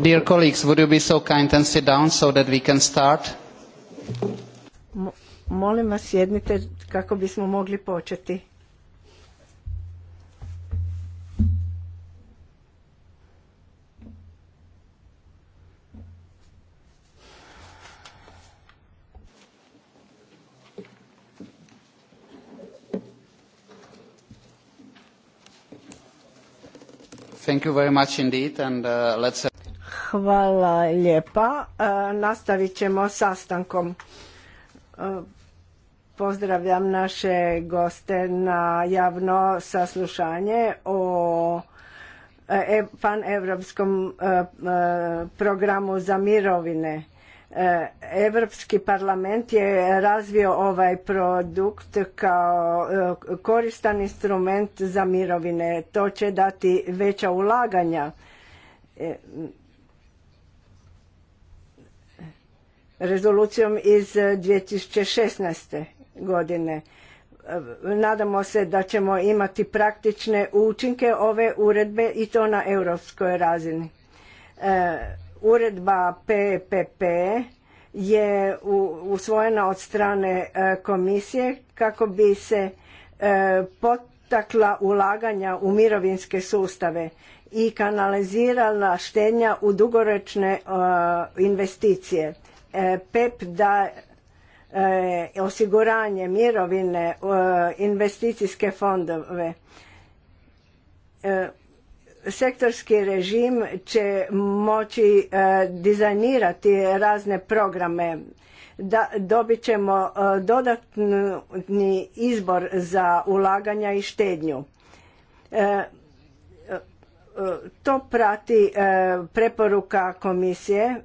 Dear colleagues, would you be so kind and sit down so that we can start? molim vas sjednite kako bismo mogli početi. Thank you very much indeed and uh, let's Hvala lijepa. E, nastavit ćemo sastankom. E, pozdravljam naše goste na javno saslušanje o e, paneuropskom programu za mirovine. Europski parlament je razvio ovaj produkt kao koristan instrument za mirovine. To će dati veća ulaganja rezolucijom iz 2016. E, godine. E, nadamo se da ćemo imati praktične učinke ove uredbe i to na europskoj razini. E, uredba PPP je usvojena od strane komisije kako bi se potakla ulaganja u mirovinske sustave i kanalizirala štenja u dugoročne investicije E, PEP da e, osiguranje mirovine, e, investicijske fondove. Sektorski režim će moći dizajnirati razne programe. dobit ćemo dodatni izbor za ulaganja i štednju. To prati preporuka komisije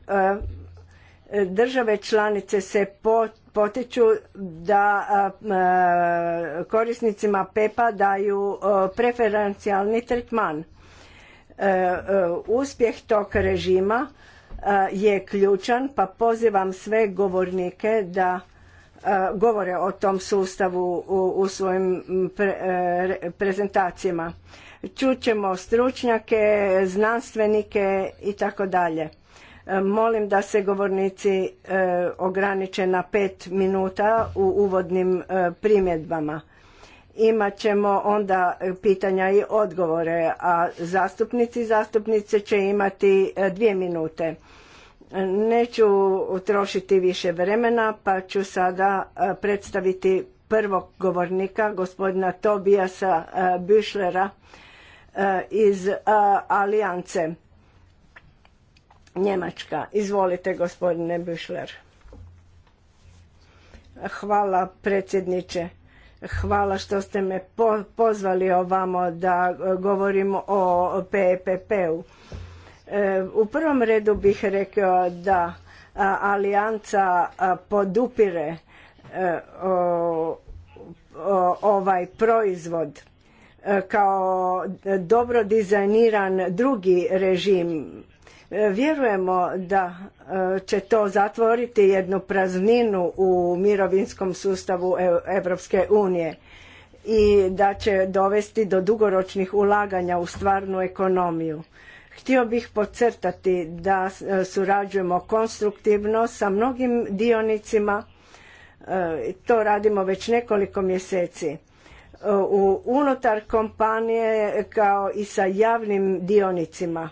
Države članice se potiču da korisnicima PEPA daju preferencijalni tretman. E, e, uspjeh tog režima je ključan pa pozivam sve govornike da govore o tom sustavu u, svojim e, prezentacijama. Čućemo stručnjake, znanstvenike i tako dalje. Molim da se govornici e, ograniče na pet minuta u uvodnim e, primjedbama. Imat ćemo onda pitanja i odgovore, a zastupnici i zastupnice će imati e, dvije minute. Neću utrošiti više vremena, pa ću sada predstaviti prvog govornika, gospodina Tobijasa Büšlera iz Alijance Njemačka. Izvolite, gospodine Büšler. Hvala, predsjedniče. Hvala što ste me pozvali ovamo da e, govorim o PPP-u. E, u prvom redu bih rekao da Alianca Alijanca podupire e, ovaj proizvod kao dobro dizajniran drugi režim Vjerujemo da e, će to zatvoriti jednu prazninu u mirovinskom sustavu Europske unije i da će dovesti do dugoročnih ulaganja u stvarnu ekonomiju. Htio bih podcrtati da e, surađujemo konstruktivno sa mnogim dionicima, e, to radimo već nekoliko mjeseci, unutar kompanije kao i sa javnim dionicima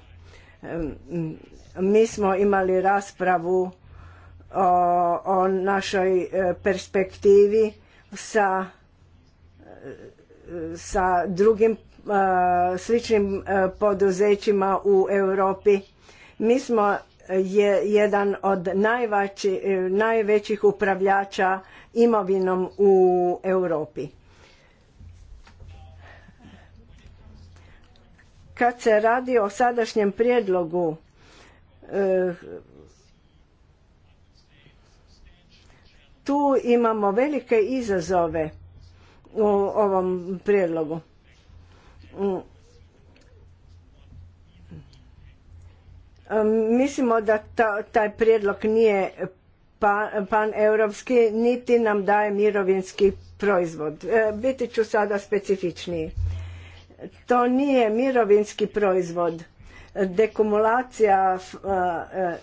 mi smo imali raspravu o, našoj e, perspektivi sa, e, sa drugim e, sličnim poduzećima u Europi. Mi smo je jedan od najvećih upravljača imovinom u Europi. Kad se radi o sadašnjem prijedlogu e, tu imamo velike izazove u ovom prijedlogu. E, mislimo da taj prijedlog nije pa, paneuropski, niti nam daje mirovinski proizvod. E, biti ću sada specifičniji. To nije mirovinski proizvod. Dekumulacija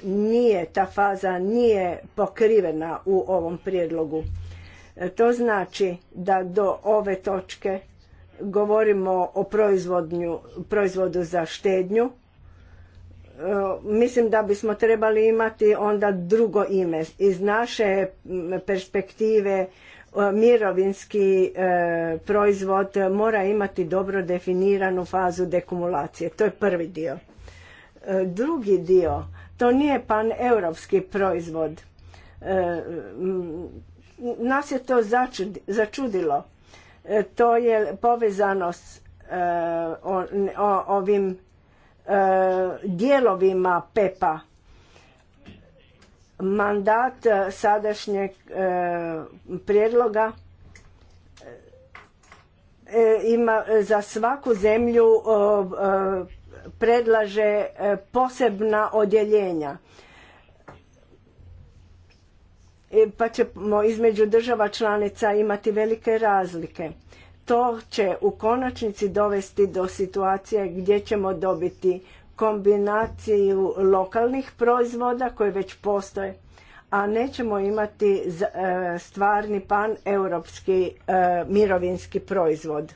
nije, ta faza nije pokrivena u ovom prijedlogu. E, to znači da do ove točke govorimo o proizvodu za štednju. E, mislim da bismo trebali imati onda drugo ime. Iz naše perspektive E, mirovinski e, proizvod mora imati dobro definiranu fazu dekumulacije. To je prvi dio. E, drugi dio, to nije paneuropski proizvod. Nas je to začudilo. To je povezanost ovim dijelovima PEPA mandat e, sadašnjeg e, prijedloga e, ima za svaku zemlju predlaže posebna odjeljenja pa ćemo između država članica imati velike razlike. To će u konačnici dovesti do situacije gdje ćemo dobiti kombinaciju lokalnih proizvoda koji već postoje, a nećemo imati e, stvarni pan-europski e, mirovinski proizvod.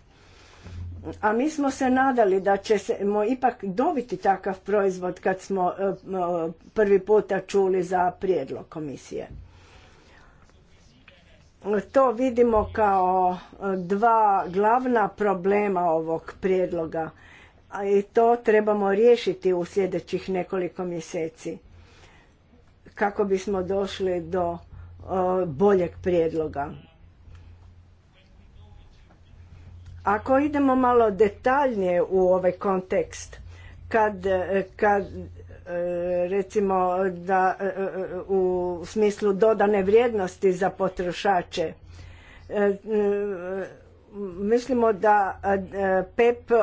A mi smo se nadali da ćemo ipak dobiti takav proizvod kad smo e, prvi puta čuli za prijedlog komisije. To vidimo kao dva glavna problema ovog prijedloga i to trebamo riješiti u sljedećih nekoliko mjeseci kako bismo došli do boljeg prijedloga. Ako idemo malo detaljnije u ovaj kontekst, kad, kad e, recimo da e, e, u smislu dodane vrijednosti za potrošače mislimo da e, PEP e,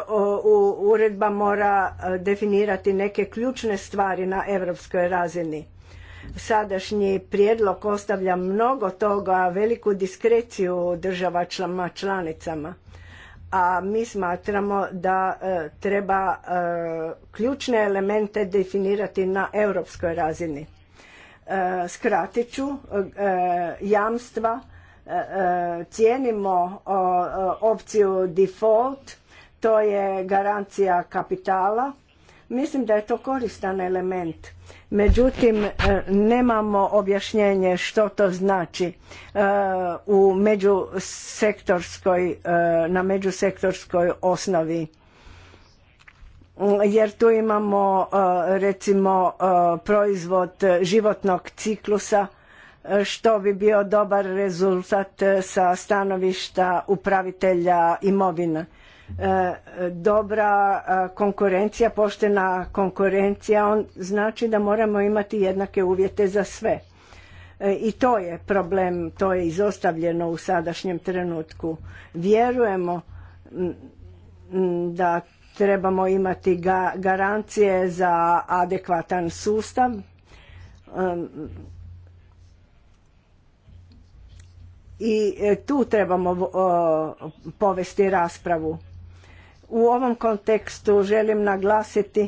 u uredba mora e, definirati neke ključne stvari na europskoj razini. Sadašnji prijedlog ostavlja mnogo toga, veliku diskreciju država članicama. A mi smatramo da treba ključne elemente definirati na europskoj razini. Skratit ću jamstva E, e, cijenimo opciju default, to je garancija kapitala. Mislim da je to koristan element. Međutim, e, nemamo objašnjenje što to znači u međusektorskoj, na međusektorskoj osnovi. Jer tu imamo recimo proizvod životnog ciklusa što bi bio dobar rezultat eh, sa stanovišta upravitelja imovina. Eh, dobra eh, konkurencija, poštena konkurencija, on znači da moramo imati jednake uvjete za sve. I to je problem, to je izostavljeno u sadašnjem trenutku. Vjerujemo mm, mm, da trebamo imati garancije za adekvatan sustav i e, tu trebamo povesti raspravu. U ovom kontekstu želim naglasiti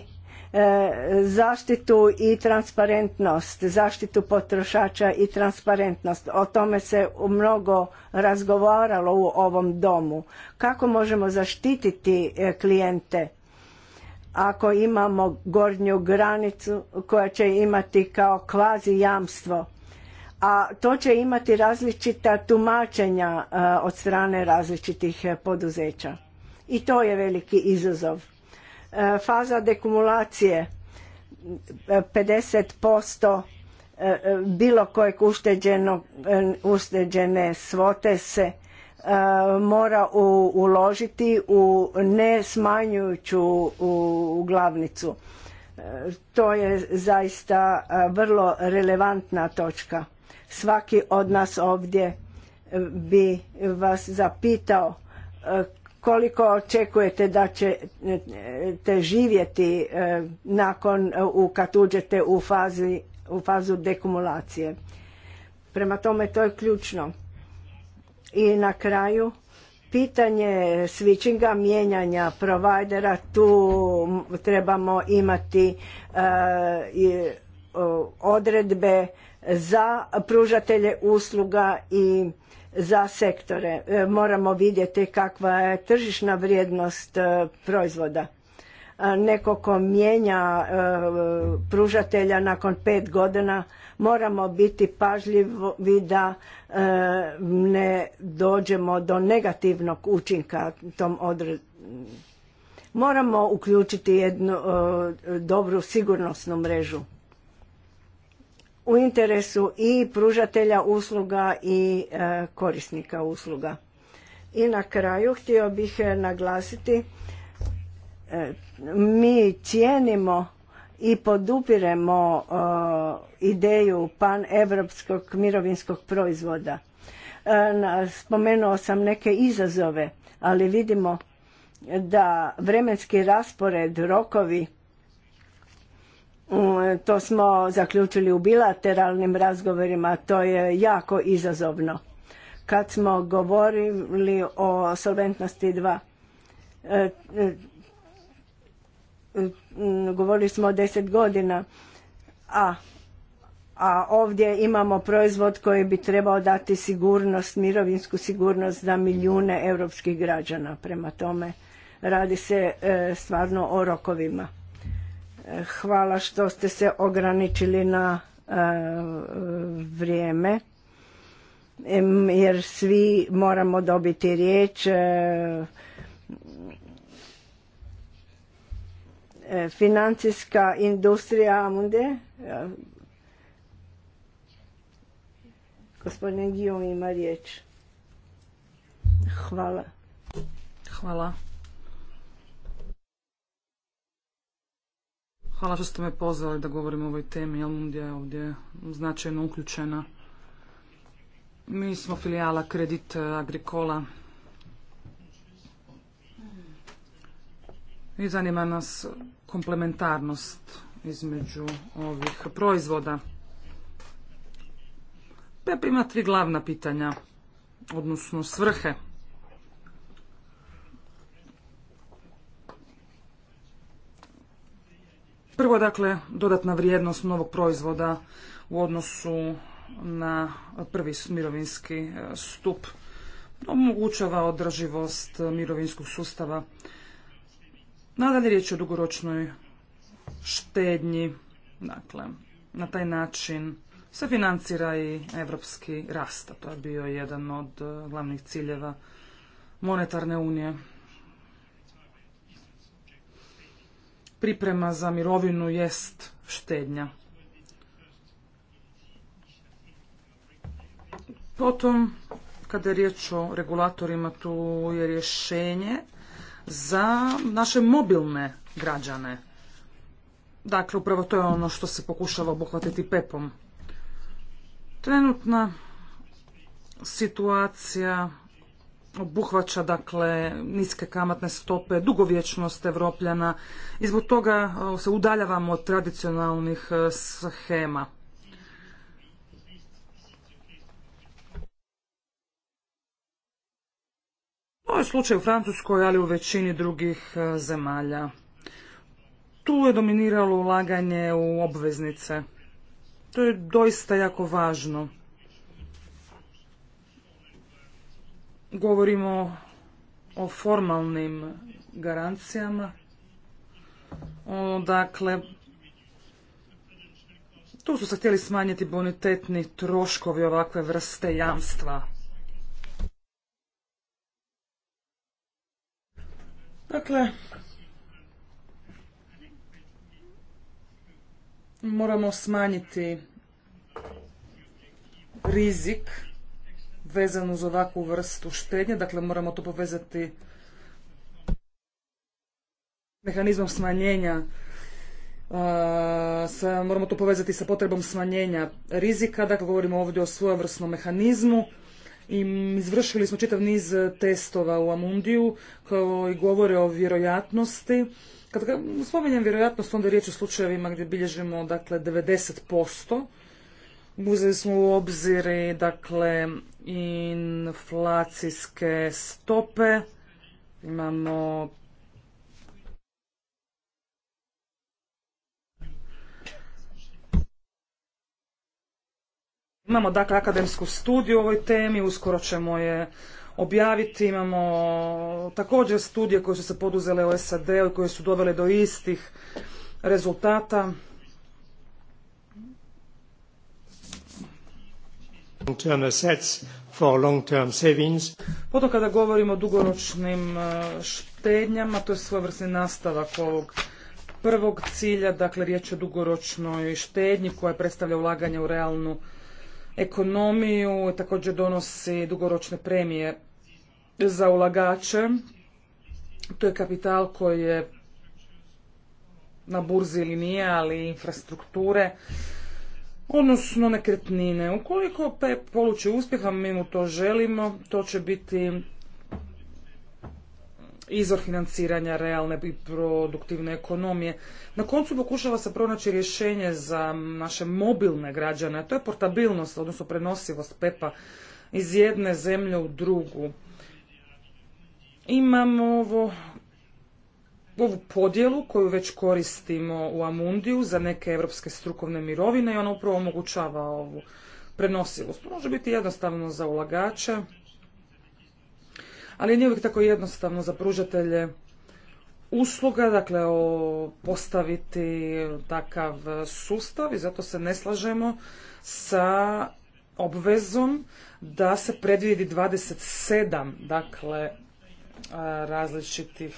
e, zaštitu i transparentnost, zaštitu potrošača i transparentnost. O tome se mnogo razgovaralo u ovom domu. Kako možemo zaštititi e, klijente ako imamo gornju granicu koja će imati kao kvazi jamstvo a to će imati različita tumačenja e, od strane različitih e, poduzeća. I to je veliki izazov. E, faza dekumulacije 50% bilo kojeg ušteđene svote se mora uložiti u ne smanjujuću glavnicu. To je zaista vrlo relevantna točka. Svaki od nas ovdje e, bi vas zapitao e, koliko očekujete da ćete živjeti e, nakon kad uđete u, fazi, u fazu dekumulacije. Prema tome to je ključno. I na kraju pitanje switchinga, mijenjanja provajdera, tu trebamo imati odredbe za pružatelje usluga i za sektore. E, moramo vidjeti kakva je tržišna vrijednost e, proizvoda. E, neko ko mijenja pružatelja nakon pet godina moramo biti pažljivi da ne dođemo do negativnog učinka tom Moramo uključiti jednu dobru sigurnosnu mrežu u interesu i pružatelja usluga i e, korisnika usluga. I na kraju htio bih e, naglasiti e, mi cijenimo i podupiremo ideju paneuropskog mirovinskog proizvoda. Spomenuo sam neke izazove, ali vidimo da vremenski raspored, rokovi Mm, to smo zaključili u bilateralnim razgovorima, to je jako izazovno. Kad smo govorili o solventnosti 2, e, e, mm, govorili smo o 10 godina, a a ovdje imamo proizvod koji bi trebao dati sigurnost, mirovinsku sigurnost za milijune europskih građana. Prema tome radi se e, stvarno o rokovima. Hvala što ste se ograničili na e, vrijeme jer svi moramo dobiti riječ e, e, financijska industrija Amunde gospodin Gijom ima riječ hvala hvala Hvala što ste me pozvali da govorim o ovoj temi, Almundija je ovdje značajno uključena. Mi smo filijala Kredit eh, Agrikola. I zanima nas komplementarnost između ovih proizvoda. PEP ima tri glavna pitanja, odnosno svrhe. Prvo, dakle, dodatna vrijednost novog proizvoda u odnosu na prvi mirovinski e, stup. Omogućava održivost mirovinskog sustava. Nadalje, riječ je o dugoročnoj štednji. Dakle, na taj način se financira i evropski rast. To je bio jedan od e, glavnih ciljeva monetarne unije. priprema za mirovinu jest štednja. Potom, kada je riječ o regulatorima, tu je rješenje za naše mobilne građane. Dakle, upravo to je ono što se pokušava obuhvatiti pepom. Trenutna situacija obuhvaća dakle niske kamatne stope, dugovječnost Evropljana i zbog toga se udaljavamo od tradicionalnih e, schema. To je slučaj u Francuskoj, ali u većini drugih e, zemalja. Tu je dominiralo ulaganje u obveznice. To je doista jako važno. govorimo o formalnim garancijama. dakle, tu su se htjeli smanjiti bonitetni troškovi ovakve vrste jamstva. Dakle, moramo smanjiti rizik vezano uz ovakvu vrstu štednje, dakle moramo to povezati mehanizmom smanjenja sa, moramo to povezati sa potrebom smanjenja rizika, dakle govorimo ovdje o svojevrsnom mehanizmu i izvršili smo čitav niz testova u Amundiju koji govore o vjerojatnosti. Kad spominjem vjerojatnost, onda je riječ o slučajevima gdje bilježimo dakle 90%. Uzeli smo u obzir dakle, inflacijske stope. Imamo Imamo dakle akademsku studiju o ovoj temi, uskoro ćemo je objaviti. Imamo također studije koje su se poduzele u SAD-u i koje su dovele do istih rezultata. For Potom kada govorimo o dugoročnim e, štednjama, to je svojevrsni nastavak ovog prvog cilja, dakle riječ je o dugoročnoj štednji koja predstavlja ulaganje u realnu ekonomiju, također donosi dugoročne premije za ulagače. To je kapital koji je na burzi ili nije, ali infrastrukture odnosno nekretnine. Ukoliko PEP poluči uspjeha, mi mu to želimo, to će biti izvor financiranja realne i produktivne ekonomije. Na koncu pokušava se pronaći rješenje za naše mobilne građane, to je portabilnost, odnosno prenosivost PEPA iz jedne zemlje u drugu. Imamo ovo ovu podjelu koju već koristimo u Amundiju za neke evropske strukovne mirovine i ona upravo omogućava ovu prenosivost. Može biti jednostavno za ulagače, ali nije uvijek tako jednostavno za pružatelje usluga, dakle o postaviti takav sustav i zato se ne slažemo sa obvezom da se predvidi 27 dakle različitih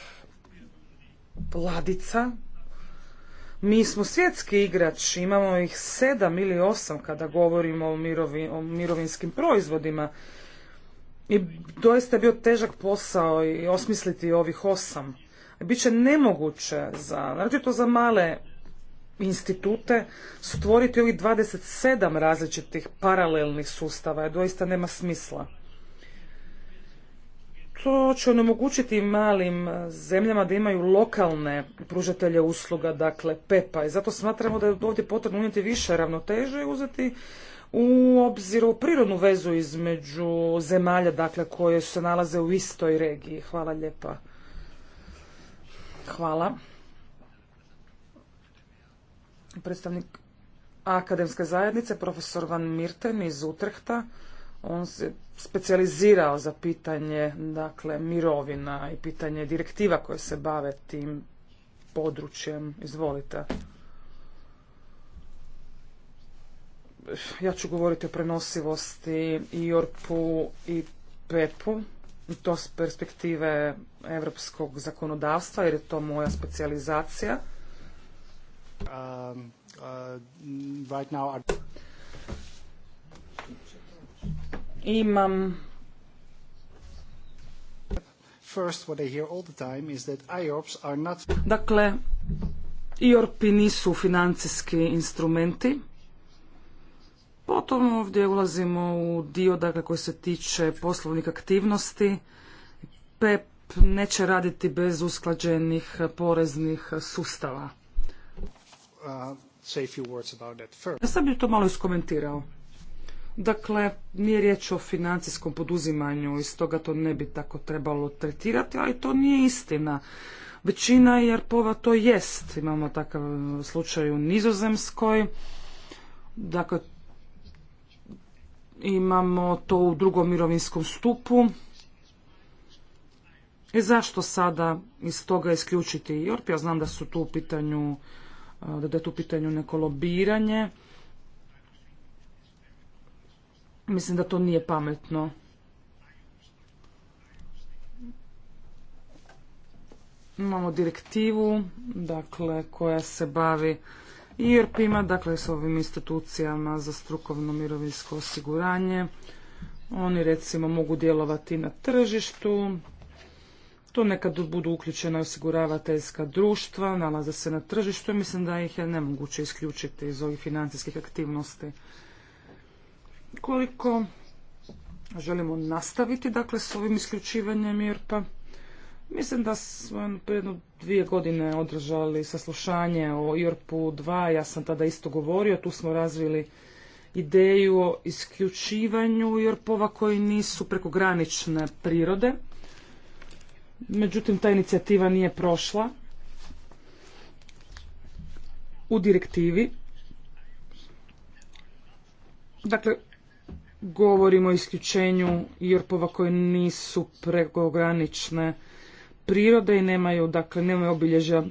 Vladica. Mi smo svjetski igrač, imamo ih sedam ili osam kada govorimo o, mirovi, mirovinskim proizvodima. I doista je bio težak posao i osmisliti ovih osam. Biće nemoguće za, znači to za male institute stvoriti ovih 27 različitih paralelnih sustava, jer doista nema smisla to će onemogućiti malim e, zemljama da imaju lokalne pružatelje usluga, dakle PEPA. I zato smatramo da je ovdje potrebno unijeti više ravnoteže i uzeti u obziru prirodnu vezu između zemalja dakle, koje se nalaze u istoj regiji. Hvala lijepa. Hvala. Predstavnik akademske zajednice, profesor Van Mirten iz Utrehta on se specijalizirao za pitanje dakle mirovina i pitanje direktiva koje se bave tim područjem. Izvolite. Ja ću govoriti o prenosivosti i orpu i pepu to s perspektive europskog zakonodavstva jer je to moja specijalizacija. Um, uh, right now... imam First, what I hear Dakle, IORPi nisu financijski instrumenti. Potom ovdje ulazimo u dio dakle, koji se tiče poslovnih aktivnosti. PEP e neće raditi bez usklađenih poreznih sustava. Uh, say Ja sam bi to malo iskomentirao. Dakle, nije riječ o financijskom poduzimanju i stoga to ne bi tako trebalo tretirati, ali to nije istina. Većina jerpova to jest. Imamo takav slučaj u Nizozemskoj. Dakle, imamo to u drugom mirovinskom stupu. I e, zašto sada iz toga isključiti JORP? Ja znam da su tu u pitanju, da je tu u pitanju neko lobiranje. Mislim da to nije pametno. Imamo direktivu, dakle, koja se bavi IRP-ima, dakle, s ovim institucijama za strukovno mirovinsko osiguranje. Oni, recimo, mogu djelovati na tržištu, to nekad budu uključena osiguravateljska društva, nalaze se na tržištu i mislim da ih je nemoguće isključiti iz ovih financijskih aktivnosti koliko želimo nastaviti dakle s ovim isključivanjem IRPA. Mislim da smo prije dvije godine održali saslušanje o IRPU 2, ja sam tada isto govorio, tu smo razvili ideju o isključivanju IRP-ova koji nisu prekogranične prirode. Međutim, ta inicijativa nije prošla u direktivi. Dakle, govorimo o isključenju Jorpova koje nisu prekogranične prirode i nemaju, dakle, nemaju obilježja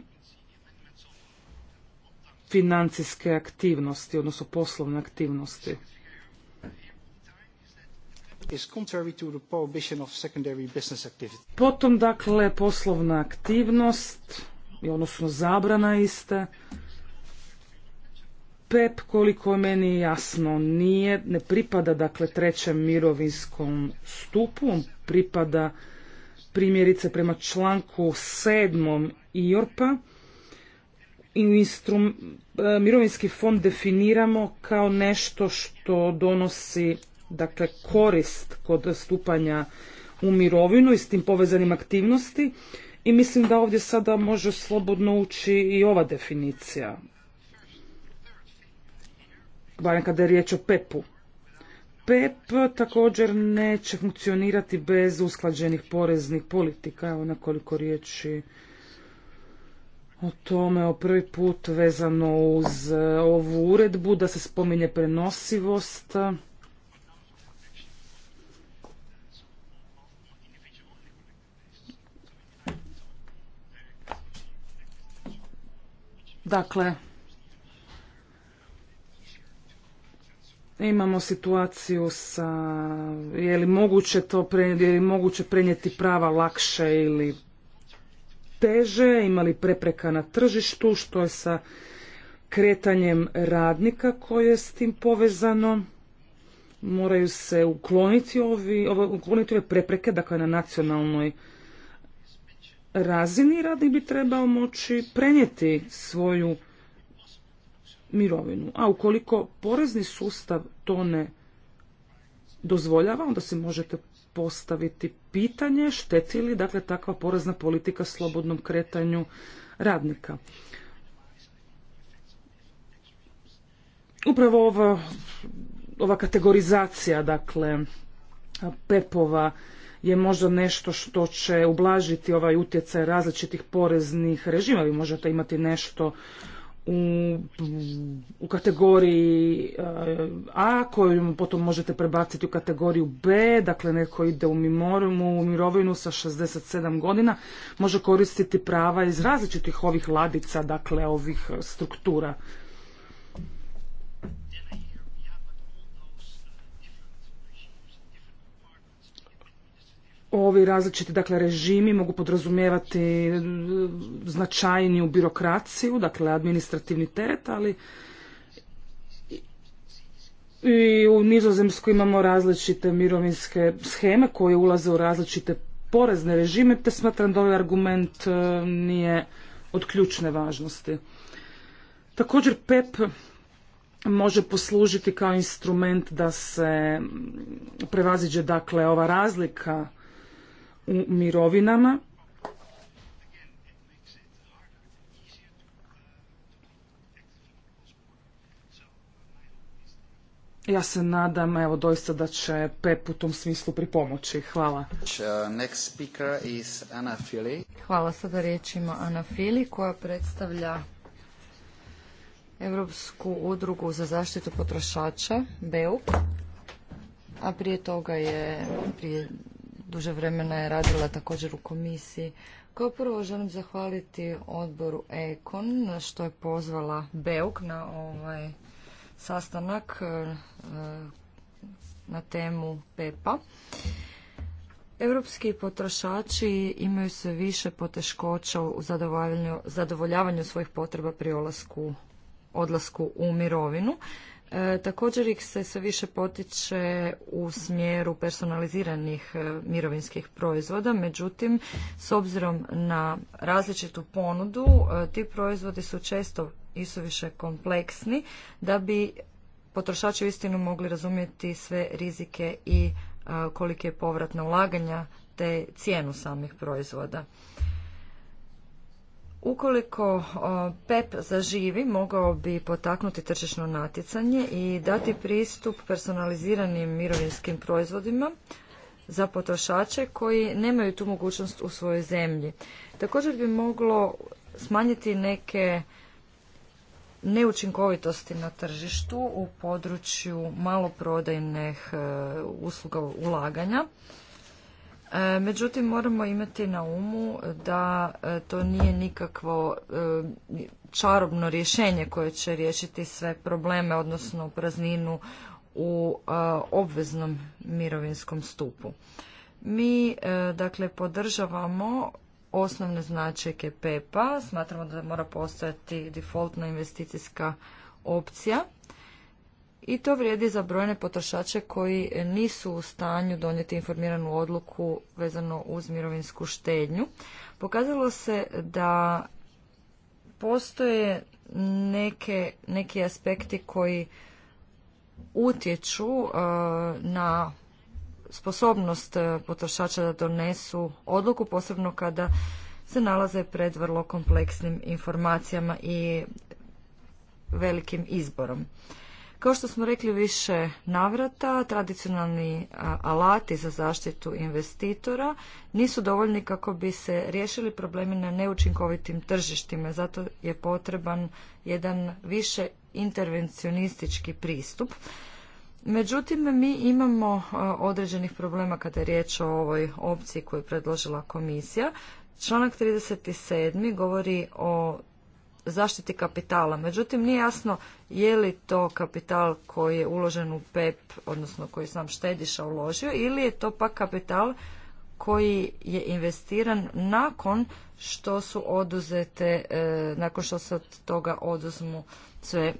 financijske aktivnosti, odnosno poslovne aktivnosti. Potom, dakle, poslovna aktivnost, odnosno zabrana iste, PEP, koliko je meni jasno, nije, ne pripada dakle trećem mirovinskom stupu, pripada primjerice prema članku sedmom IORPA, e, mirovinski fond definiramo kao nešto što donosi dakle korist kod stupanja u mirovinu i s tim povezanim aktivnosti i mislim da ovdje sada može slobodno ući i ova definicija barem kada je riječ o PEP-u. PEP također neće funkcionirati bez usklađenih poreznih politika. Evo nekoliko riječi o tome o prvi put vezano uz e, ovu uredbu da se spominje prenosivost. Dakle, imamo situaciju sa je li moguće to prenijeti, je li moguće prenijeti prava lakše ili teže, imali prepreka na tržištu, što je sa kretanjem radnika koje je s tim povezano. Moraju se ukloniti, ovi, ukloniti ove prepreke, dakle na nacionalnoj razini radnik bi trebao moći prenijeti svoju mirovinu. A ukoliko porezni sustav to ne dozvoljava, onda se možete postaviti pitanje šteti li dakle takva porezna politika slobodnom kretanju radnika. Upravo ova, ova kategorizacija dakle pepova je možda nešto što će ublažiti ovaj utjecaj različitih poreznih režima. Vi možete imati nešto u, u kategoriji eh, A koju potom možete prebaciti u kategoriju B, dakle neko ide u u mirovinu sa 67 godina, može koristiti prava iz različitih ovih ladica, dakle ovih struktura. ovi različiti dakle, režimi mogu podrazumijevati mm, značajniju birokraciju, dakle administrativni teret, ali i u Nizozemsku imamo različite mirovinske scheme koje ulaze u različite porezne režime, te smatram da ovaj argument e, nije od ključne važnosti. Također PEP može poslužiti kao instrument da se prevaziđe dakle ova razlika u mirovinama. Ja se nadam, evo, doista da će PEP u tom smislu pripomoći. Hvala. Next Fili. Hvala sada ima Ana Fili, koja predstavlja Europsku udrugu za zaštitu potrošača, BEUK. A prije toga je, prije duže vremena je radila također u komisiji. Kao prvo želim zahvaliti odboru Ekon što je pozvala Beuk na ovaj sastanak e, na temu PEPA. Europski potrošači imaju sve više poteškoća u zadovoljavanju svojih potreba pri odlasku u mirovinu. E, također ih se sve više potiče u smjeru personaliziranih e, mirovinskih proizvoda, međutim, s obzirom na različitu ponudu, e, ti proizvodi su često više kompleksni da bi potrošači istinu mogli razumjeti sve rizike i kolike je povratna ulaganja te cijenu samih proizvoda. Ukoliko PEP zaživi, mogao bi potaknuti tržišno natjecanje i dati pristup personaliziranim mirovinskim proizvodima za potrošače koji nemaju tu mogućnost u svojoj zemlji. Također bi moglo smanjiti neke neučinkovitosti na tržištu u području maloprodajnih e, usluga ulaganja E, međutim, moramo imati na umu da e, to nije nikakvo e, čarobno rješenje koje će riješiti sve probleme, odnosno prazninu u obveznom mirovinskom stupu. Mi, dakle, podržavamo osnovne značajke PEPA, smatramo da mora postojati defaultna investicijska opcija i to vrijedi za brojne potrošače koji nisu u stanju donijeti informiranu odluku vezano uz mirovinsku štednju. Pokazalo se da postoje neke, neki aspekti koji utječu e, na sposobnost potrošača da donesu odluku, posebno kada se nalaze pred vrlo kompleksnim informacijama i velikim izborom. Kao što smo rekli više navrata, tradicionalni alati za zaštitu investitora nisu dovoljni kako bi se riješili problemi na neučinkovitim tržištima. Zato je potreban jedan više intervencionistički pristup. Međutim, mi imamo određenih problema kada je riječ o ovoj opciji koju je predložila komisija. Članak 37. govori o zaštiti kapitala. Međutim, nije jasno je li to kapital koji je uložen u PEP, e odnosno koji sam štediša uložio, ili je to pak kapital koji je investiran nakon što su oduzete, e, nakon što se od toga oduzmu sve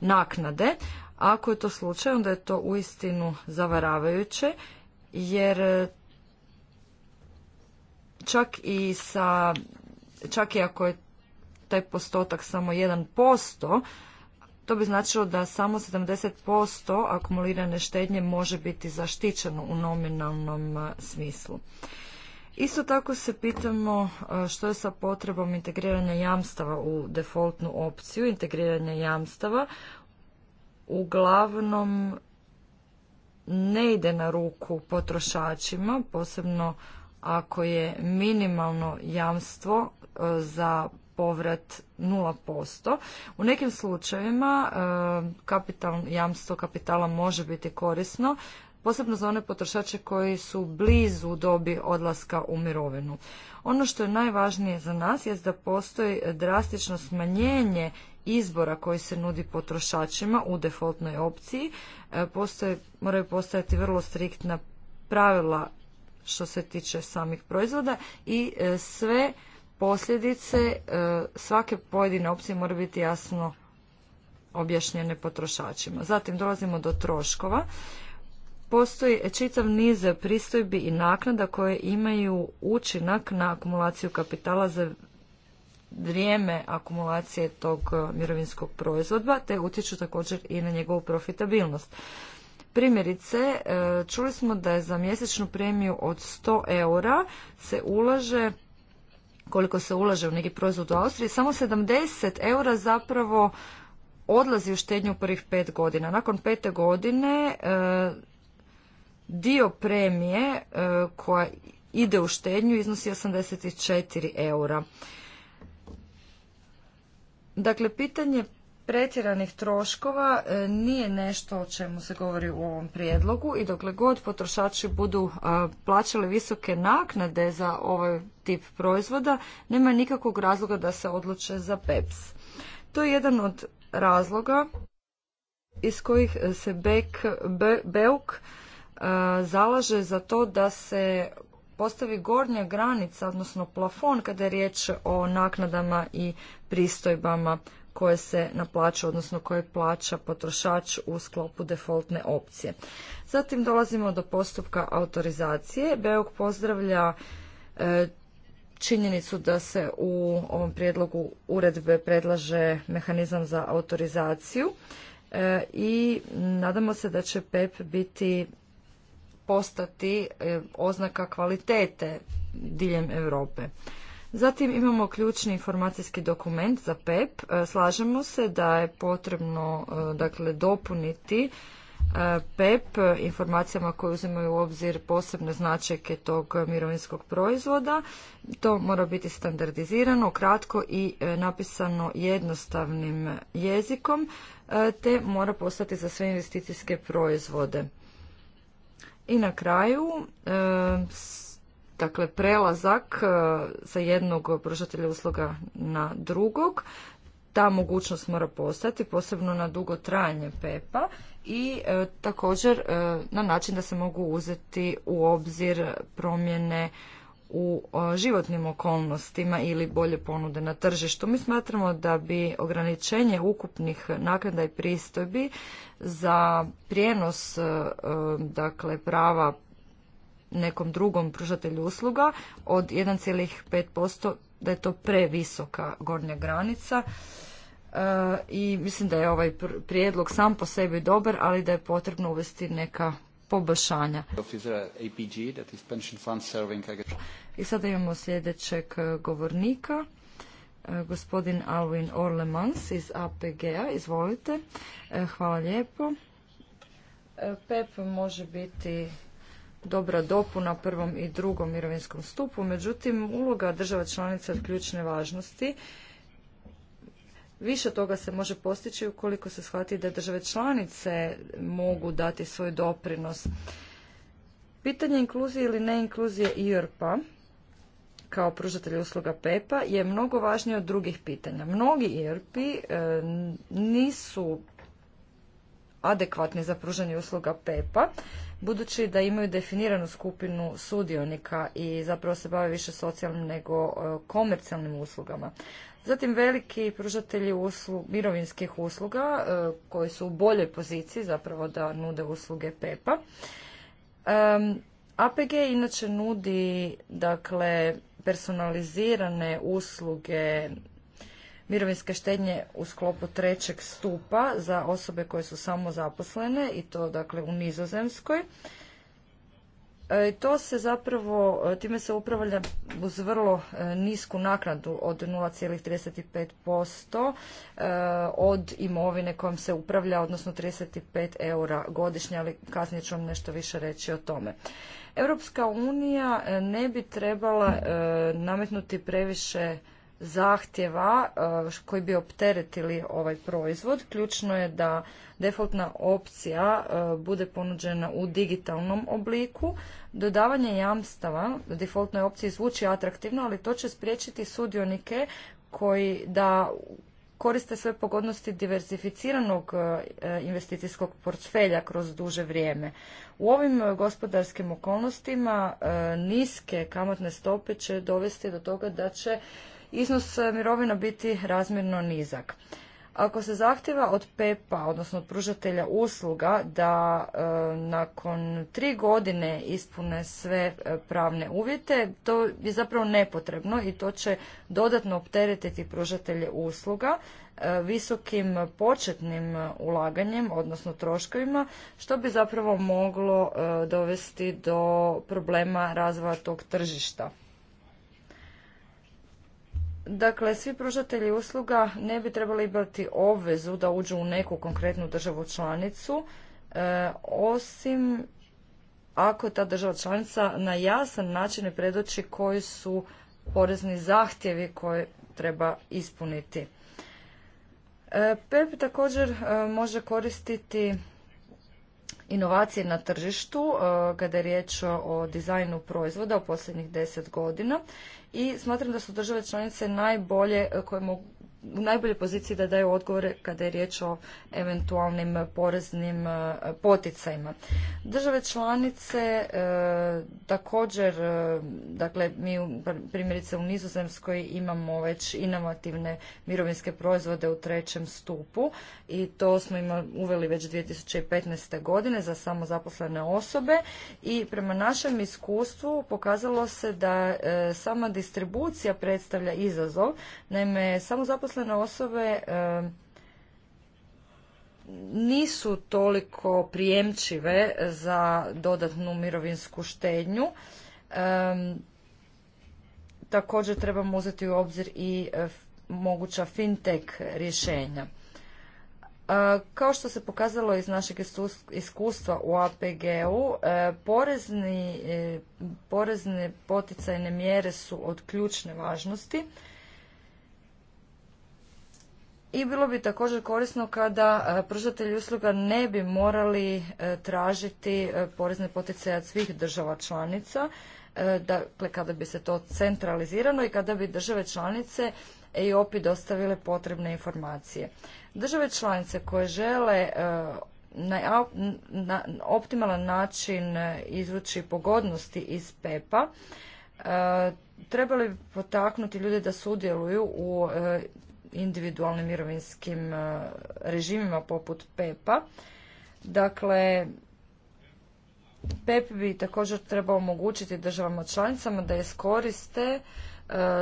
naknade. Ako je to slučaj, onda je to uistinu zavaravajuće, jer čak i sa čak i ako je taj postotak samo 1%, to bi značilo da samo 70% akumulirane štednje može biti zaštićeno u nominalnom e, smislu. Isto tako se pitamo e, što je sa potrebom integriranja jamstava u defaultnu opciju. Integriranje jamstava uglavnom ne ide na ruku potrošačima, posebno ako je minimalno jamstvo e, za povrat 0%. U nekim slučajevima e, kapital, jamstvo kapitala može biti korisno, posebno za one potrošače koji su blizu dobi odlaska u mirovinu. Ono što je najvažnije za nas je da postoji drastično smanjenje izbora koji se nudi potrošačima u defaultnoj opciji. E, postoje, moraju postojati vrlo striktna pravila što se tiče samih proizvoda i e, sve posljedice e, svake pojedine opcije mora biti jasno objašnjene potrošačima. Zatim dolazimo do troškova. Postoji čitav niz pristojbi i naknada koje imaju učinak na akumulaciju kapitala za vrijeme akumulacije tog e, mirovinskog proizvoda, te utječu također i na njegovu profitabilnost. Primjerice, e, čuli smo da je za mjesečnu premiju od 100 eura se ulaže koliko se ulaže u neki proizvod u Austriji, samo 70 eura zapravo odlazi u štednju u prvih pet godina. Nakon pete godine e, dio premije e, koja ide u štednju iznosi 84 eura. Dakle, pitanje pretjeranih troškova e, nije nešto o čemu se govori u ovom prijedlogu i dokle god potrošači budu e, plaćali visoke naknade za ovaj tip proizvoda, nema nikakvog razloga da se odluče za PEPS. To je jedan od razloga iz kojih se Bek, Beuk e, zalaže za to da se postavi gornja granica, odnosno plafon kada je riječ o naknadama i pristojbama koje se naplaća, odnosno koje plaća potrošač u sklopu defaultne opcije. Zatim dolazimo do postupka autorizacije. Beog pozdravlja e, činjenicu da se u ovom prijedlogu uredbe predlaže mehanizam za autorizaciju e, i nadamo se da će PEP biti postati e, oznaka kvalitete diljem Europe. Zatim imamo ključni informacijski dokument za PEP. E e, slažemo se da je potrebno e, dakle, dopuniti PEP informacijama koje uzimaju u obzir posebne značajke tog mirovinskog proizvoda. To mora biti standardizirano, kratko i napisano jednostavnim jezikom, te mora postati za sve investicijske proizvode. I na kraju, dakle prelazak e, sa jednog pružatelja usluga na drugog ta mogućnost mora postati posebno na dugo trajanje pepa i e, također e, na način da se mogu uzeti u obzir promjene u životnim okolnostima ili bolje ponude na tržištu mi smatramo da bi ograničenje ukupnih naknada i pristojbi za prijenos dakle prava nekom drugom pružatelju usluga od 1,5% da je to previsoka gornja granica e, i mislim da je ovaj prijedlog sam po sebi dobar, ali da je potrebno uvesti neka poboljšanja. I sada imamo sljedećeg govornika, e, gospodin Alvin Orlemans iz APG-a. Izvolite. E, hvala lijepo. PEP može biti dobra dopuna prvom i drugom mirovinskom stupu, međutim uloga država članica od ključne važnosti. Više toga se može postići ukoliko se shvati da države članice mogu dati svoj doprinos. Pitanje inkluzije ili neinkluzije irp kao pružatelj usluga PEPA je mnogo važnije od drugih pitanja. Mnogi IRP e, nisu adekvatni za pružanje usluga PEPA, budući da imaju definiranu skupinu sudionika i zapravo se bave više socijalnim nego e, komercijalnim uslugama. Zatim veliki pružatelji uslu, mirovinskih usluga e, koji su u boljoj poziciji zapravo da nude usluge PEPA. APG inače nudi dakle personalizirane usluge mirovinske štednje u sklopu trećeg stupa za osobe koje su samozaposlene i to dakle u Nizozemskoj. E, to se zapravo, e, time se upravlja uz vrlo e, nisku naknadu od 0,35% e, od imovine kojom se upravlja, odnosno 35 eura godišnje, ali kasnije ću vam nešto više reći o tome. Europska unija ne bi trebala nametnuti previše zahtjeva eh, koji bi opteretili ovaj proizvod. Ključno je da defaultna opcija eh, bude ponuđena u digitalnom obliku. Dodavanje jamstava defaultnoj opciji zvuči atraktivno, ali to će spriječiti sudionike koji da koriste sve pogodnosti diversificiranog eh, investicijskog portfelja kroz duže vrijeme. U ovim gospodarskim okolnostima niske kamatne stope će dovesti do toga da će iznos e, mirovina biti razmjerno nizak. Ako se zahtjeva od PEPA, odnosno od pružatelja usluga, da e, nakon tri godine ispune sve e, pravne uvjete, to je zapravo nepotrebno i to će dodatno opteretiti pružatelje usluga visokim početnim ulaganjem, odnosno troškovima, što bi zapravo moglo dovesti do problema razvoja tog tržišta. Dakle, svi pružatelji usluga ne bi trebali imati obvezu da uđu u neku konkretnu državu članicu, e, osim ako ta država članica na jasan način ne predoči koji su porezni zahtjevi koje treba ispuniti. E, PEP također e, može koristiti inovacije na tržištu e, kada je riječ o dizajnu proizvoda u posljednjih deset godina i smatram da su države članice najbolje e, koje mogu u najboljoj poziciji da daju odgovore kada je riječ o eventualnim poreznim e, poticajima. Države članice e, također, e, dakle mi primjerice u Nizozemskoj imamo već inovativne mirovinske proizvode u trećem stupu i to smo ima, uveli već 2015. godine za samozaposlene osobe i prema našem iskustvu pokazalo se da sama distribucija predstavlja izazov. Naime, samozaposlene zaposlene osobe e, nisu toliko prijemčive za dodatnu mirovinsku štednju. E, također trebamo uzeti u obzir i e, moguća fintech rješenja. Kao što se pokazalo iz našeg iskustva u APG-u, porezne poticajne mjere su od ključne važnosti i bilo bi također korisno kada e, pružatelji usluga ne bi morali e, tražiti e, porezne poticaje od svih država članica, dakle kada bi se to centralizirano i kada bi države članice i OPI dostavile potrebne informacije. Države članice koje žele na optimalan način izvući pogodnosti iz PEPA, trebali bi potaknuti ljude da sudjeluju u individualnim mirovinskim e, režimima poput PEP-a. Dakle, PEP bi također trebao omogućiti državama članicama da iskoriste e,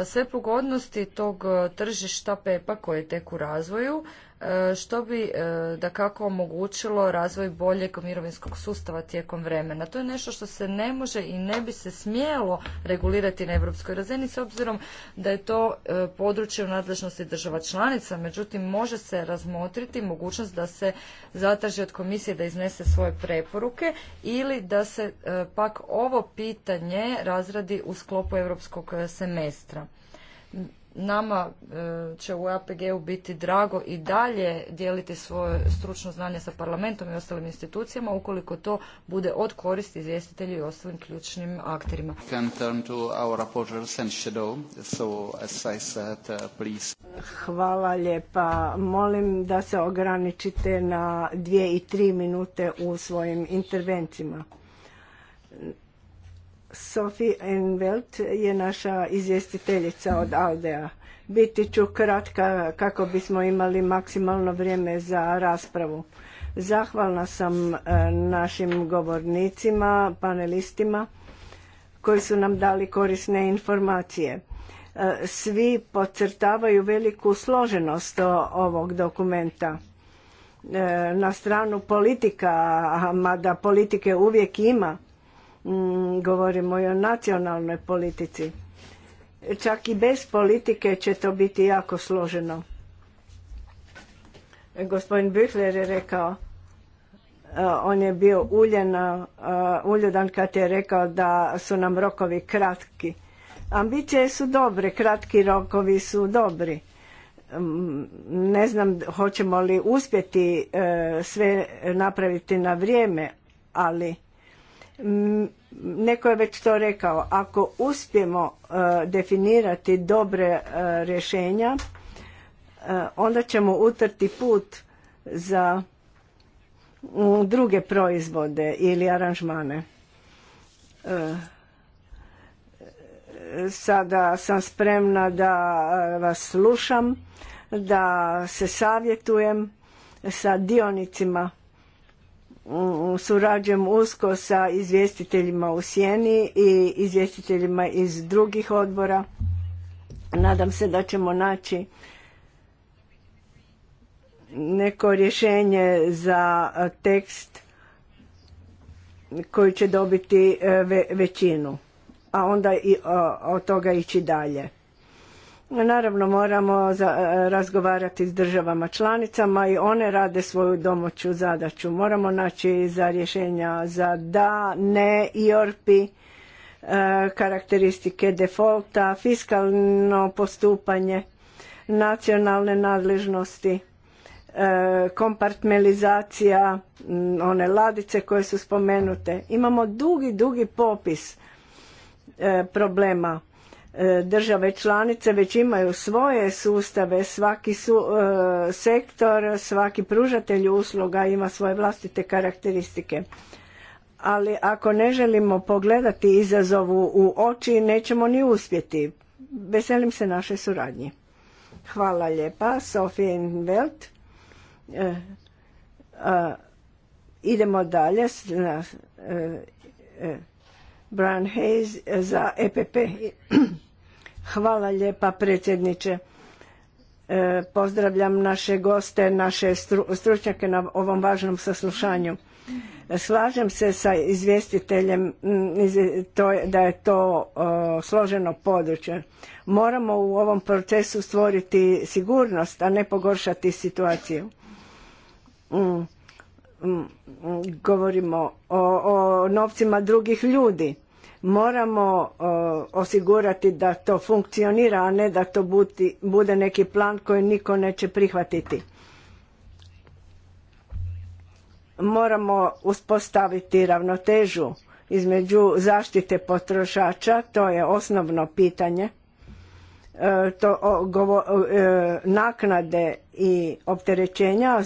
sve pogodnosti tog e, tržišta PEP-a koje je tek u razvoju, E, što bi e, da kako omogućilo razvoj boljeg mirovinskog sustava tijekom vremena. To je nešto što se ne može i ne bi se smjelo regulirati na europskoj razini s obzirom da je to e, područje u nadležnosti država članica, međutim može se razmotriti mogućnost da se zatraži od komisije da iznese svoje preporuke ili da se pak ovo pitanje razradi u sklopu europskog semestra. Nama e, će u APG-u biti drago i dalje dijeliti svoje stručno znanje sa parlamentom i ostalim institucijama ukoliko to bude od koristi izvjestitelju i ostalim ključnim akterima. Uh, Hvala lijepa. Molim da se ograničite na dvije i tri minute u svojim intervencijama. Sophie Envelt je naša izvjestiteljica od Aldea. Biti ću kratka kako bismo imali maksimalno vrijeme za raspravu. Zahvalna sam e, našim govornicima, panelistima koji su nam dali korisne informacije. E, svi podcrtavaju veliku složenost ovog dokumenta. E, na stranu politika, mada politike uvijek ima, Mm, govorimo i o nacionalnoj politici. Čak i bez politike će to biti jako složeno. E, gospodin Büchler je rekao, e, on je bio uljena, e, uljudan kad je rekao da su nam rokovi kratki. Ambicije su dobre, kratki rokovi su dobri. Mm, ne znam hoćemo li uspjeti sve napraviti na vrijeme, ali Mm, neko je već to rekao, ako uspijemo e, definirati dobre e, rješenja, e, onda ćemo utrti put za druge proizvode ili aranžmane. Sada sam spremna da vas slušam, da se savjetujem sa dionicima surađujem usko sa izvjestiteljima u Sjeni i izvjestiteljima iz drugih odbora. Nadam se da ćemo naći neko rješenje za tekst koji će dobiti e, većinu, a onda i od toga ići dalje. Naravno moramo za, e, razgovarati s državama članicama i one rade svoju domaću zadaću. Moramo naći za rješenja za da, ne, i orpi, e, karakteristike defolta, fiskalno postupanje, nacionalne nadležnosti, e, kompartmelizacija, one ladice koje su spomenute. Imamo dugi, dugi popis e, problema E, države članice već imaju svoje sustave, svaki su, e, sektor, svaki pružatelj usluga ima svoje vlastite karakteristike. Ali ako ne želimo pogledati izazovu u oči, nećemo ni uspjeti. Veselim se naše suradnji. Hvala lijepa, Sofie Welt. E, idemo dalje. na, Brian Hayes za EPP. Hvala lijepa predsjedniče. E, pozdravljam naše goste, naše stručnjake na ovom važnom saslušanju. Slažem se sa izvjestiteljem da je to složeno područje. Moramo u ovom procesu stvoriti sigurnost, a ne pogoršati situaciju. Mm govorimo o, novcima drugih ljudi moramo osigurati da to funkcionira a ne da to bude neki plan koji niko neće prihvatiti moramo uspostaviti ravnotežu između zaštite potrošača to je osnovno pitanje e, to e, naknade i opterećenja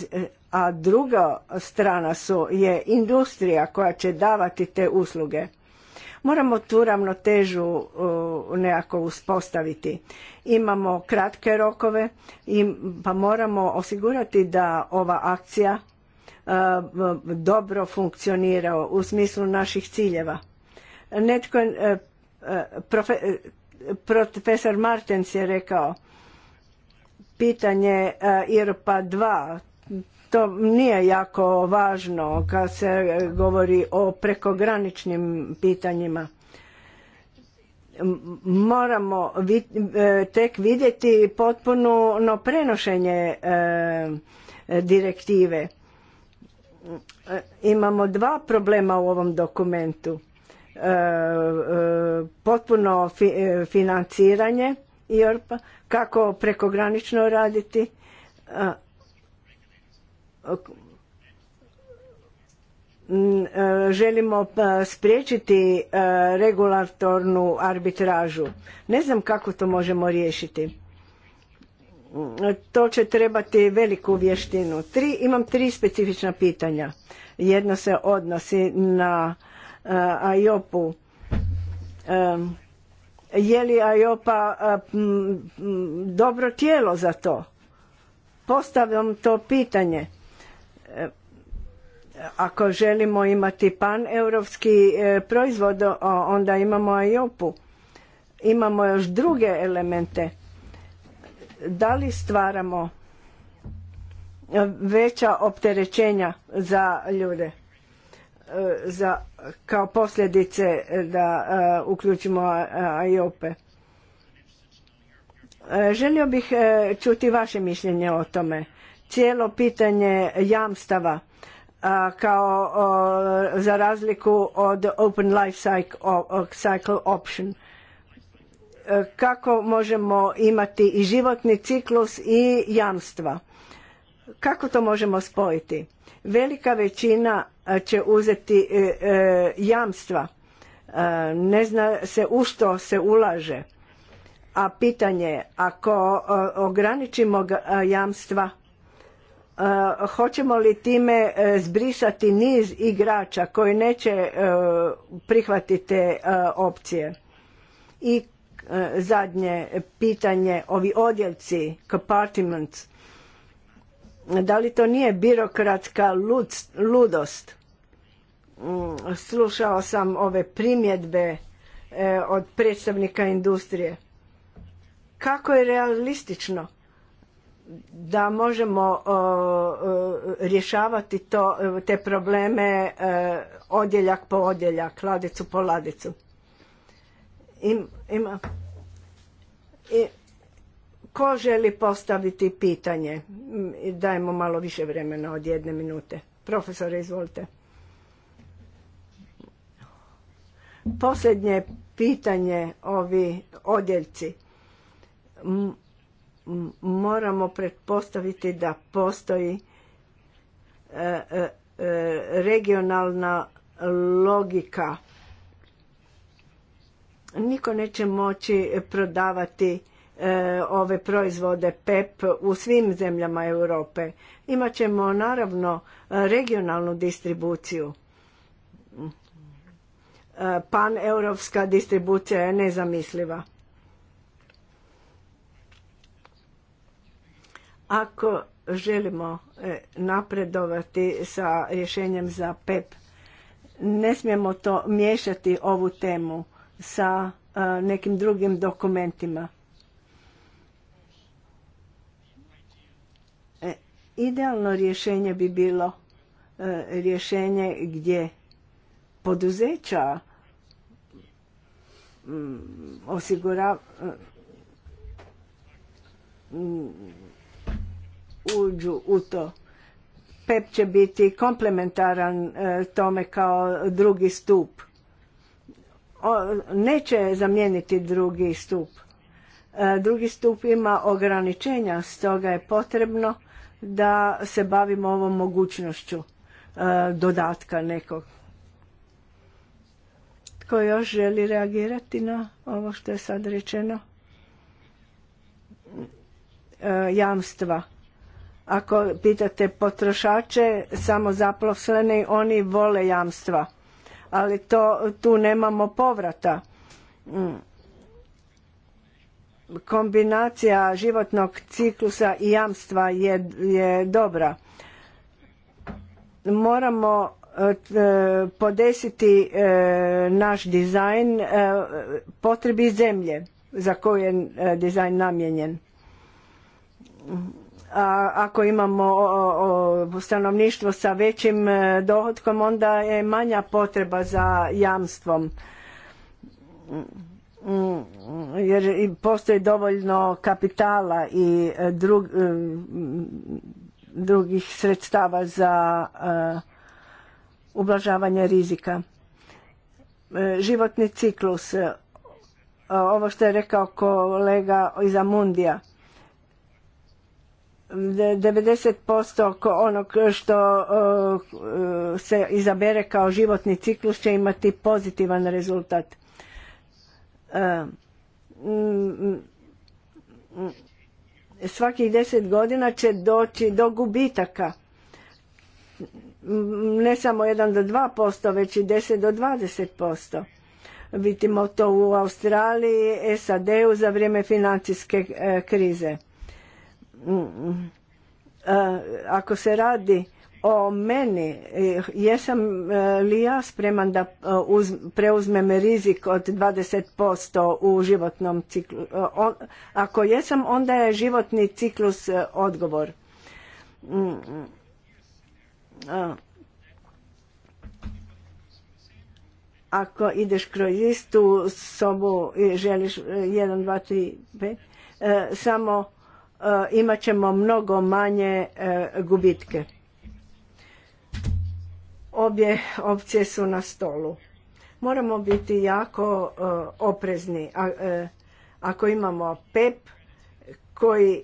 a druga strana su je industrija koja će davati te usluge. Moramo tu ravnotežu nekako uspostaviti. Imamo kratke rokove pa moramo osigurati da ova akcija e, dobro funkcionira u smislu naših ciljeva. Netko e, e, profesor Martens je rekao pitanje IRPA 2, to nije jako važno kad se govori o prekograničnim pitanjima moramo e, tek vidjeti potpuno no prenošenje e, direktive e, imamo dva problema u ovom dokumentu potpuno financiranje i kako prekogranično raditi a, želimo pa, spriječiti e, regulatornu arbitražu. Ne znam kako to možemo riješiti. To će trebati veliku vještinu. Tri, imam tri specifična pitanja. Jedno se odnosi na e, AIOP-u. E, je li AIOPA dobro tijelo za to? Postavljam to pitanje ako želimo imati pan-europski e, proizvod, onda imamo IOP-u. Imamo još druge elemente. Da li stvaramo e, veća opterećenja za ljude? E, za, kao posljedice da uključimo IOP-e. Želio bih čuti vaše mišljenje o tome cijelo pitanje jamstava kao za razliku od open life cycle option e, kako možemo imati i životni ciklus i jamstva kako to možemo spojiti velika većina će uzeti e, e, jamstva ne zna se u što se ulaže a pitanje je ako ograničimo jamstva hoćemo li time e, zbrisati niz igrača koji neće e, prihvatiti e, opcije i zadnje pitanje ovi odjelci, compartments da li to nije birokratska ludost mm, slušao sam ove primjedbe od predstavnika industrije kako je realistično da možemo rješavati to, te probleme e, odjeljak po odjeljak, ladicu po ladicu. Im, ima. ko želi postaviti pitanje? Dajemo malo više vremena od jedne minute. Profesore, izvolite. Posljednje pitanje ovi odjeljci moramo pretpostaviti da postoji e, e, e, regionalna logika. Niko neće moći prodavati ove proizvode PEP u svim zemljama Europe. Imaćemo naravno regionalnu distribuciju. Pan-europska distribucija je nezamisliva. Ako želimo e, napredovati sa rješenjem za PEP, e ne smijemo to miješati ovu temu sa e, nekim drugim dokumentima. Idealno rješenje bi bilo rješenje gdje poduzeća mm, osigurava uđu u to. PEP će biti komplementaran e, tome kao drugi stup. neće zamijeniti drugi stup. E, drugi stup ima ograničenja, stoga je potrebno da se bavimo ovom mogućnošću e, dodatka nekog. Tko još želi reagirati na ovo što je sad rečeno? Jamstva ako pitate potrošače, samo zaposleni, oni vole jamstva. Ali to, tu nemamo povrata. Mm. Kombinacija životnog ciklusa i jamstva je, je dobra. Moramo e, podesiti e, naš dizajn e, potrebi zemlje za koju je dizajn namijenjen ako imamo stanovništvo sa većim e, dohodkom onda je manja potreba za jamstvom jer postoji dovoljno kapitala i e, e, drugih sredstava za ublažavanje rizika. Životni ciklus, ovo što je rekao kolega iz Amundija, 90% onog što se izabere kao životni ciklus će imati pozitivan rezultat. E, mm, mm, svakih 10 godina će doći do gubitaka. Mm, ne samo 1 do 2%, već i 10 do 20%. Vidimo to u Australiji, SAD-u za vrijeme financijske e, krize Eh, ako se radi o meni, eh, jesam eh, li ja spreman da uz, preuzmem rizik od 20% u životnom ciklu? Ako jesam, onda je životni ciklus odgovor. Mm, ako ideš kroz istu sobu i želiš 1, 2, 3, 5, samo Eh, imat ćemo mnogo manje eh, gubitke. Obje opcije su na stolu. Moramo biti jako eh, oprezni. Ako imamo PEP koji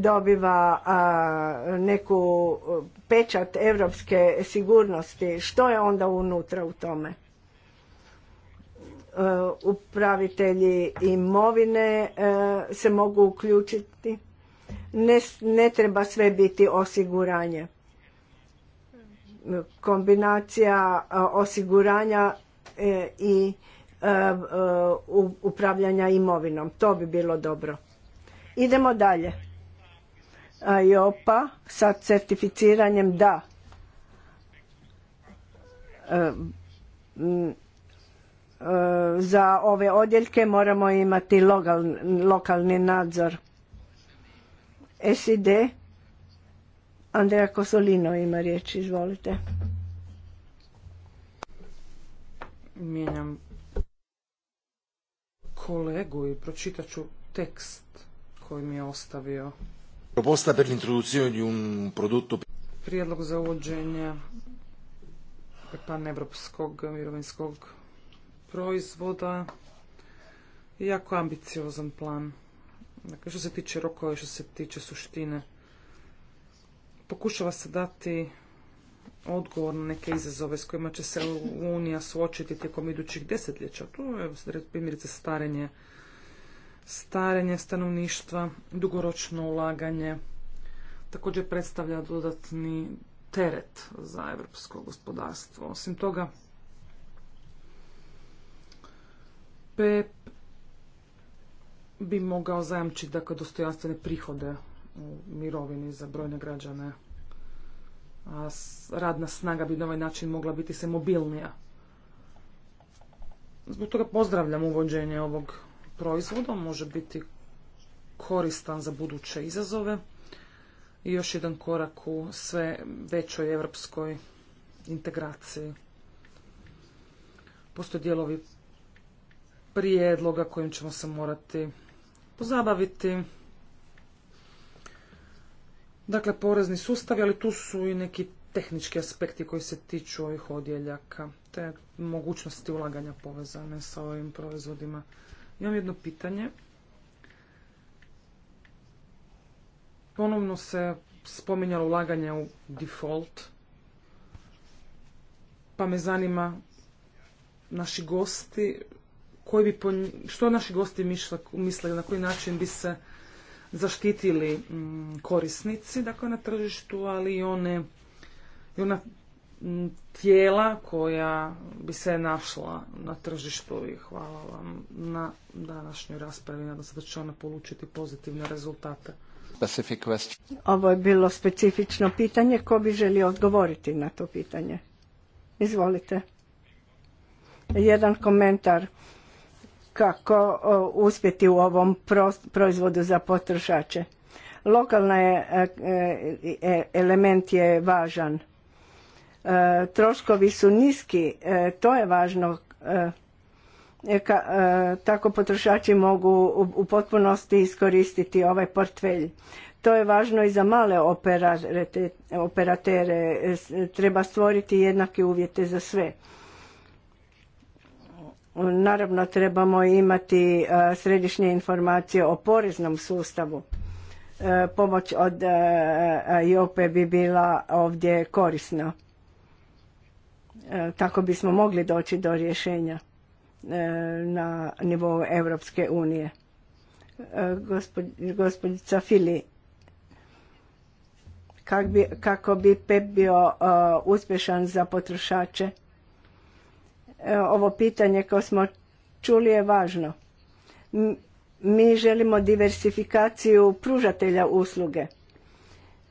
dobiva neku pečat evropske sigurnosti, što je onda unutra u tome? E, upravitelji imovine e, se mogu uključiti. Ne, treba sve biti osiguranje. Kombinacija e, osiguranja i upravljanja imovinom. To bi bilo dobro. Idemo dalje. IOPA sa certificiranjem da. Eh, za ove odjeljke moramo imati lokalni nadzor. SID, Andreja Kosolino ima riječ, izvolite. Mijenjam kolegu i pročitat ću tekst koji mi je ostavio. Proposta per l'introduzione di un prodotto... Prijedlog za uvođenje panevropskog mirovinskog proizvoda i jako ambiciozan plan. Dakle, što se tiče rokova i što se tiče suštine. Pokušava se dati odgovor na neke izazove s kojima će se Unija suočiti tijekom idućih desetljeća. To je primjerice starenje, starenje stanovništva, dugoročno ulaganje. Također predstavlja dodatni teret za europsko gospodarstvo. Osim toga, PEP bi mogao zajamčiti dakle, dostojanstvene prihode u mirovini za brojne građane. A radna snaga bi na ovaj način mogla biti se mobilnija. Zbog toga pozdravljam uvođenje ovog proizvoda. može biti koristan za buduće izazove i još jedan korak u sve većoj evropskoj integraciji. Postoje dijelovi prijedloga kojim ćemo se morati pozabaviti. Dakle, porezni sustav, ali tu su i neki tehnički aspekti koji se tiču ovih odjeljaka, te mogućnosti ulaganja povezane sa ovim proizvodima. Imam jedno pitanje. Ponovno se spominjalo ulaganje u default, pa me zanima naši gosti bi, što naši gosti misle, na koji način bi se zaštitili mm, korisnici dakle, na tržištu, ali i one i ona mm, tijela koja bi se našla na tržištu i hvala vam na današnjoj raspravi. Nadam se da će ona polučiti pozitivne rezultate. Ovo je bilo specifično pitanje. Ko bi želio odgovoriti na to pitanje? Izvolite. Jedan komentar kako uspjeti u ovom proizvodu za potrošače. Lokalni e, e, element je važan. E, troškovi su niski, to je važno. Tako potrošači mogu u potpunosti iskoristiti ovaj portfelj. To je važno i za male operatere. Treba stvoriti jednake uvjete za sve Naravno trebamo imati e, središnje informacije o poreznom sustavu. E, pomoć od IOPE e, bi bila ovdje korisna. Tako bismo mogli doći do rješenja na nivou Europske unije. Gospođica Fili, kako bi PEP bio uspješan za potrošače? E, ovo pitanje koje smo čuli je važno. Mi želimo diversifikaciju pružatelja usluge.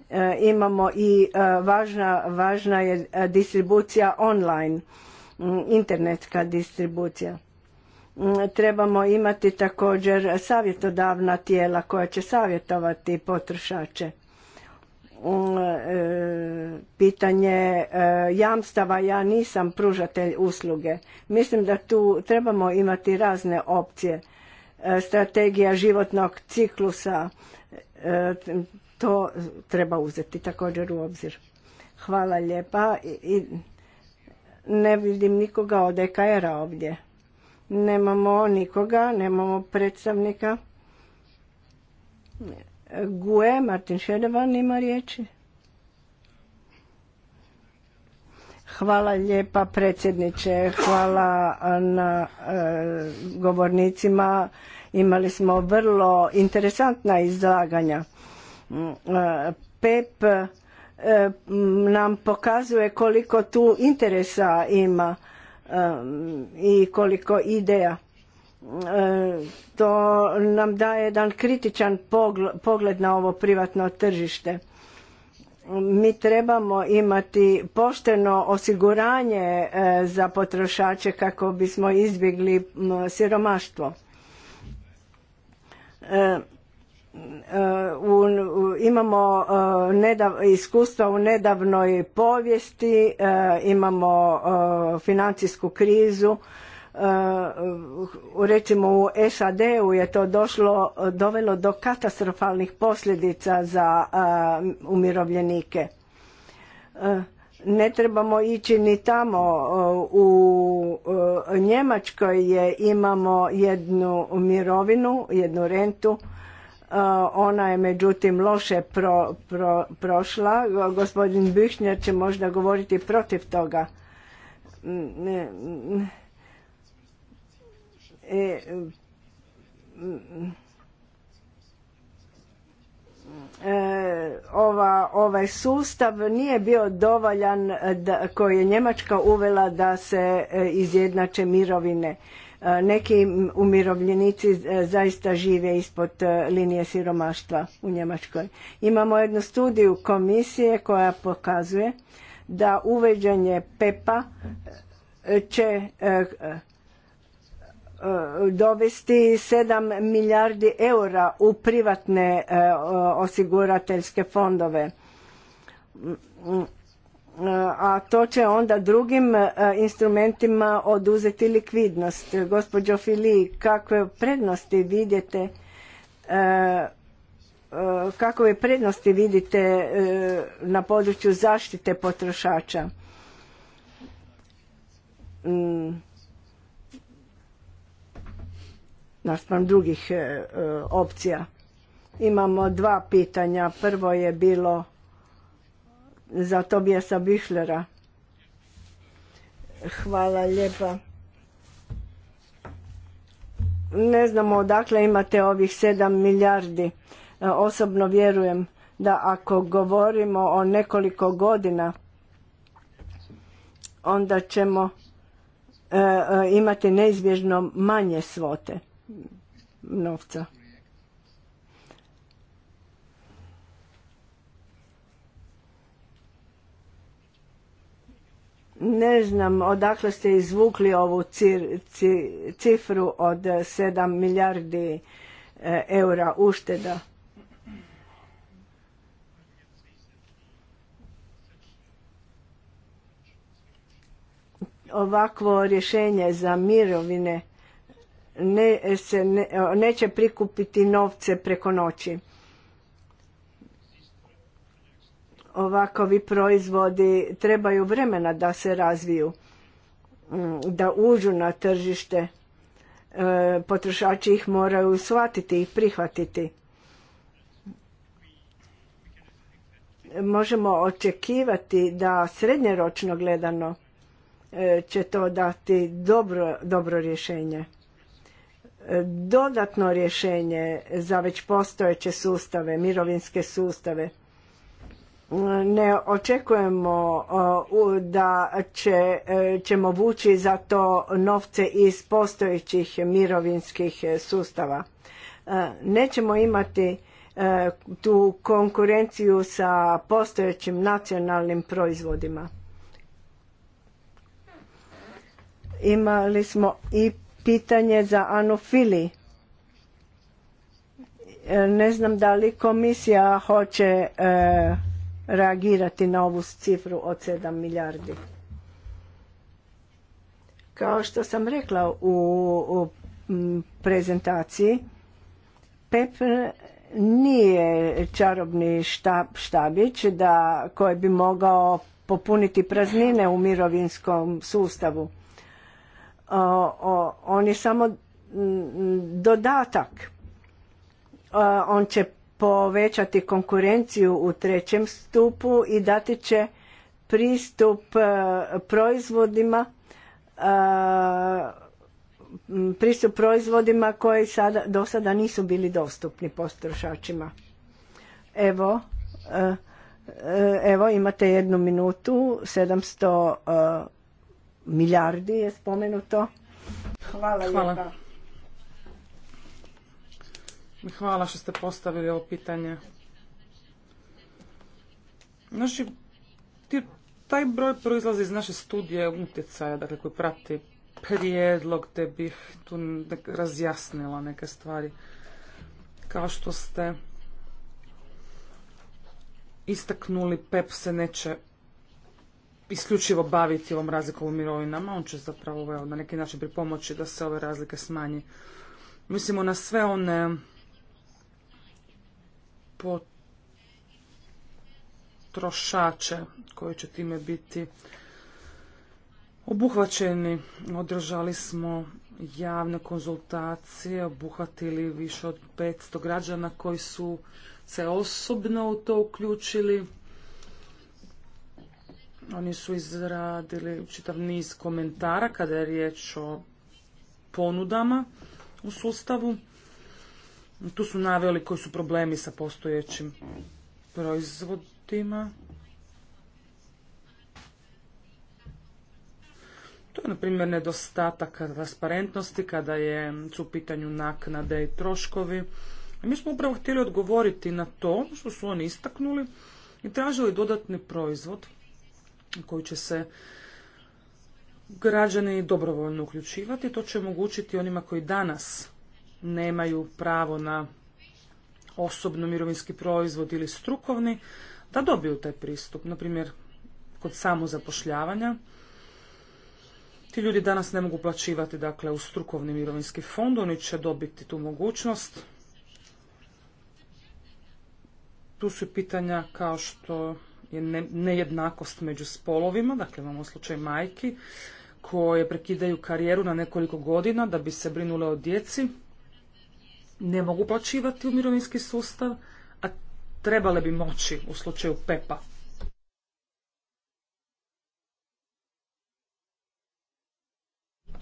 E, imamo i e, važna, važna je distribucija online, internetska distribucija. Trebamo imati također savjetodavna tijela koja će savjetovati potrošače Mm, e, pitanje e, jamstava, ja nisam pružatelj usluge. Mislim da tu trebamo imati razne opcije. E, strategija životnog ciklusa, to treba uzeti također u obzir. Hvala lijepa. ne vidim nikoga od EKR-a ovdje. Nemamo nikoga, nemamo predstavnika. GUE, Martin Šedevan ima riječi. Hvala lijepa predsjedniče, hvala na e, govornicima. Imali smo vrlo interesantna izlaganja. Mm, e, PEP e, nam pokazuje koliko tu interesa ima i koliko ideja E, to nam daje jedan kritičan pogled na ovo privatno tržište. Mi trebamo imati pošteno osiguranje e, za potrošače kako bismo izbjegli siromaštvo. E, imamo iskustva u nedavnoj povijesti, imamo financijsku krizu Eh, recimo u SAD-u je to došlo, dovelo do katastrofalnih posljedica za eh, umirovljenike. Eh, ne trebamo ići ni tamo. U Njemačkoj je, imamo jednu mirovinu, jednu rentu. Ona je međutim loše prošla. Gospodin Bišnjar će možda govoriti protiv toga. Mm, ne, ne E, e, ova, ovaj sustav nije bio dovoljan da, koji je Njemačka uvela da se e, izjednače mirovine. neki umirovljenici zaista žive ispod linije siromaštva u Njemačkoj. Imamo jednu studiju komisije koja pokazuje da uveđanje PEPA će E, dovesti 7 milijardi eura u privatne e, osigurateljske fondove. A to će onda drugim e, instrumentima oduzeti likvidnost. Gospođo Fili, kakve prednosti vidite kakve prednosti vidite na području zaštite potrošača? Mm. naspram drugih e, e, opcija. Imamo dva pitanja. Prvo je bilo za bijesa Bišlera. Hvala lijepa. Ne znamo odakle imate ovih sedam milijardi. E, osobno vjerujem da ako govorimo o nekoliko godina, onda ćemo imati neizbježno manje svote novca. Ne znam odakle ste izvukli ovu cifru od 7 milijardi e, eura ušteda. Ovakvo rješenje za mirovine ne, se neće prikupiti novce preko noći. Ovakovi proizvodi trebaju vremena da se razviju, mm, da uđu na tržište. E, potrošači ih moraju shvatiti i prihvatiti. Možemo očekivati da srednjeročno gledano e, će to dati dobro, dobro rješenje dodatno rješenje za već postojeće sustave, mirovinske sustave. Ne očekujemo da će, e, ćemo vući za to novce iz postojećih mirovinskih sustava. E, nećemo imati e, tu konkurenciju sa postojećim nacionalnim proizvodima. Imali smo i pitanje za anofili. E, ne znam da li komisija hoće e, reagirati na ovu cifru od 7 milijardi. Kao što sam rekla u, prezentaciji, PEP nije čarobni štabić da, koji bi mogao popuniti praznine u mirovinskom sustavu on je samo dodatak. On će povećati konkurenciju u trećem stupu i dati će pristup e, proizvodima pristup proizvodima koji sada, do sada nisu bili dostupni potrošačima. Evo, e, e, evo imate jednu minutu, 700 milijardi je spomenuto. Hvala, Hvala. lijepa. Hvala što ste postavili ovo pitanje. ti, taj broj proizlazi iz naše studije utjecaja, dakle koji prati prijedlog, te bih tu razjasnila neke stvari. Kao što ste istaknuli, PEP se neće isključivo baviti ovom razlikom u mirovinama, on će zapravo evo, na neki način pripomoći da se ove razlike smanji. Mislimo na sve one potrošače koji će time biti obuhvaćeni. Održali smo javne konzultacije, obuhvatili više od 500 građana koji su se osobno u to uključili. Oni su izradili čitav niz komentara kada je riječ o ponudama u sustavu. Tu su naveli koji su problemi sa postojećim proizvodima. To je, na primjer, nedostatak transparentnosti kada je, su u pitanju naknade i troškovi. mi smo upravo htjeli odgovoriti na to što su oni istaknuli i tražili dodatni proizvod koji će se građani dobrovoljno uključivati. To će omogućiti onima koji danas nemaju pravo na osobno mirovinski proizvod ili strukovni, da dobiju taj pristup. Naprimjer, kod samozapošljavanja, ti ljudi danas ne mogu plaćivati dakle, u strukovni mirovinski fond, oni će dobiti tu mogućnost. Tu su pitanja kao što je nejednakost među spolovima, dakle imamo slučaj majki koje prekidaju karijeru na nekoliko godina da bi se brinule o djeci, ne mogu plaćivati u mirovinski sustav, a trebale bi moći u slučaju PEPA.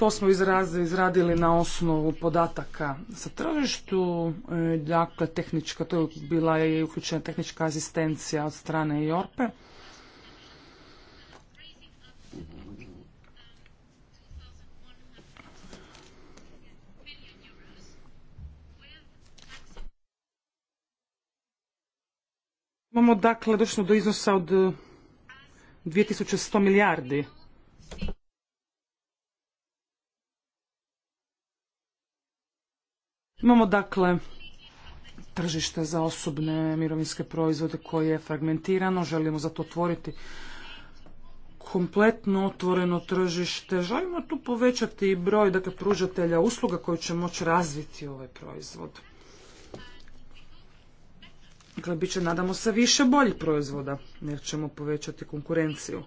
To smo izradili na osnovu podataka sa tržištu, e, dakle tehnička, to je bila i uključena tehnička asistencija od strane Jorpe. Imamo dakle došlo do iznosa od 2100 milijardi Imamo dakle tržište za osobne mirovinske proizvode koje je fragmentirano, želimo za to otvoriti kompletno otvoreno tržište. Želimo tu povećati broj dakle, pružatelja usluga koji će moći razviti ovaj proizvod. Dakle, bit će, nadamo se, više boljih proizvoda, jer ćemo povećati konkurenciju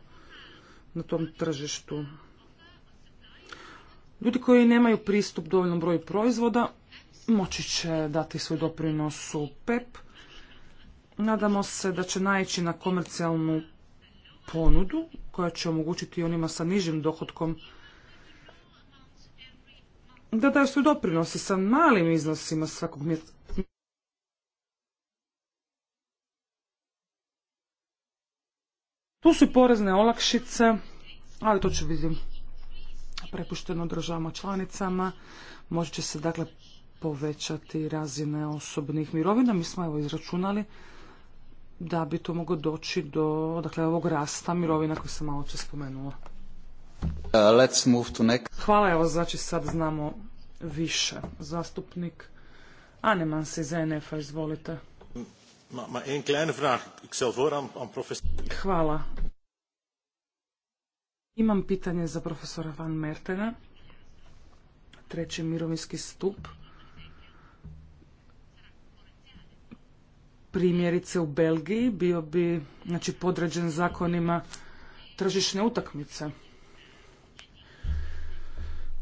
na tom tržištu. Ljudi koji nemaju pristup dovoljnom broju proizvoda moći će dati svoj doprinos u PEP. Nadamo se da će naići na komercijalnu ponudu koja će omogućiti onima sa nižim dohodkom da daju svoj doprinos sa malim iznosima svakog mjesta. Tu su i porezne olakšice, ali to će biti prepušteno državama članicama. Moći će se dakle povećati razine osobnih mirovina. Mi smo evo izračunali da bi to moglo doći do dakle, ovog rasta mirovina koji sam malo čas spomenula. Uh, let's move to next. Hvala, evo znači sad znamo više. Zastupnik Aneman se iz NF-a, izvolite. Ma, ma een kleine vraag. Ik zal voor aan, Hvala. Imam pitanje za profesora Van Mertena. Treći mirovinski stup. primjerice u Belgiji bio bi znači, podređen zakonima tržišne utakmice.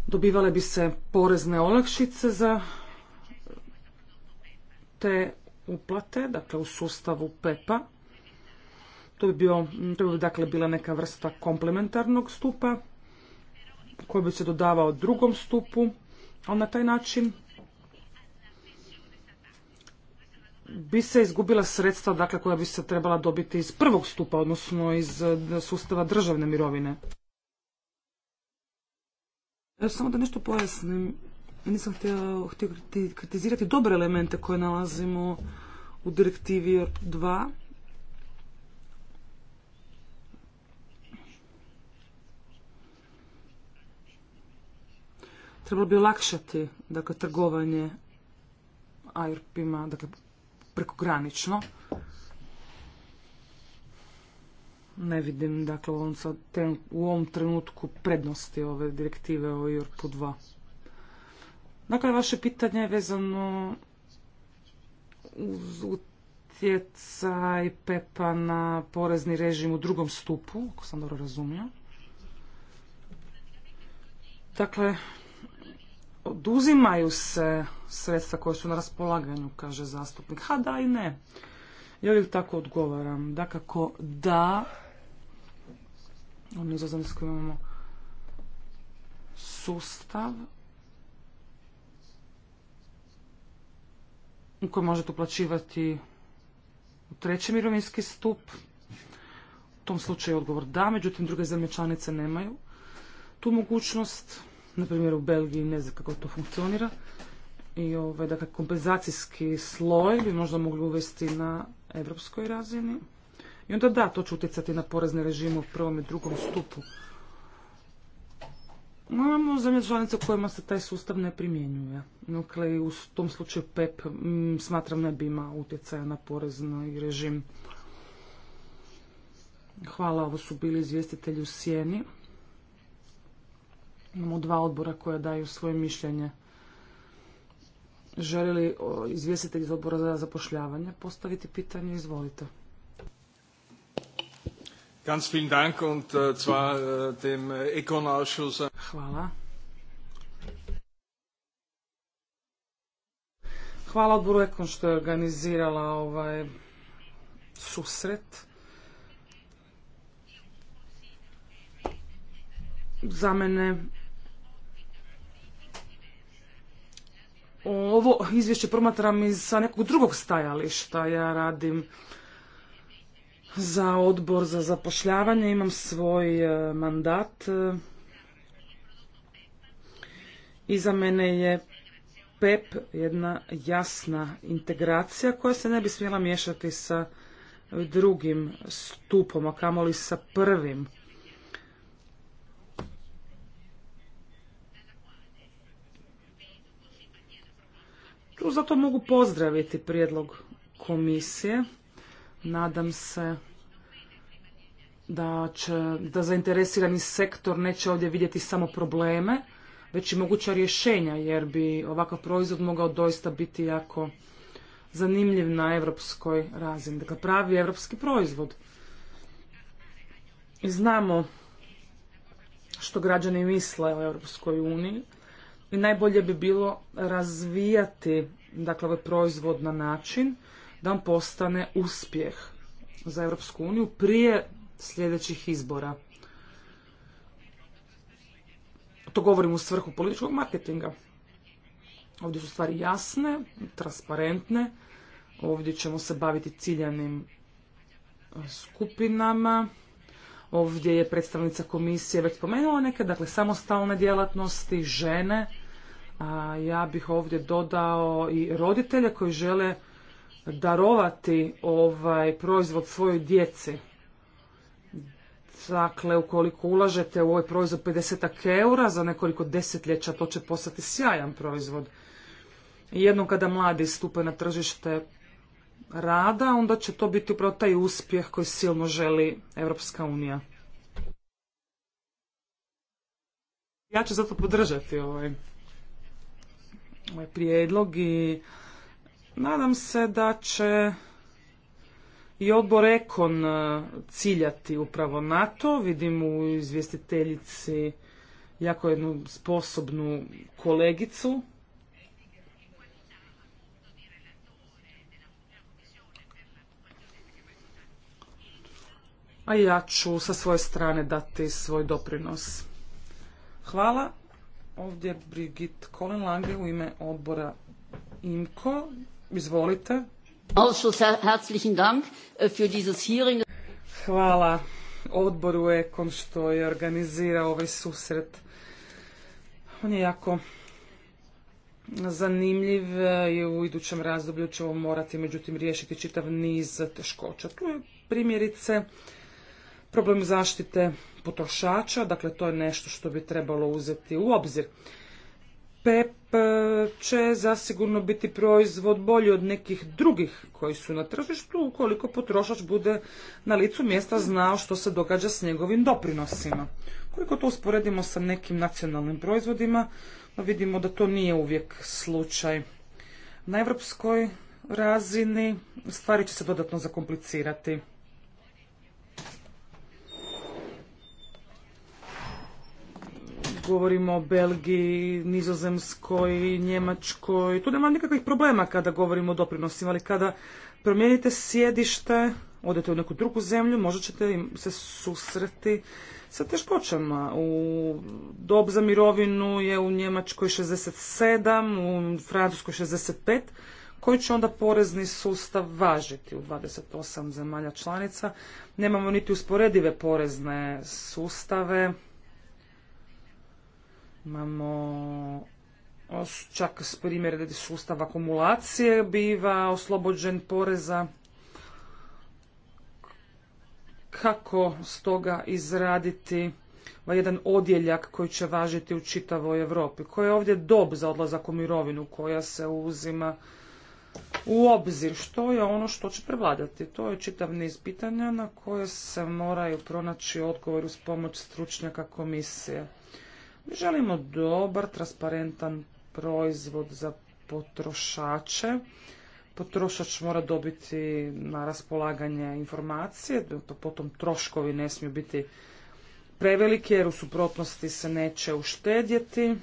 Dobivale bi se porezne olakšice za te uplate, dakle u sustavu PEPA. To bi, bio, to bi dakle bila neka vrsta komplementarnog stupa koji bi se dodavao drugom stupu, ali na taj način bi se izgubila sredstva dakle, koja bi se trebala dobiti iz prvog stupa, odnosno iz eh, sustava državne mirovine. Ja e, samo da nešto pojasnim. Nisam htio, kritizirati dobre elemente koje nalazimo u direktivi 2. Trebalo bi olakšati dakle, trgovanje irp ima dakle, prekogranično. Ne vidim, dakle, u ovom trenutku prednosti ove direktive o IORP-u 2. Dakle, vaše pitanje je vezano uz utjecaj PEPA na porezni režim u drugom stupu, ako sam dobro razumio. Dakle, oduzimaju se sredstva koja su na raspolaganju, kaže zastupnik. Ha, da i ne. Ja uvijek tako odgovaram. Dakako, da, u nizozemskoj imamo sustav u kojem možete uplaćivati u treći mirovinski stup. U tom slučaju je odgovor da, međutim druge zemlje članice nemaju tu mogućnost na primjer u Belgiji ne znam kako to funkcionira i ovaj, dakle, kompenzacijski sloj bi možda mogli uvesti na europskoj razini. I onda da, to će utjecati na porezne režime u prvom i drugom stupu. Imamo zemlje članice u kojima se taj sustav ne primjenjuje. Dakle, u tom slučaju PEP mm, smatram ne bi imao utjecaja na porezni režim. Hvala, ovo su bili izvjestitelji u Sjeni. Imamo dva odbora koja daju svoje mišljenje. Želi li izvjestitelj iz odbora za zapošljavanje postaviti pitanje? Izvolite. Äh, äh, äh, Hvala. Hvala odboru Ekon što je organizirala ovaj susret. Za mene ovo izvješće promatram iz sa nekog drugog stajališta. Ja radim za odbor za zapošljavanje, imam svoj e, mandat e, i za mene je PEP jedna jasna integracija koja se ne bi smjela miješati sa drugim stupom, a kamoli sa prvim. Zato mogu pozdraviti prijedlog komisije. Nadam se da, će, da zainteresirani sektor neće ovdje vidjeti samo probleme, već i moguća rješenja, jer bi ovakav proizvod mogao doista biti jako zanimljiv na evropskoj razini. Dakle, pravi evropski proizvod. I znamo što građani misle o Europskoj uniji. I najbolje bi bilo razvijati dakle, ovaj proizvod na način da on postane uspjeh za Europsku uniju prije sljedećih izbora. To govorim u svrhu političkog marketinga. Ovdje su stvari jasne, transparentne. Ovdje ćemo se baviti ciljanim e, skupinama. Ovdje je predstavnica komisije već spomenula neke, dakle samostalne djelatnosti, žene, ja bih ovdje dodao i roditelje koji žele darovati ovaj proizvod svojoj djeci. Dakle, ukoliko ulažete u ovaj proizvod 50 eura, za nekoliko desetljeća to će postati sjajan proizvod. Jednom kada mladi stupe na tržište rada, onda će to biti upravo taj uspjeh koji silno želi Europska unija. Ja ću zato podržati ovaj ovaj prijedlog i nadam se da će i odbor Ekon e, ciljati upravo na to. Vidim u izvjestiteljici jako jednu sposobnu kolegicu. A ja ću sa svoje strane dati svoj doprinos. Hvala ovdje Brigit Kolenlange u ime odbora IMKO. Izvolite. Äh, Hvala odboru Ekon što je organizirao ovaj susret. On je jako zanimljiv eh, i u idućem razdoblju ćemo morati međutim riješiti čitav niz teškoća. Tu je primjerice problem zaštite potrošača, dakle to je nešto što bi trebalo uzeti u obzir. PEP e, će zasigurno biti proizvod bolji od nekih drugih koji su na tržištu ukoliko potrošač bude na licu mjesta znao što se događa s njegovim doprinosima. Koliko to usporedimo sa nekim nacionalnim proizvodima, pa vidimo da to nije uvijek slučaj. Na evropskoj razini stvari će se dodatno zakomplicirati. govorimo o Belgiji, Nizozemskoj, Njemačkoj, tu nema nikakvih problema kada govorimo o doprinosima, ali kada promijenite sjedište, odete u neku drugu zemlju, možda ćete se susreti sa teškoćama. U dob za mirovinu je u Njemačkoj 67, u Francuskoj 65, koji će onda porezni sustav važiti u 28 zemalja članica. Nemamo niti usporedive porezne sustave, Imamo čak s primjer da sustav akumulacije biva oslobođen poreza. Kako stoga izraditi ovaj jedan odjeljak koji će važiti u čitavoj Europi? Koja je ovdje dob za odlazak u mirovinu koja se uzima u obzir? Što je ono što će prevladati? To je čitav niz pitanja na koje se moraju pronaći odgovor uz pomoć stručnjaka komisije. Želimo dobar, transparentan proizvod za potrošače. Potrošač mora dobiti na raspolaganje informacije, potom troškovi ne smiju biti preveliki jer u suprotnosti se neće uštedjeti.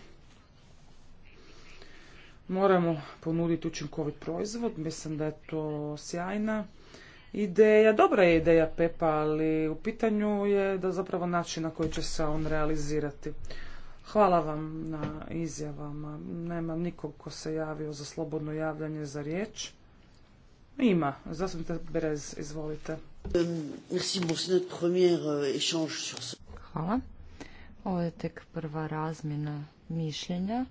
Moramo ponuditi učinkovit proizvod, mislim da je to sjajna ideja. Dobra je ideja Pepa, ali u pitanju je da zapravo način na koji će se on realizirati. Hvala vam na izjavama. Nema nikog ko se javio za slobodno javljanje za riječ. Ima. Zastupite Berez, izvolite. Euh, euh, Hvala. Ovo je tek prva razmjena mišljenja.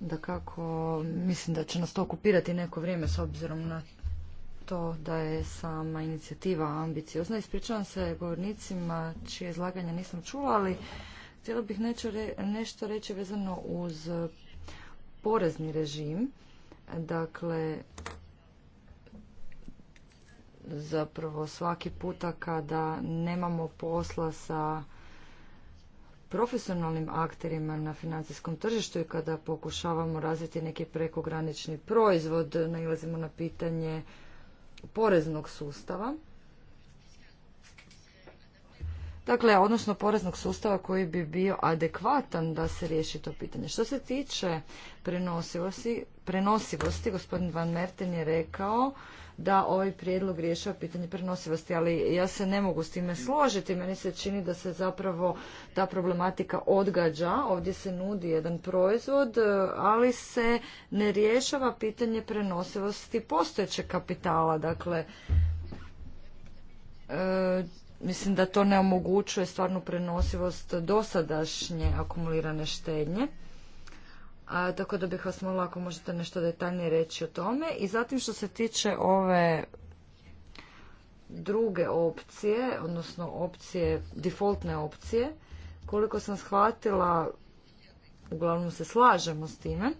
Da kako, mislim da će nas to okupirati neko vrijeme s obzirom na to da je sama inicijativa ambiciozna. Ispričavam se govornicima čije izlaganja nisam čula, ali htjela bih nešto reći vezano uz porezni režim. Dakle, zapravo svaki puta kada nemamo posla sa profesionalnim akterima na financijskom tržištu i kada pokušavamo razviti neki prekogranični proizvod, nailazimo na pitanje poreznog sustava. Dakle, odnosno poreznog sustava koji bi bio adekvatan da se riješi to pitanje. Što se tiče prenosivosti, prenosivosti gospodin Van Merten je rekao da ovaj prijedlog rješava pitanje prenosivosti, ali ja se ne mogu s time složiti. Meni se čini da se zapravo ta problematika odgađa. Ovdje se nudi jedan proizvod, e, ali se ne rješava pitanje prenosivosti postojećeg kapitala. Dakle, e, mislim da to ne omogućuje stvarnu prenosivost dosadašnje akumulirane štednje a, tako da bih vas molila ako možete nešto detaljnije reći o tome. I zatim što se tiče ove druge opcije, odnosno opcije, defaultne opcije, koliko sam shvatila, uglavnom se slažemo s time,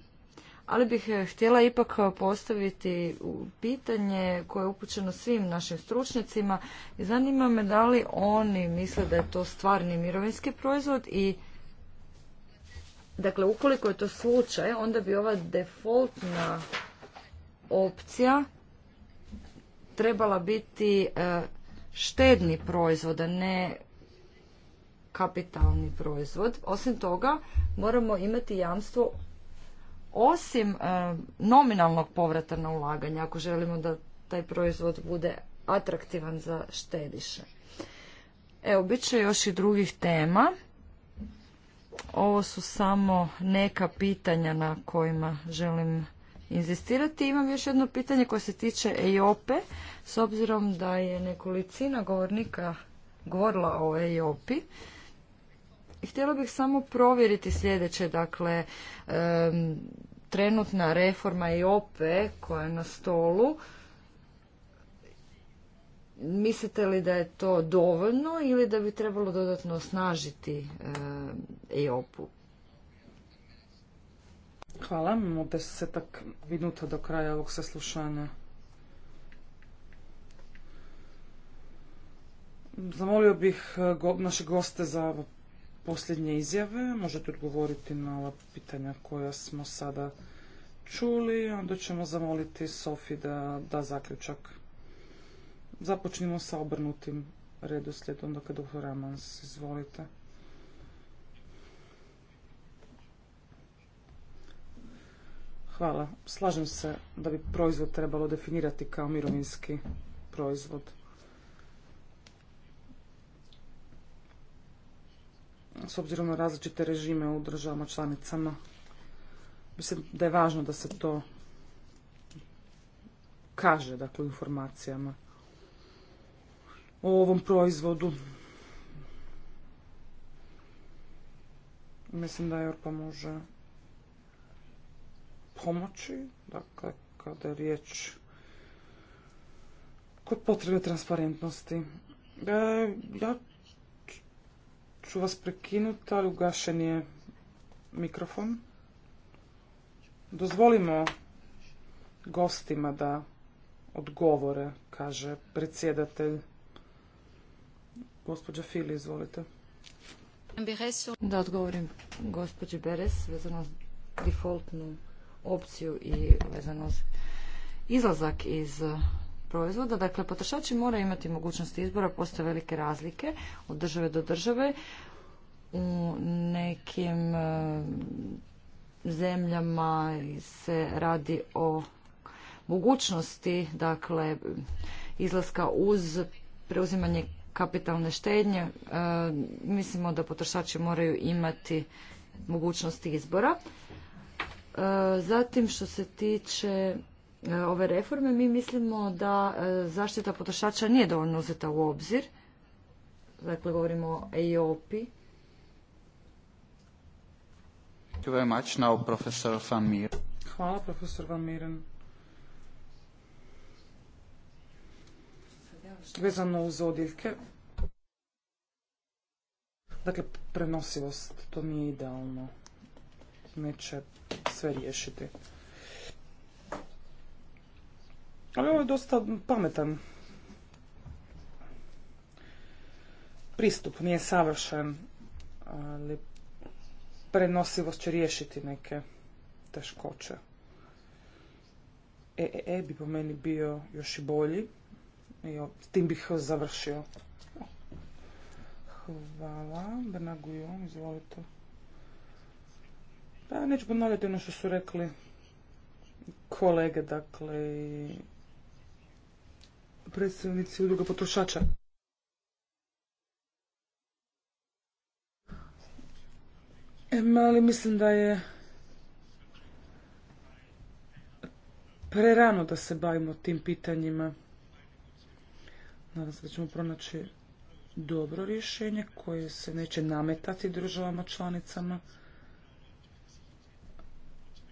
ali bih eh, htjela ipak eh, postaviti pitanje koje je upućeno svim našim stručnjacima i zanima me da li oni misle da je to stvarni mirovinski proizvod i Dakle, ukoliko je to slučaj, onda bi ova defaultna opcija trebala biti e, štedni proizvod, a ne kapitalni proizvod. Osim toga, moramo imati jamstvo osim e, nominalnog povrata na ulaganje, ako želimo da taj proizvod bude atraktivan za štediše. Evo, bit će još i drugih tema. Ovo su samo neka pitanja na kojima želim inzistirati. Imam još jedno pitanje koje se tiče EIOPE. S obzirom da je nekolicina govornika govorila o EIOPI, htjela bih samo provjeriti sljedeće. Dakle, trenutna reforma EIOPE koja je na stolu, Mislite li da je to dovoljno ili da bi trebalo dodatno osnažiti EOP-u? E Hvala, imamo desetak minuta do kraja ovog saslušanja. Zamolio bih e, naše goste za posljednje izjave. Možete odgovoriti na ova pitanja koja smo sada čuli. Onda ćemo zamoliti Sofi da da zaključak. Započnimo sa obrnutim redoslijedom, dakle doktor Ramans, izvolite. Hvala. Slažem se da bi proizvod trebalo definirati kao mirovinski proizvod. S obzirom na različite režime u državama članicama, mislim da je važno da se to kaže, dakle, u informacijama o ovom proizvodu. Mislim da Europa može pomoći, dakle, kada je riječ kod potrebe transparentnosti. E, ja ću vas prekinuti, ali ugašen je mikrofon. Dozvolimo gostima da odgovore, kaže predsjedatelj. Gospođa Fili, izvolite. Da odgovorim gospođi Beres vezano defaultnu opciju i vezano izlazak iz e, proizvoda. Dakle, potrošači moraju imati mogućnost izbora, postoje velike razlike od države do države. U nekim e, zemljama se radi o mogućnosti, dakle, izlaska uz preuzimanje kapitalne štednje, e, mislimo da potrošači moraju imati mogućnosti izbora. E, zatim što se tiče e, ove reforme, mi mislimo da zaštita potrošača nije dovoljno uzeta u obzir. Dakle, govorimo o EIOPI. Hvala, profesor Van vezano uz odjeljke. Dakle, prenosivost, to nije idealno. Neće sve riješiti. Ali ovo je dosta pametan pristup, nije savršen, ali prenosivost će riješiti neke teškoće. E, e, e bi po meni bio još i bolji. I s tim bih završio. Hvala. Bernagujon, izvolite. Pa neću ponavljati ono što su rekli kolege, dakle, predstavnici udruga potrošača. Ali mislim da je prerano da se bavimo tim pitanjima. Nadam se da ćemo pronaći dobro rješenje koje se neće nametati državama članicama,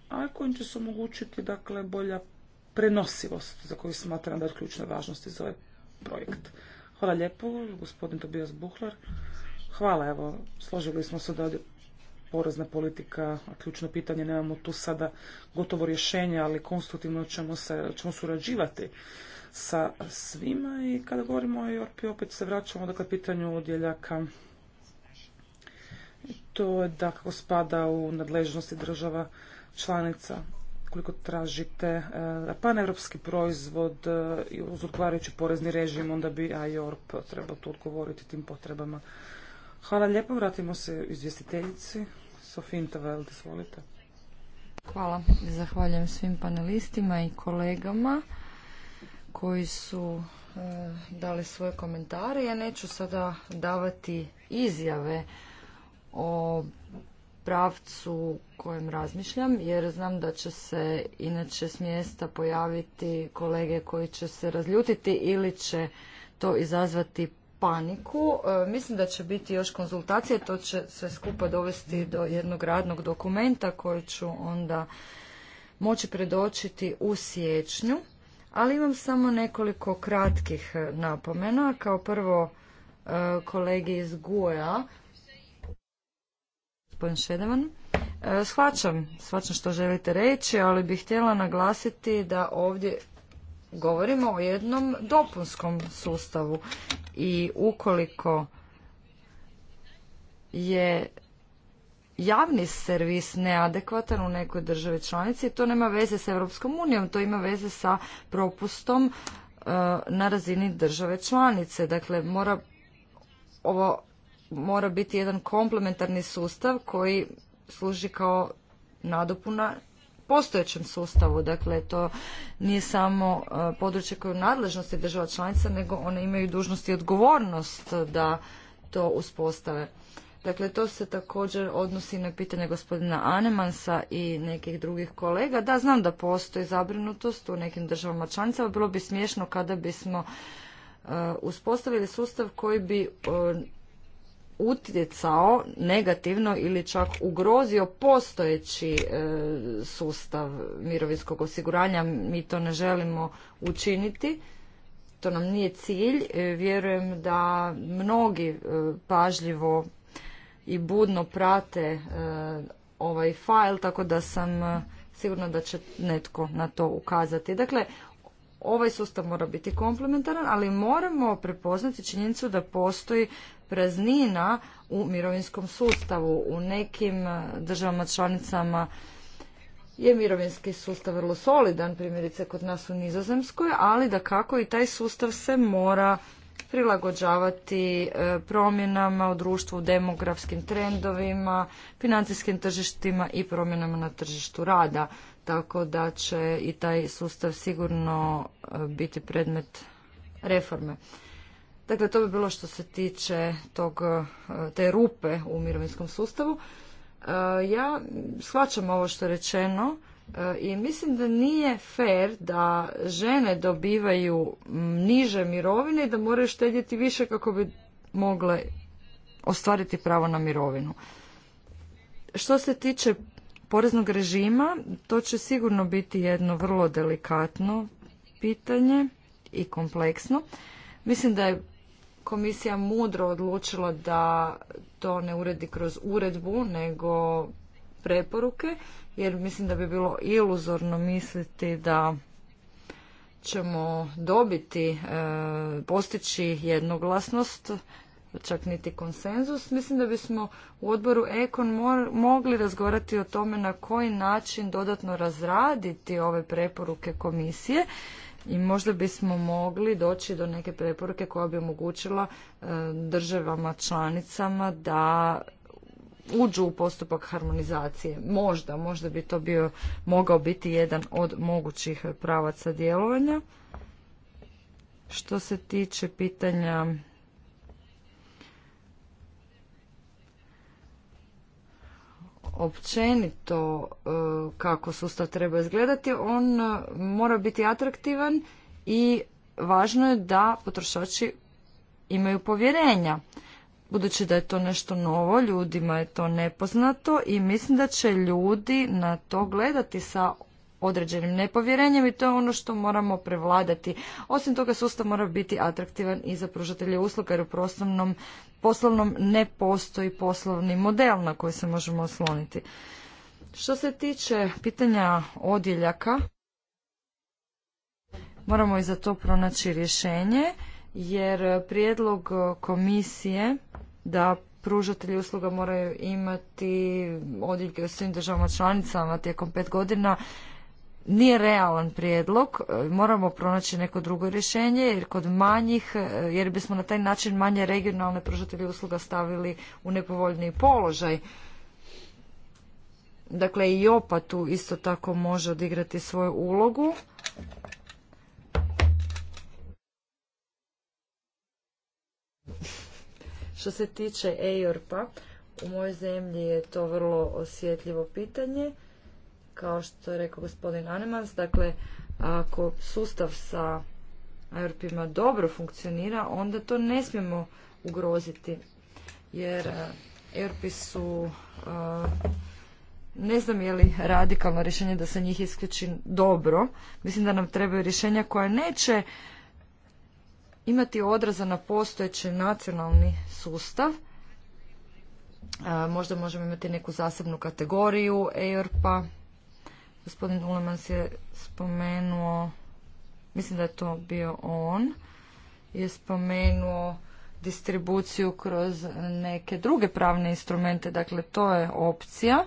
a kojim će se omogućiti dakle, bolja prenosivost za koju smatram da je ključne važnosti za ovaj projekt. Hvala lijepo, gospodin Tobias Buhler. Hvala, evo, složili smo se da je porezna politika, a ključno pitanje, nemamo tu sada gotovo rješenje, ali konstruktivno ćemo, ćemo surađivati sa svima i kada govorimo o Europi opet se vraćamo dakle pitanju odjeljaka to je da kako spada u nadležnosti država članica koliko tražite e, paneuropski proizvod e, i uz odgovarajući porezni režim, onda bi IORP e trebao tu odgovoriti tim potrebama. Hvala lijepo, vratimo se izvjestiteljici. Sofin Tavel, izvolite. Hvala, zahvaljujem svim panelistima i kolegama koji su e, dali svoje komentare. Ja neću sada davati izjave o pravcu kojem razmišljam, jer znam da će se inače s mjesta pojaviti kolege koji će se razljutiti ili će to izazvati paniku. E, mislim da će biti još konzultacije, to će sve skupa dovesti do jednog radnog dokumenta koji ću onda moći predočiti u siječnju ali imam samo nekoliko kratkih e, napomena. Kao prvo e, kolegi iz GUE-a gospodin Šedevan, e, shvaćam, shvaćam što želite reći, ali bih htjela naglasiti da ovdje govorimo o jednom dopunskom sustavu i ukoliko je javni servis neadekvatan u nekoj državi članici, to nema veze sa Europskom unijom, to ima veze sa propustom e, na razini države članice. Dakle, mora, ovo mora biti jedan komplementarni sustav koji služi kao nadopuna postojećem sustavu. Dakle, to nije samo e, područje koje je u nadležnosti država članica, nego one imaju dužnost i odgovornost da to uspostave. Dakle, to se također odnosi na pitanje gospodina Anemansa i nekih drugih kolega. Da, znam da postoji zabrinutost u nekim državama članicama. Bilo bi smiješno kada bismo e, uspostavili sustav koji bi e, utjecao negativno ili čak ugrozio postojeći e, sustav mirovinskog osiguranja. Mi to ne želimo učiniti to nam nije cilj. Vjerujem da mnogi pažljivo i budno prate e, ovaj fail, tako da sam e, sigurna da će netko na to ukazati. Dakle, ovaj sustav mora biti komplementaran, ali moramo prepoznati činjenicu da postoji praznina u mirovinskom sustavu. U nekim e, državama članicama je mirovinski sustav vrlo solidan, primjerice kod nas u Nizozemskoj, ali da kako i taj sustav se mora prilagođavati e, promjenama u društvu, demografskim trendovima, financijskim tržištima i promjenama na tržištu rada. Tako da će i taj sustav sigurno e, biti predmet reforme. Dakle, to bi bilo što se tiče tog, e, te rupe u mirovinskom sustavu. Ja shvaćam ovo što je rečeno, i mislim da nije fair da žene dobivaju niže mirovine i da moraju štedjeti više kako bi mogle ostvariti pravo na mirovinu. Što se tiče poreznog režima, to će sigurno biti jedno vrlo delikatno pitanje i kompleksno. Mislim da je komisija mudro odlučila da to ne uredi kroz uredbu, nego preporuke jer mislim da bi bilo iluzorno misliti da ćemo dobiti, e, postići jednoglasnost, čak niti konsenzus. Mislim da bismo u odboru Ekon mogli razgovarati o tome na koji način dodatno razraditi ove preporuke komisije i možda bismo mogli doći do neke preporuke koja bi omogućila e, državama članicama da uđu u postupak harmonizacije. Možda, možda bi to bio, mogao biti jedan od mogućih pravaca djelovanja. Što se tiče pitanja općenito e, kako sustav treba izgledati, on e, mora biti atraktivan i važno je da potrošači imaju povjerenja budući da je to nešto novo, ljudima je to nepoznato i mislim da će ljudi na to gledati sa određenim nepovjerenjem i to je ono što moramo prevladati. Osim toga, sustav mora biti atraktivan i za pružatelje usluga jer u prostornom poslovnom ne postoji poslovni model na koji se možemo osloniti. Što se tiče pitanja odjeljaka, moramo i za to pronaći rješenje jer prijedlog komisije da pružatelji usluga moraju imati odjeljke u svim državama članicama tijekom pet godina nije realan prijedlog, moramo pronaći neko drugo rješenje jer kod manjih, jer bismo na taj način manje regionalne pružatelje usluga stavili u nepovoljniji položaj. Dakle, i OPA tu isto tako može odigrati svoju ulogu. Što se tiče ERP-a, u mojoj zemlji je to vrlo osjetljivo pitanje, kao što je rekao gospodin Anemans. Dakle, ako sustav sa EIRP-ima dobro funkcionira, onda to ne smijemo ugroziti, jer e, EIRP-i su... E, ne znam je li radikalno rješenje da se njih isključi dobro. Mislim da nam trebaju rješenja koja neće imati odraza na postojeći nacionalni sustav. E, možda možemo imati neku zasebnu kategoriju erp a Gospodin Ulemans je spomenuo, mislim da je to bio on, je spomenuo distribuciju kroz neke druge pravne instrumente, dakle to je opcija.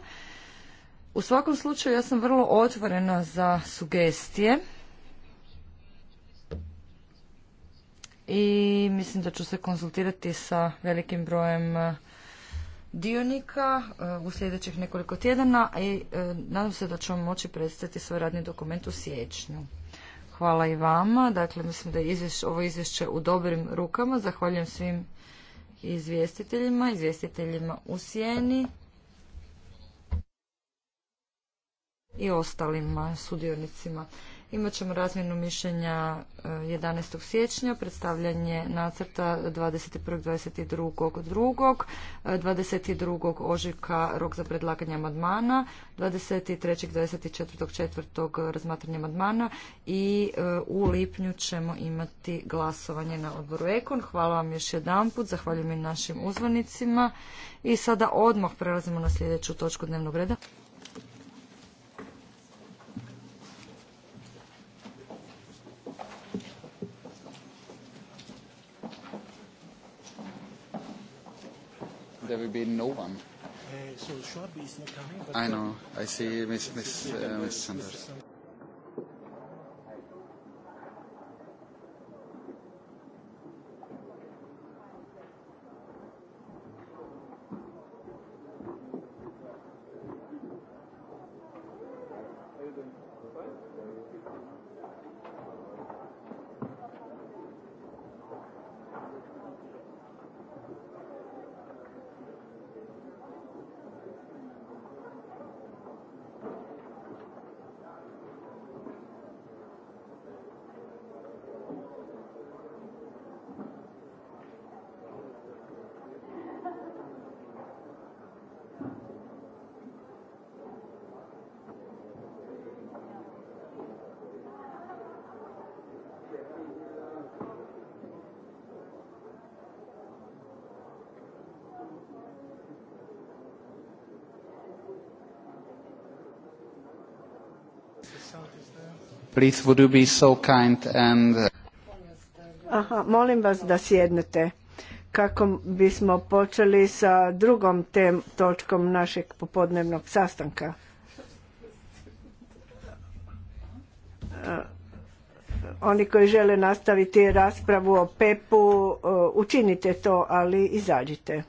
U svakom slučaju ja sam vrlo otvorena za sugestije i mislim da ću se konzultirati sa velikim brojem e, dionika e, u sljedećih nekoliko tjedana i e, nadam se da vam moći predstaviti svoj radni dokument u siječnju. Hvala i vama. Dakle, mislim da je ovo izvješće u dobrim rukama. Zahvaljujem svim izvjestiteljima, izvjestiteljima u sjeni i ostalim sudionicima. Imat ćemo razmjenu mišljenja 11. Eh, siječnja, predstavljanje nacrta 21. 22. drugog, 22. Eh, ožujka rok za predlaganje amadmana, 23. 24. razmatranje Madmana i eh, u lipnju ćemo imati glasovanje na odboru Ekon. Hvala vam još jedanput, zahvaljujem i našim uzvanicima i sada odmah prelazimo na sljedeću točku dnevnog reda. there will be no one. Eh, I know. I see Miss Miss uh, Miss Sanders. Please, uh, molim vas da sjednete kako bismo počeli sa drugom tem točkom našeg popodnevnog sastanka. Uh, oni koji žele nastaviti raspravu o PEP-u, uh, učinite to, ali izađite.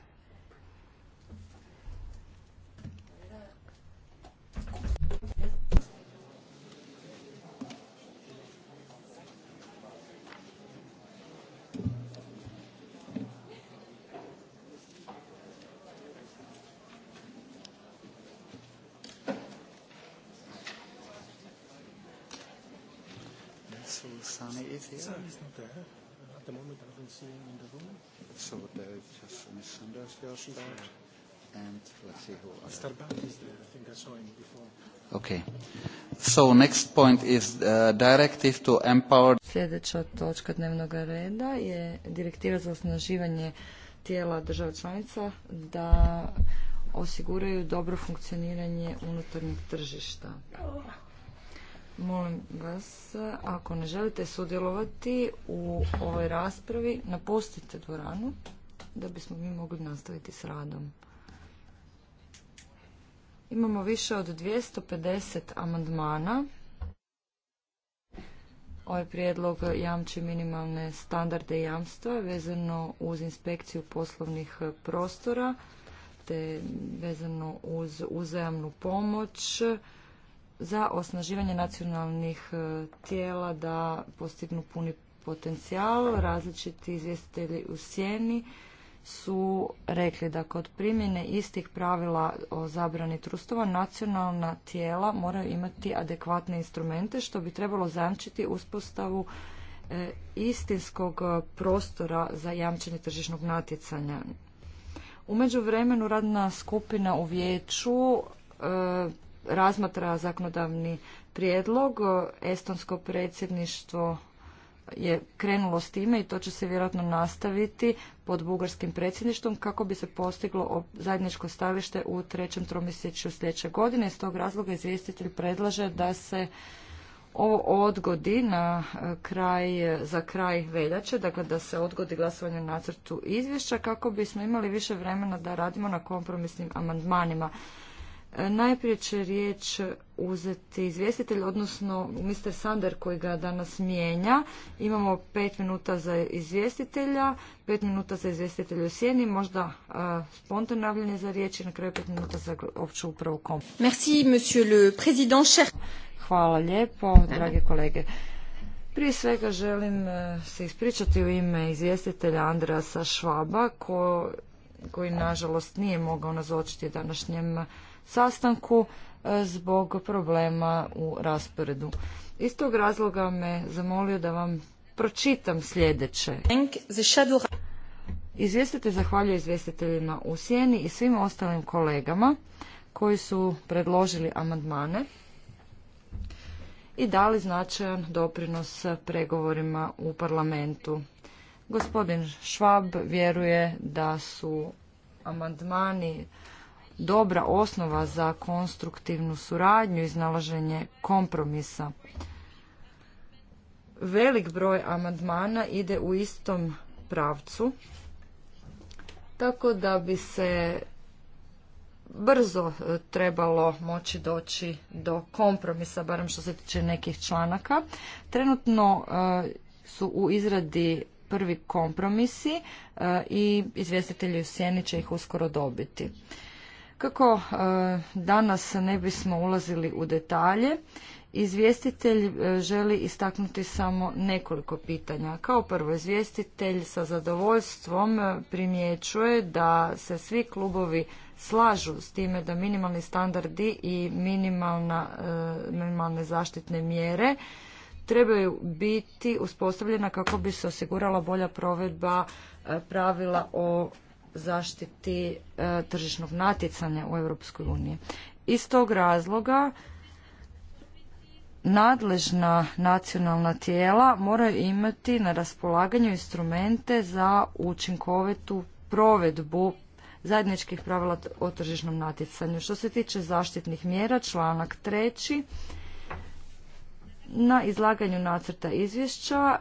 counseling in the room. So there uh, just Miss Sanders just start. And let's see who else. Starbat is there. I think I saw him before. Okay. So next point is uh, directive to empower... Sljedeća točka dnevnog reda je direktiva za osnaživanje tijela država članica da osiguraju dobro funkcioniranje unutarnjeg tržišta. Molim vas, ako ne želite sudjelovati u ovoj raspravi, napustite dvoranu da bismo mi mogli nastaviti s radom. Imamo više od 250 amandmana. Ovaj prijedlog jamči minimalne standarde jamstva vezano uz inspekciju poslovnih prostora te vezano uz uzajamnu pomoć za osnaživanje nacionalnih e, tijela da postignu puni potencijal. Različiti izvjestitelji u sjeni su rekli da kod primjene istih pravila o zabrani trustova nacionalna tijela moraju imati adekvatne instrumente što bi trebalo zajamčiti uspostavu e, istinskog e, prostora za jamčenje tržišnog natjecanja. U međuvremenu radna skupina u vijeću razmatra zakonodavni prijedlog. Estonsko predsjedništvo je krenulo s time i to će se vjerojatno nastaviti pod bugarskim predsjedništvom kako bi se postiglo zajedničko stavište u trećem tromjesečju sljedeće godine. Iz tog razloga izvjestitelj predlaže da se ovo odgodi na e, kraj, e, za kraj veljače, dakle da se odgodi glasovanje nacrtu izvješća kako bismo imali više vremena da radimo na kompromisnim amandmanima. Najprije će riječ uzeti izvjestitelj, odnosno Mr. Sander koji ga danas mijenja. Imamo pet minuta za izvjestitelja, pet minuta za izvjestitelj u sjeni, možda spontano navljenje za riječ i na kraju pet minuta za opću upravu kom. Hvala lijepo, drage kolege. Prije svega želim e, se ispričati u ime izvjestitelja Andrasa Švaba ko, koji nažalost nije mogao nazočiti današnjem sastanku e, zbog problema u rasporedu. Iz tog razloga me zamolio da vam pročitam sljedeće. Izvjestitelj zahvaljuje izvjestiteljima u sjeni i svim ostalim kolegama koji su predložili amandmane i dali značajan doprinos pregovorima u parlamentu Gospodin Švab vjeruje da su amandmani dobra osnova za konstruktivnu suradnju i znalaženje kompromisa. Velik broj amandmana ide u istom pravcu, tako da bi se brzo e, trebalo moći doći do kompromisa, barem što se tiče nekih članaka. Trenutno e, su u izradi prvi kompromisi e, i izvjestitelji u sjeni će ih uskoro dobiti. Kako e, danas ne bismo ulazili u detalje, izvjestitelj e, želi istaknuti samo nekoliko pitanja. Kao prvo, izvjestitelj sa zadovoljstvom primjećuje da se svi klubovi slažu s time da minimalni standardi i minimalne zaštitne mjere trebaju biti uspostavljena kako bi se osigurala bolja provedba e, pravila o zaštiti e, tržišnog natjecanja u Europskoj uniji. Iz tog razloga nadležna nacionalna tijela moraju imati na raspolaganju instrumente za učinkovitu provedbu zajedničkih pravila o tržišnom natjecanju. Što se tiče zaštitnih mjera, članak treći na izlaganju nacrta izvješća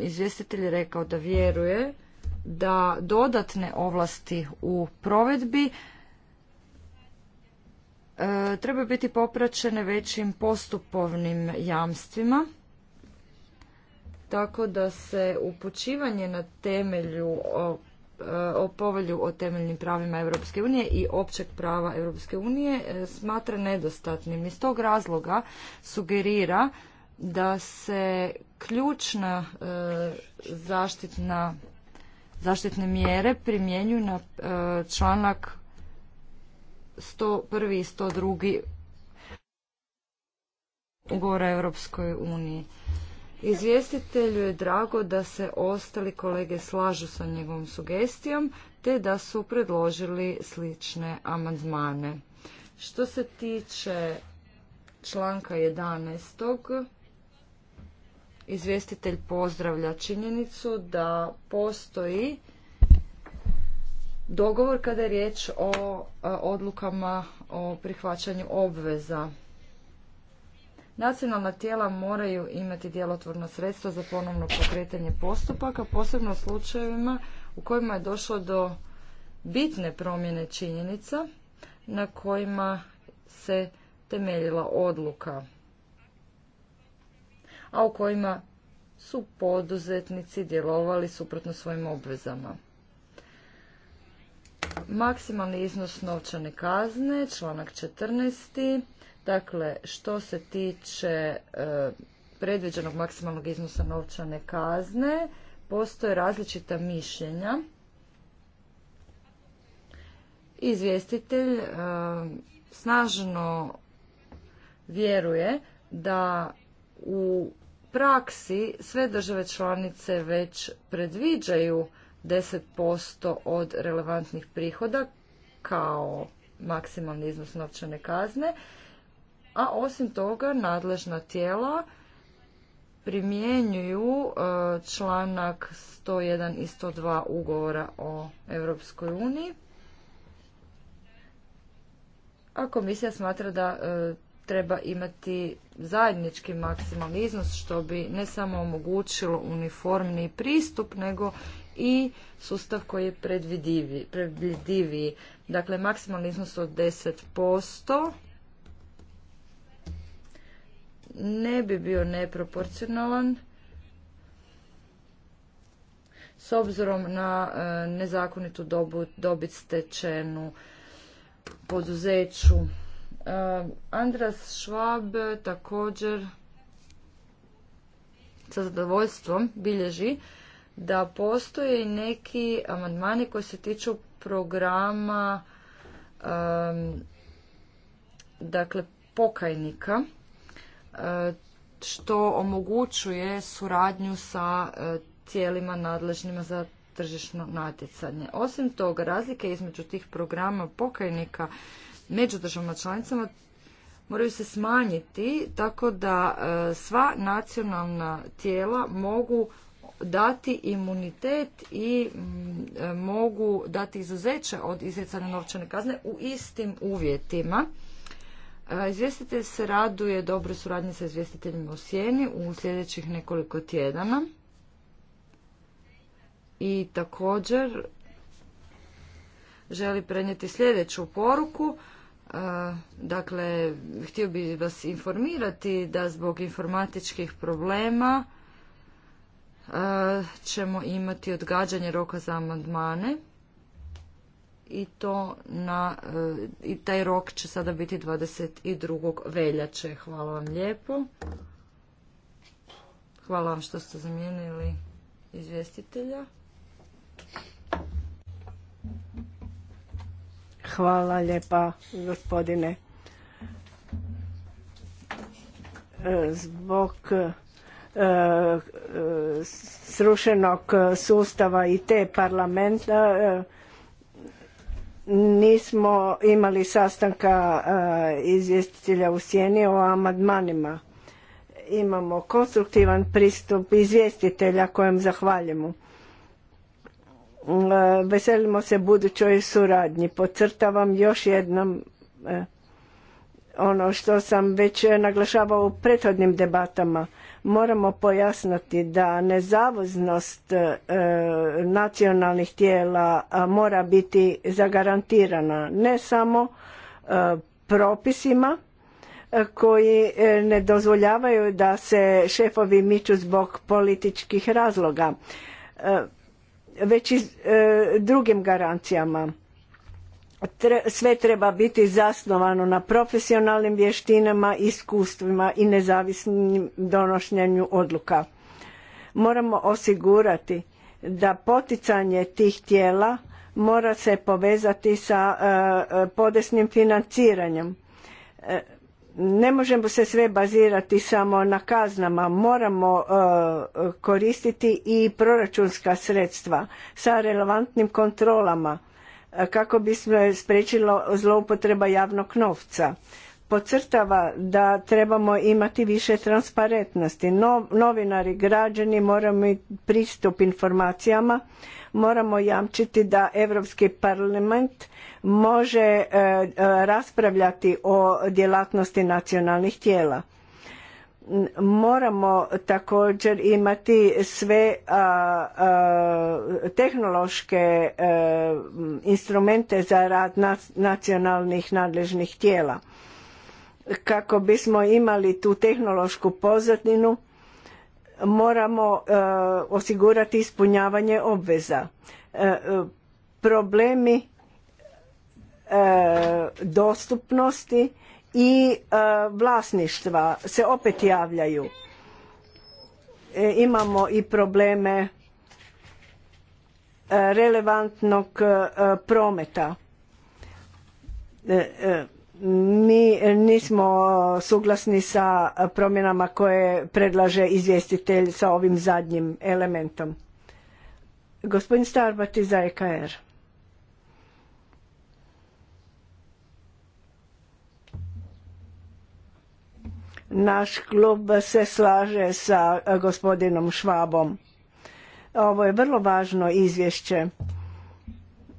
izvjestitelj je rekao da vjeruje da dodatne ovlasti u provedbi trebaju biti popraćene većim postupovnim jamstvima tako da se upućivanje na temelju Eh, o povelju o temeljnim pravima Europske unije i općeg prava Europske unije eh, smatra nedostatnim. Iz tog razloga sugerira da se ključna eh, zaštitna zaštitne mjere primjenjuju na članak 101. i 102. ugovora Europskoj uniji. Izvjestitelju je drago da se ostali kolege slažu sa njegovom sugestijom te da su predložili slične amandmane. Što se tiče članka 11. Izvjestitelj pozdravlja činjenicu da postoji dogovor kada je riječ o odlukama o prihvaćanju obveza Nacionalna tijela moraju imati djelotvorna sredstva za ponovno pokretanje postupaka, posebno u slučajevima u kojima je došlo do bitne promjene činjenica na kojima se temeljila odluka, a u kojima su poduzetnici djelovali suprotno svojim obvezama. Maksimalni iznos novčane kazne, članak 14. Dakle, što se tiče e, predviđenog maksimalnog iznosa novčane kazne, postoje različita mišljenja. Izvjestitelj e, snažno vjeruje da u praksi sve države članice već predviđaju 10% od relevantnih prihoda kao maksimalni iznos novčane kazne a osim toga nadležna tijela primjenjuju e, članak 101 i 102 ugovora o Europskoj uniji. A komisija smatra da e, treba imati zajednički maksimalni iznos što bi ne samo omogućilo uniformni pristup nego i sustav koji je predvidiviji. Dakle, maksimalni iznos od 10% ne bi bio neproporcionalan s obzirom na e, nezakonitu dobit stečenu poduzeću. E, Andras Schwab također sa zadovoljstvom bilježi da postoje neki amandmani koji se tiču programa e, dakle pokajnika E, što omogućuje suradnju sa e, tijelima nadležnima za tržišno natjecanje. Osim toga, razlike između tih programa pokajnika među državama članicama moraju se smanjiti tako da e, sva nacionalna tijela mogu dati imunitet i mogu dati izuzeće od izricanja novčane kazne u istim uvjetima E, izvjestitelj se raduje dobroj suradnji sa izvjestiteljima u Sjeni u sljedećih nekoliko tjedana. I također želi prenijeti sljedeću poruku. E, dakle, htio bih vas informirati da zbog informatičkih problema e, ćemo imati odgađanje roka za amandmane i to na e, i taj rok će sada biti 22. veljače. Hvala vam lijepo. Hvala vam što ste zamijenili izvjestitelja. Hvala lijepa gospodine. E, zbog e, srušenog sustava i te parlamenta Nismo imali sastanka e, izvjestitelja u sjeni o amandmanima. Imamo konstruktivan pristup izvjestitelja kojem zahvaljujemo. E, veselimo se budućoj suradnji. Podcrtavam još jednom e, ono što sam već naglašavao u prethodnim debatama – moramo pojasniti da nezavisnost e, nacionalnih tijela mora biti zagarantirana ne samo e, propisima e, koji ne dozvoljavaju da se šefovi miču zbog političkih razloga već i drugim garancijama sve treba biti zasnovano na profesionalnim vještinama, iskustvima i nezavisnim donošenju odluka. Moramo osigurati da poticanje tih tijela mora se povezati sa e, podesnim financiranjem. E, ne možemo se sve bazirati samo na kaznama, moramo e, koristiti i proračunska sredstva sa relevantnim kontrolama kako bi se sprečilo zloupotreba javnog novca. Podcrtava da trebamo imati više transparentnosti. novinari, građani moramo pristup informacijama, moramo jamčiti da Europski parlament može eh, eh, raspravljati o djelatnosti nacionalnih tijela moramo također imati sve tehnološke e, instrumente za rad nacionalnih nadležnih tijela kako bismo imali tu tehnološku pozadinu moramo e, osigurati ispunjavanje obveza e, problemi dostupnosti i e, vlasništva se opet javljaju. E, imamo i probleme e, relevantnog prometa. Mi nismo suglasni sa promjenama koje predlaže izvjestitelj sa ovim zadnjim elementom. Gospodin Starbati za EKR. Naš klub se slaže sa eh, gospodinom Švabom. Ovo je vrlo važno izvješće.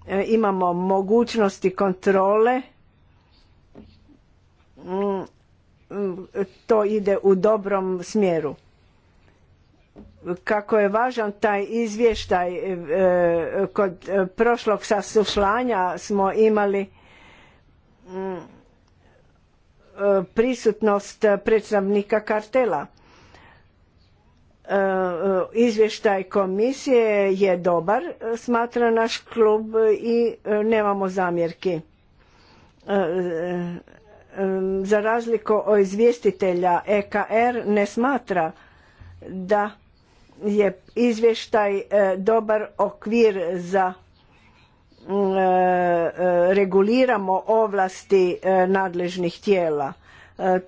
Eh, imamo mogućnosti kontrole. Mm, mm, to ide u dobrom smjeru kako je važan taj izvještaj eh, kod prošlog saslušanja smo imali mm, prisutnost predstavnika kartela. E, izvještaj komisije je dobar, smatra naš klub i e, nemamo zamjerki. E, za razliku od izvjestitelja EKR ne smatra da je izvještaj dobar okvir za Mm, e, e, reguliramo ovlasti e, nadležnih tijela.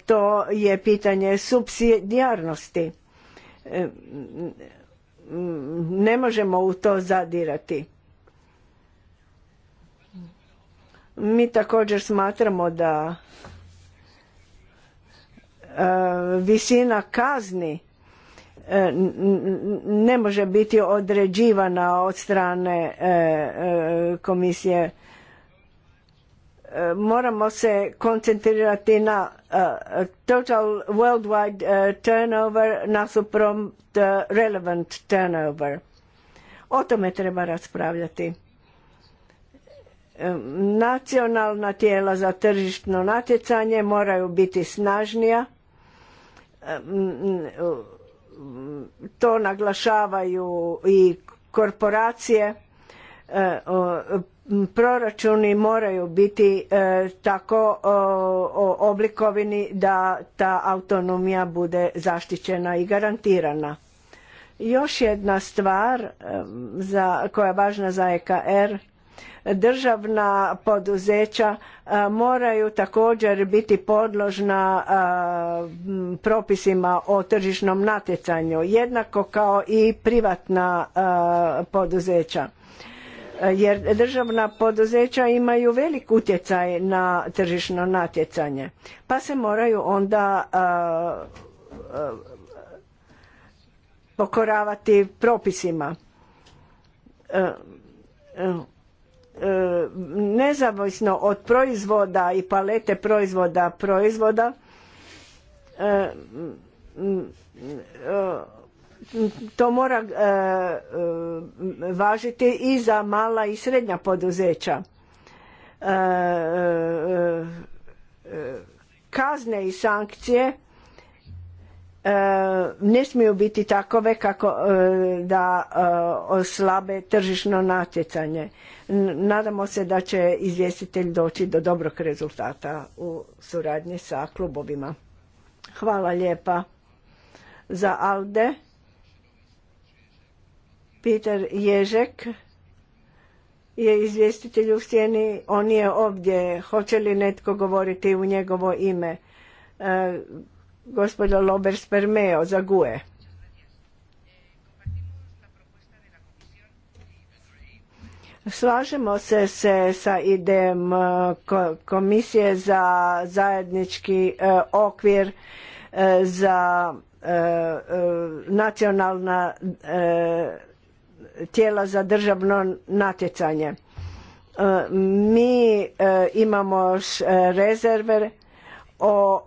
To je pitanje subsidijarnosti. Mm, ne možemo u to zadirati. Mi također smatramo da visina kazni E, ne može biti određivana od strane e, e, komisije. Moramo se koncentrirati na total worldwide turnover nasuprot relevant turnover. O tome treba raspravljati. Nacionalna tijela za tržišno natjecanje moraju biti snažnija to naglašavaju i korporacije e, proračuni moraju biti e, tako oblikovini da ta autonomija bude zaštićena i garantirana još jedna stvar e, za, koja je važna za EKR Državna poduzeća e, moraju također biti podložna e, propisima o tržišnom natjecanju, jednako kao i privatna e, poduzeća jer državna poduzeća imaju velik utjecaj na tržišno natjecanje pa se moraju onda pokoravati propisima E, nezavisno od proizvoda i palete proizvoda proizvoda e, e, to mora važiti i za mala i srednja poduzeća kazne i sankcije ne smiju biti takove kako da oslabe tržišno natjecanje Nadamo se da će izvjestitelj doći do dobrog rezultata u suradnji sa klubovima. Hvala lijepa za Alde. Peter Ježek je izvjestitelj u sjeni. On je ovdje. Hoće li netko govoriti u njegovo ime? E, Gospodin Lober Spermeo za GUE. Slažemo se, se sa idejom e, komisije za zajednički e, okvir e, za nacionalna tijela za državno natjecanje. Mi imamo rezerve o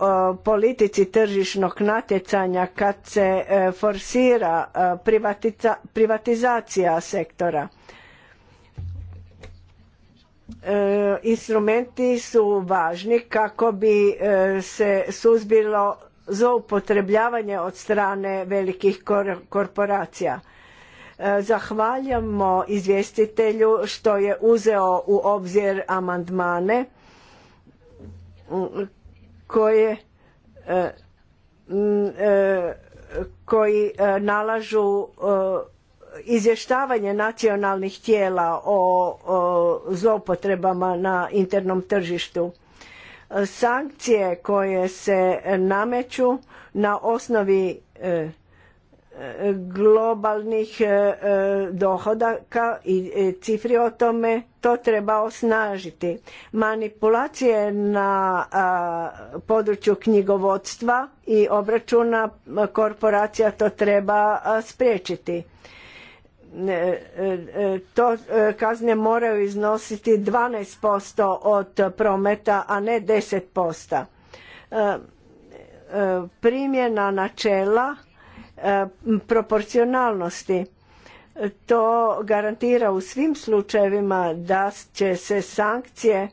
politici tržišnog natjecanja kad se forsira privatizacija sektora E, instrumenti su važni kako bi e, se suzbilo zloupotrebljavanje od strane velikih korporacija. E, Zahvaljamo izvjestitelju što je uzeo u obzir amandmane koje koji nalažu izvještavanje nacionalnih tijela o, zloupotrebama na internom tržištu sankcije koje se nameću na osnovi e, e, globalnih e, dohodaka i cifri o tome to treba osnažiti manipulacije na području knjigovodstva i obračuna korporacija to treba spriječiti E, e, to e, kazne moraju iznositi 12% od prometa, a ne 10%. Primjena načela proporcionalnosti to garantira u svim slučajevima da će se sankcije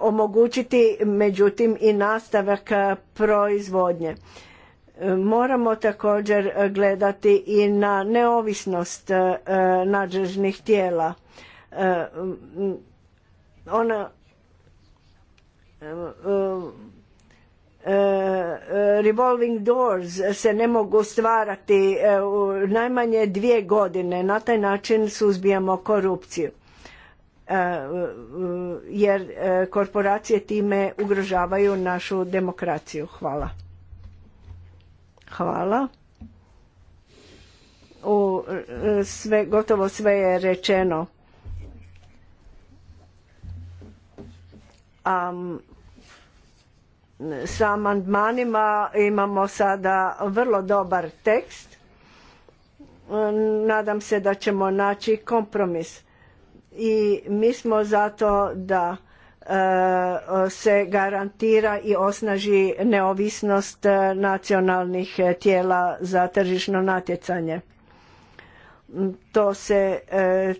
omogućiti međutim i nastavak proizvodnje Moramo također e, gledati i na neovisnost e, nadležnih tijela. E, ona revolving doors se ne mogu stvarati u najmanje dvije godine. Na taj način suzbijamo korupciju jer korporacije time ugrožavaju našu demokraciju. Hvala. Hvala. U e, sve, gotovo sve je rečeno. A sa amandmanima imamo sada vrlo dobar tekst. E, nadam se da ćemo naći kompromis. I mi smo zato da Eh, se garantira i osnaži neovisnost eh, nacionalnih eh, tijela za tržišno natjecanje. Mm, to se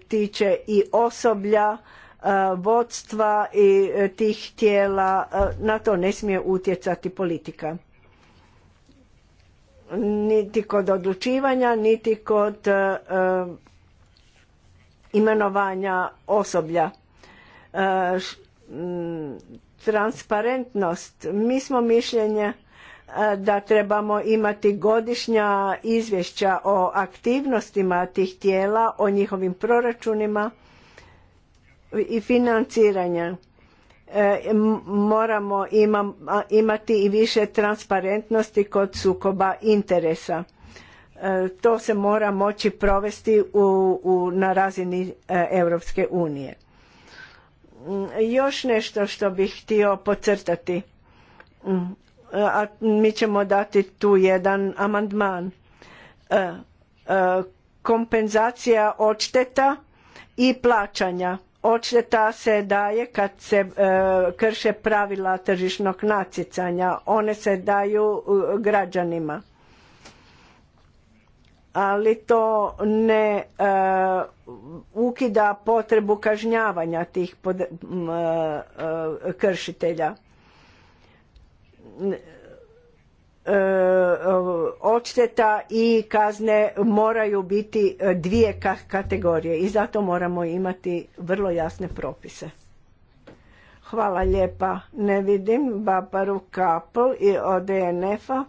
tiče i osoblja, vodstva i tih tijela, na to ne smije utjecati politika. Niti kod odlučivanja, niti kod imenovanja osoblja transparentnost. Mi smo mišljenja e, da trebamo imati godišnja izvješća o aktivnostima tih tijela, o njihovim proračunima i financiranja. E, moramo imati i više transparentnosti kod sukoba interesa. E, to se mora moći provesti na razini Europske unije. Mm, još nešto što bih htio pocrtati, mm, a mi ćemo dati tu jedan amandman. E, e, kompenzacija odšteta i plaćanja. Odšteta se daje kad se e, krše pravila tržišnog natjecanja. One se daju građanima ali to ne e, ukida potrebu kažnjavanja tih e, e, kršitelja odšteta i kazne moraju biti dvije kategorije i zato moramo imati vrlo jasne propise. Hvala lijepa. Ne vidim Babaru Kapl i od dnf a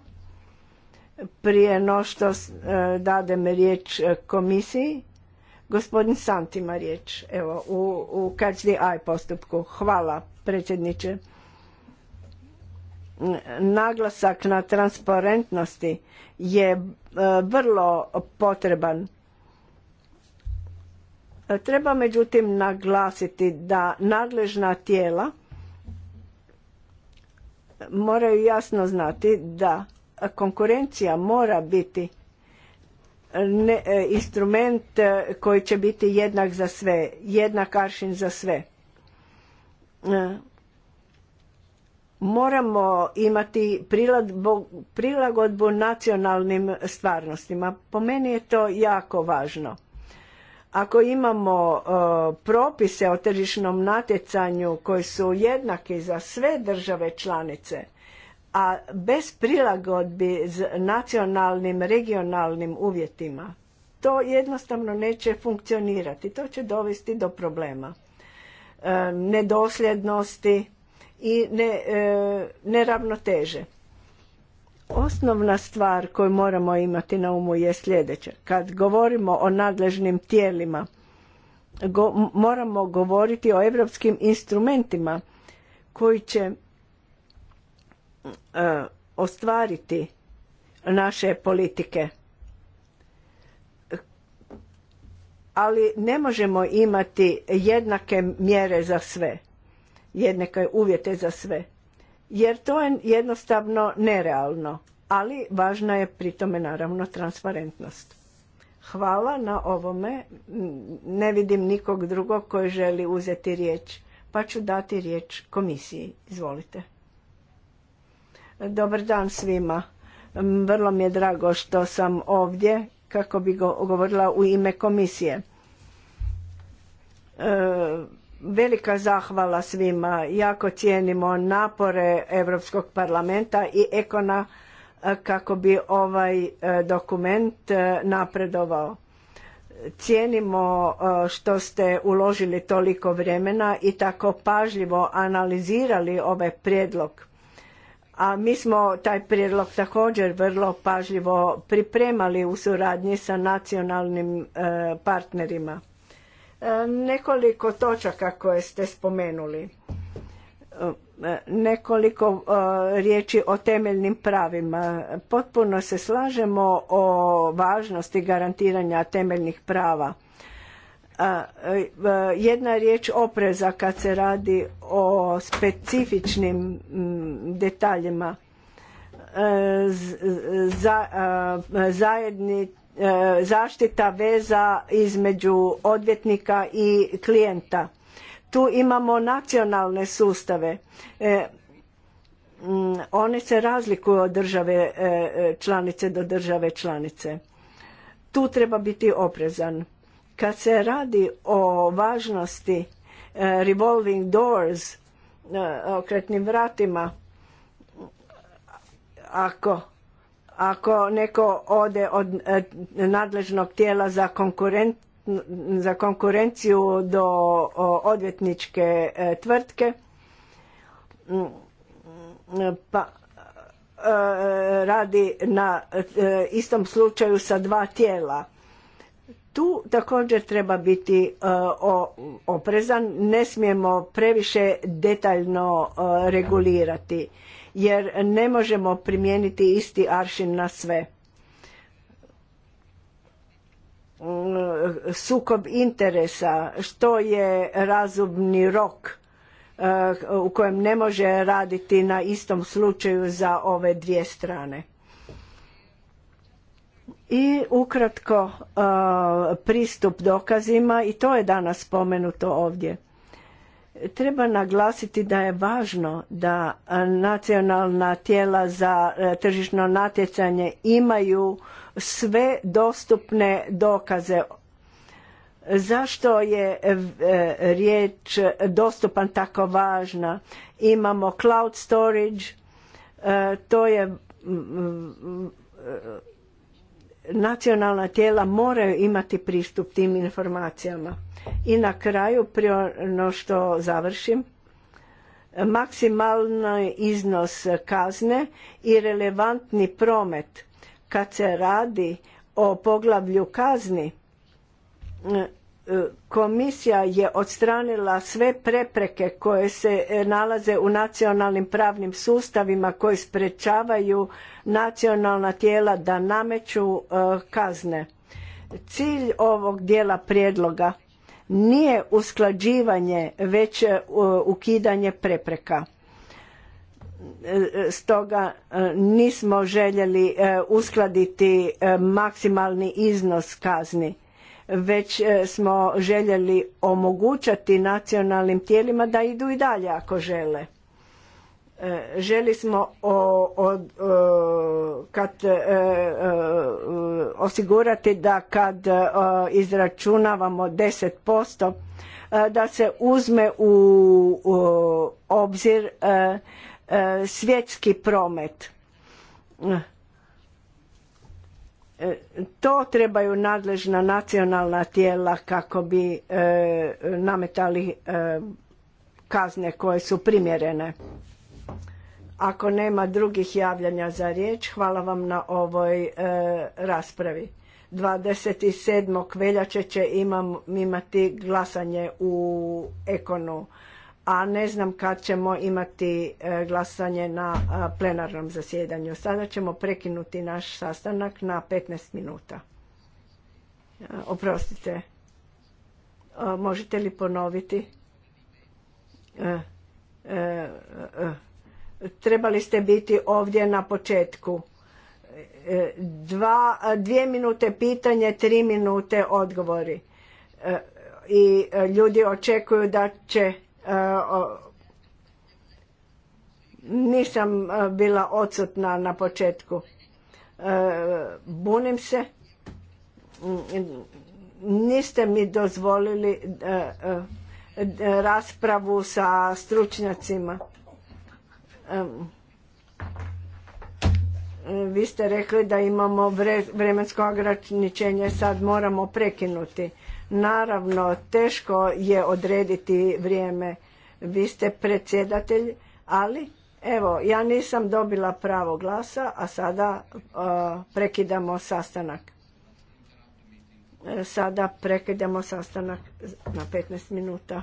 prije no što e, dadem riječ e, komisiji, gospodin Santima riječ, evo, u, u Catch postupku. Hvala, predsjedniče. Naglasak na transparentnosti je e, vrlo potreban. Treba međutim naglasiti da nadležna tijela moraju jasno znati da konkurencija mora biti ne, e, instrument e, koji će biti jednak za sve, jednak aršin za sve. E, moramo imati prilagodbu nacionalnim stvarnostima. Po meni je to jako važno. Ako imamo propise o tržišnom natjecanju koji su jednaki za sve države članice, a bez prilagodbi s nacionalnim, regionalnim uvjetima to jednostavno neće funkcionirati. To će dovesti do problema. E, nedosljednosti i e, neravnoteže. Osnovna stvar koju moramo imati na umu je sljedeća. Kad govorimo o nadležnim tijelima, moramo govoriti o europskim instrumentima koji će E, ostvariti naše politike. Ali ne možemo imati jednake mjere za sve, jednake uvjete za sve, jer to je jednostavno nerealno, ali važna je pri tome naravno transparentnost. Hvala na ovome, ne vidim nikog drugog koji želi uzeti riječ, pa ću dati riječ komisiji. Izvolite. Dobar dan svima. Vrlo mi je drago što sam ovdje kako bi govorila u ime komisije. E, velika zahvala svima. Jako cijenimo napore Europskog parlamenta i Ekona e, kako bi ovaj e, dokument napredovao. Cijenimo što ste uložili toliko vremena i tako pažljivo analizirali ovaj prijedlog a mi smo taj prijedlog također vrlo pažljivo pripremali u suradnji sa nacionalnim e, partnerima. E, nekoliko točaka koje ste spomenuli. E, nekoliko riječi o temeljnim pravima. Potpuno se slažemo o važnosti garantiranja temeljnih prava E, e, jedna riječ opreza kad se radi o specifičnim detaljima e, za, zajedni, zaštita veza između odvjetnika i klijenta. Tu imamo nacionalne sustave. Oni se razlikuju od države članice do države članice. Tu treba biti oprezan kad se radi o važnosti e, revolving doors, e, okretnim vratima, ako ako neko ode od e, nadležnog tijela za, za konkurenciju do odvjetničke tvrtke pa radi na istom slučaju sa dva tijela tu također treba biti e, oprezan, ne smijemo previše detaljno e, regulirati jer ne možemo primijeniti isti aršin na sve. E, sukob interesa, što je razumni rok u kojem ne može raditi na istom slučaju za ove dvije strane i ukratko e, pristup dokazima i to je danas spomenuto ovdje. Treba naglasiti da je važno da nacionalna tijela za e, tržišno natjecanje imaju sve dostupne dokaze. Zašto je e, riječ dostupan tako važna? Imamo cloud storage, to je nacionalna tijela moraju imati pristup tim informacijama. I na kraju, prije ono što završim, maksimalni iznos kazne i relevantni promet kad se radi o poglavlju kazni komisija je odstranila sve prepreke koje se e, nalaze u nacionalnim pravnim sustavima koji sprečavaju nacionalna tijela da nameću e, kazne. Cilj ovog dijela prijedloga nije usklađivanje već e, ukidanje prepreka. Stoga nismo željeli uskladiti maksimalni iznos kazni već e, smo željeli omogućati nacionalnim tijelima da idu i dalje ako žele. E, želi smo o, kad, e, osigurati da kad izračunavamo 10% da se uzme u, u obzir svjetski promet E, to trebaju nadležna nacionalna tijela kako bi e, nametali e, kazne koje su primjerene. Ako nema drugih javljanja za riječ, hvala vam na ovoj raspravi. raspravi. 27. veljače će imam, imati glasanje u Ekonu a ne znam kad ćemo imati e, glasanje na plenarnom zasjedanju. Sada ćemo prekinuti naš sastanak na 15 minuta. E, oprostite. E, možete li ponoviti? Trebali ste biti ovdje na početku. Dva, dvije minute pitanje, tri minute odgovori. I ljudi očekuju da će E, nisam e, bila odsutna na početku. E, bunim se. Niste mi dozvolili raspravu sa stručnjacima. Vi ste rekli da imamo vremensko ograničenje, sad moramo prekinuti. Naravno, teško je odrediti vrijeme. Vi ste predsjedatelj, ali evo, ja nisam dobila pravo glasa, a sada e, prekidamo sastanak. E, sada prekidamo sastanak na 15 minuta.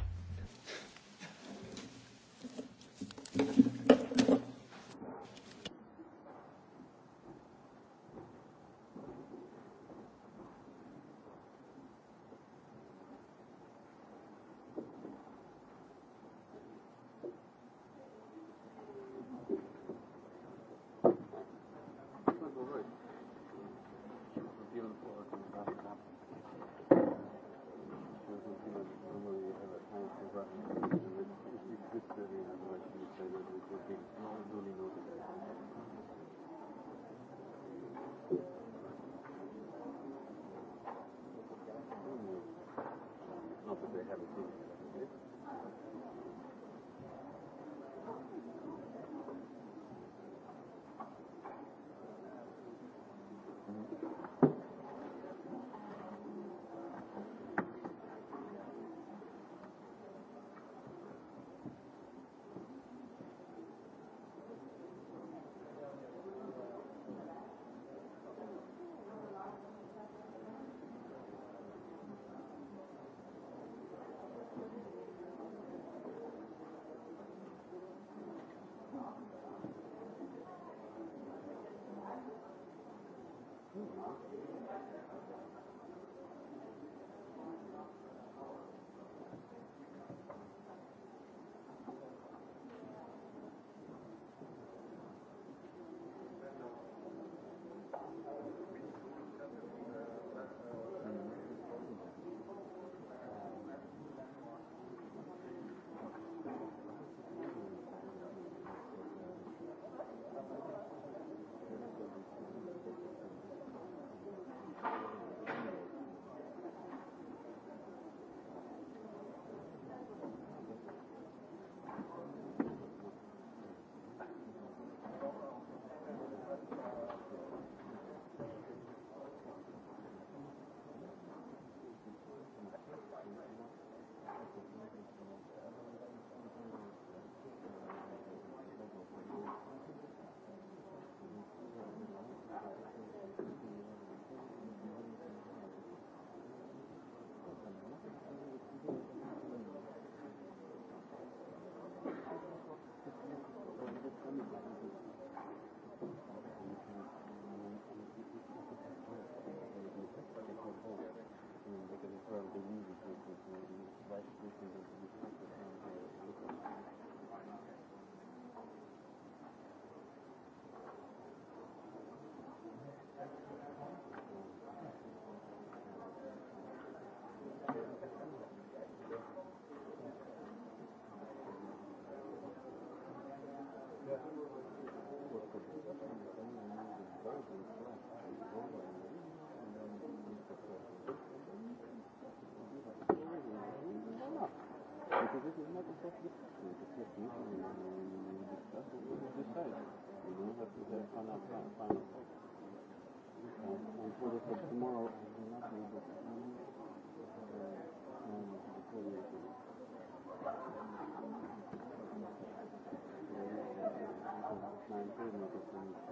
Hvala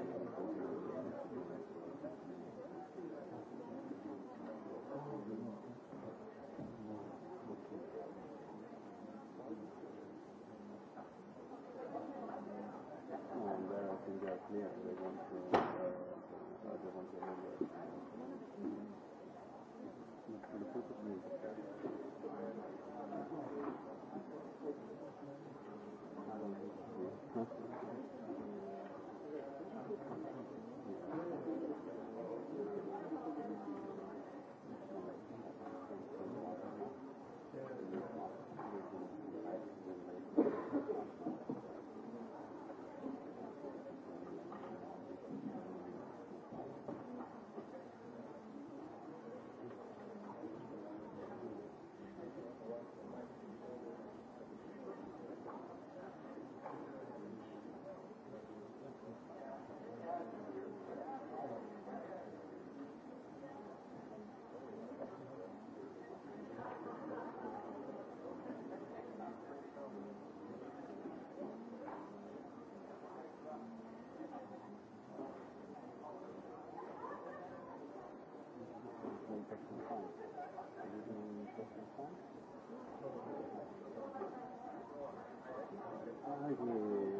Hvala Ajde.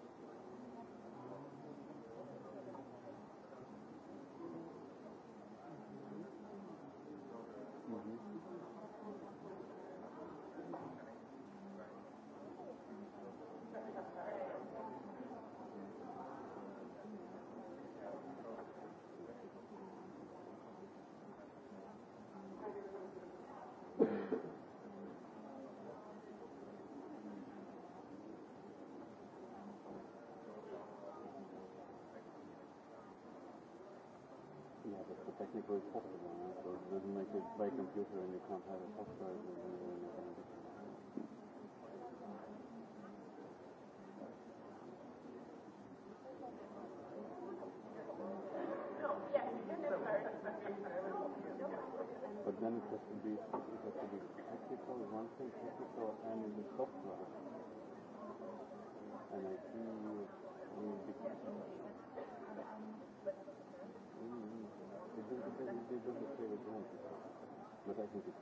make computer and a But then it be one thing and the software. And I they don't But I think it's,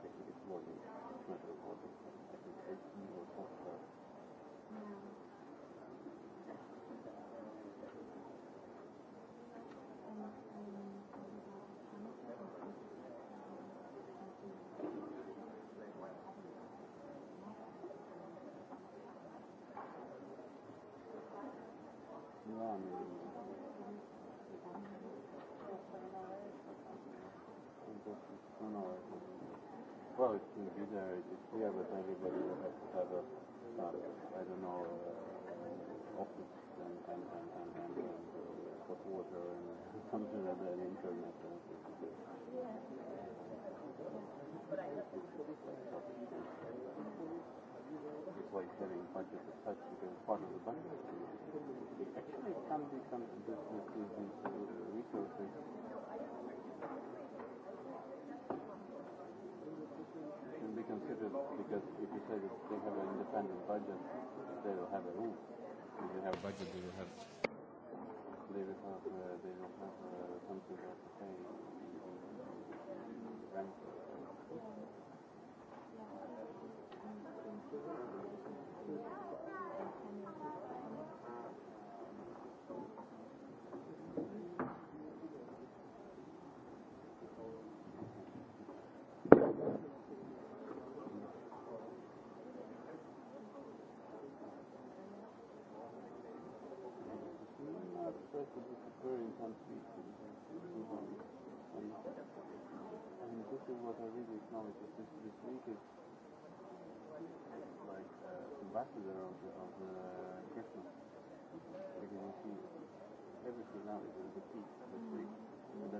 one becomes because if you say they an independent budget, have a you have budget, you have. They they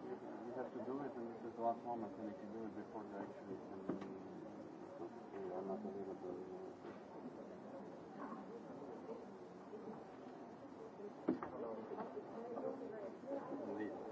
you, you have to do it and this is the last moment and you can do it before the action is because we are not available. Indeed.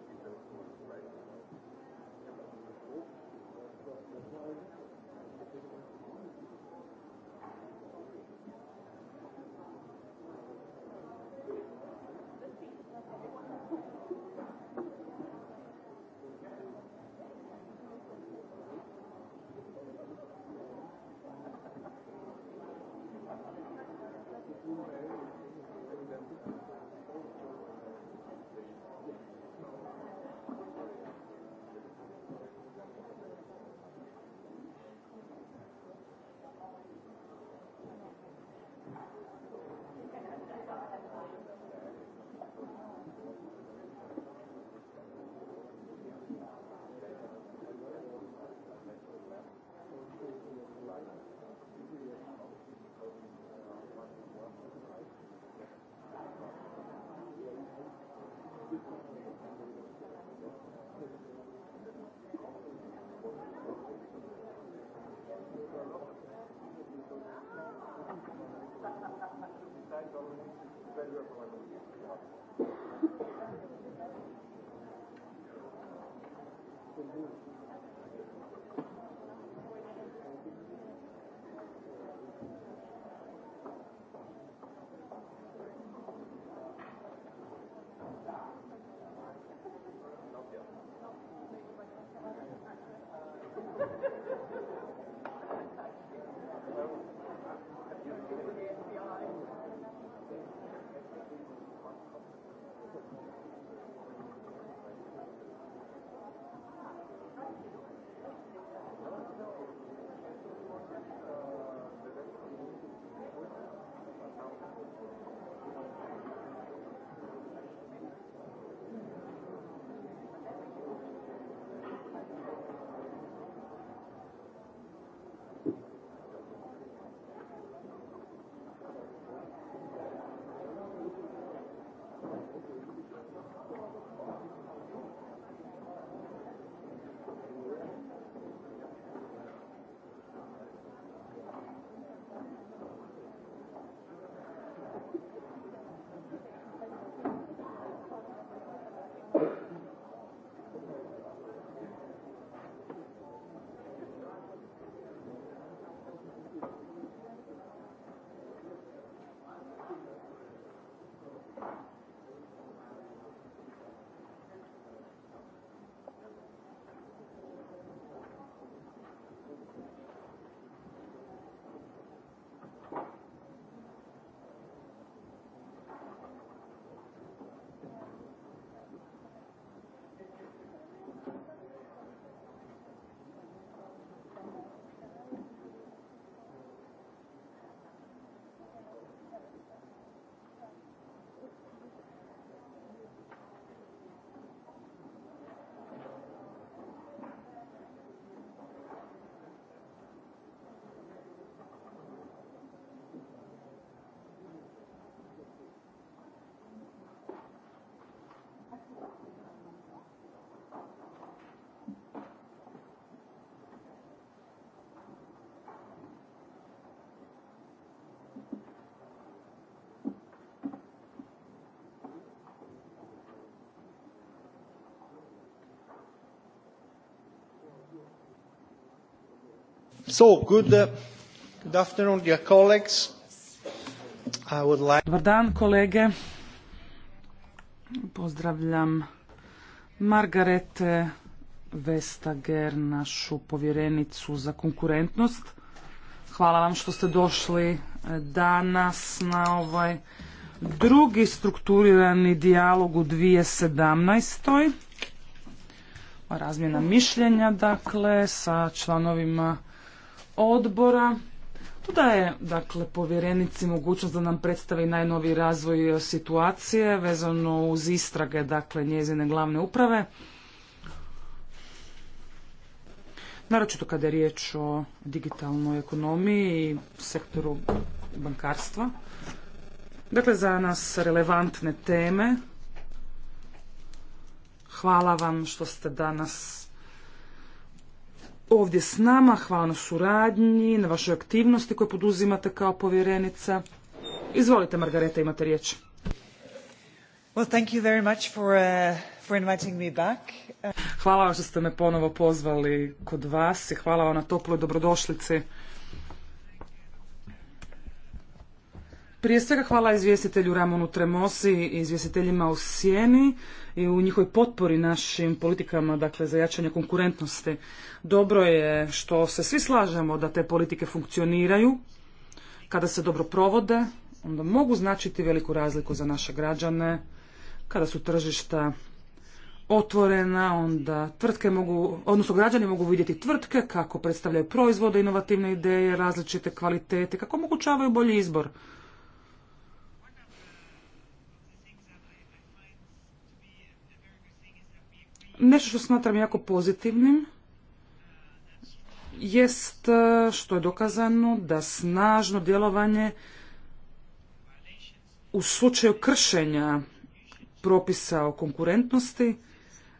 Uh, Dobar dan, kolege. Pozdravljam Margarete Vestager, našu povjerenicu za konkurentnost. Hvala vam što ste došli eh, danas na ovaj drugi strukturirani dijalog u 2017. Razmjena mišljenja, dakle, sa članovima odbora. To daje dakle, povjerenici mogućnost da nam predstavi najnoviji razvoj situacije vezano uz istrage dakle, njezine glavne uprave. Naročito kada je riječ o digitalnoj ekonomiji i sektoru bankarstva. Dakle, za nas relevantne teme. Hvala vam što ste danas ovdje s nama. Hvala na suradnji, na vašoj aktivnosti koju poduzimate kao povjerenica. Izvolite, Margareta, imate riječ. Well, uh, me Hvala vam što ste me ponovo pozvali kod vas i hvala vam na toploj dobrodošlici. Prije svega hvala izvjestitelju Ramonu Tremosi i izvjestiteljima u Sjeni i u njihovoj potpori našim politikama, dakle za jačanje konkurentnosti. Dobro je što se svi slažemo da te politike funkcioniraju, kada se dobro provode, onda mogu značiti veliku razliku za naše građane. Kada su tržišta otvorena, onda tvrtke mogu, odnosno građani mogu vidjeti tvrtke kako predstavljaju proizvode, inovativne ideje, različite kvalitete, kako omogućavaju bolji izbor. Nešto što smatram jako pozitivnim jest e, što je dokazano da snažno djelovanje u slučaju kršenja propisa o konkurentnosti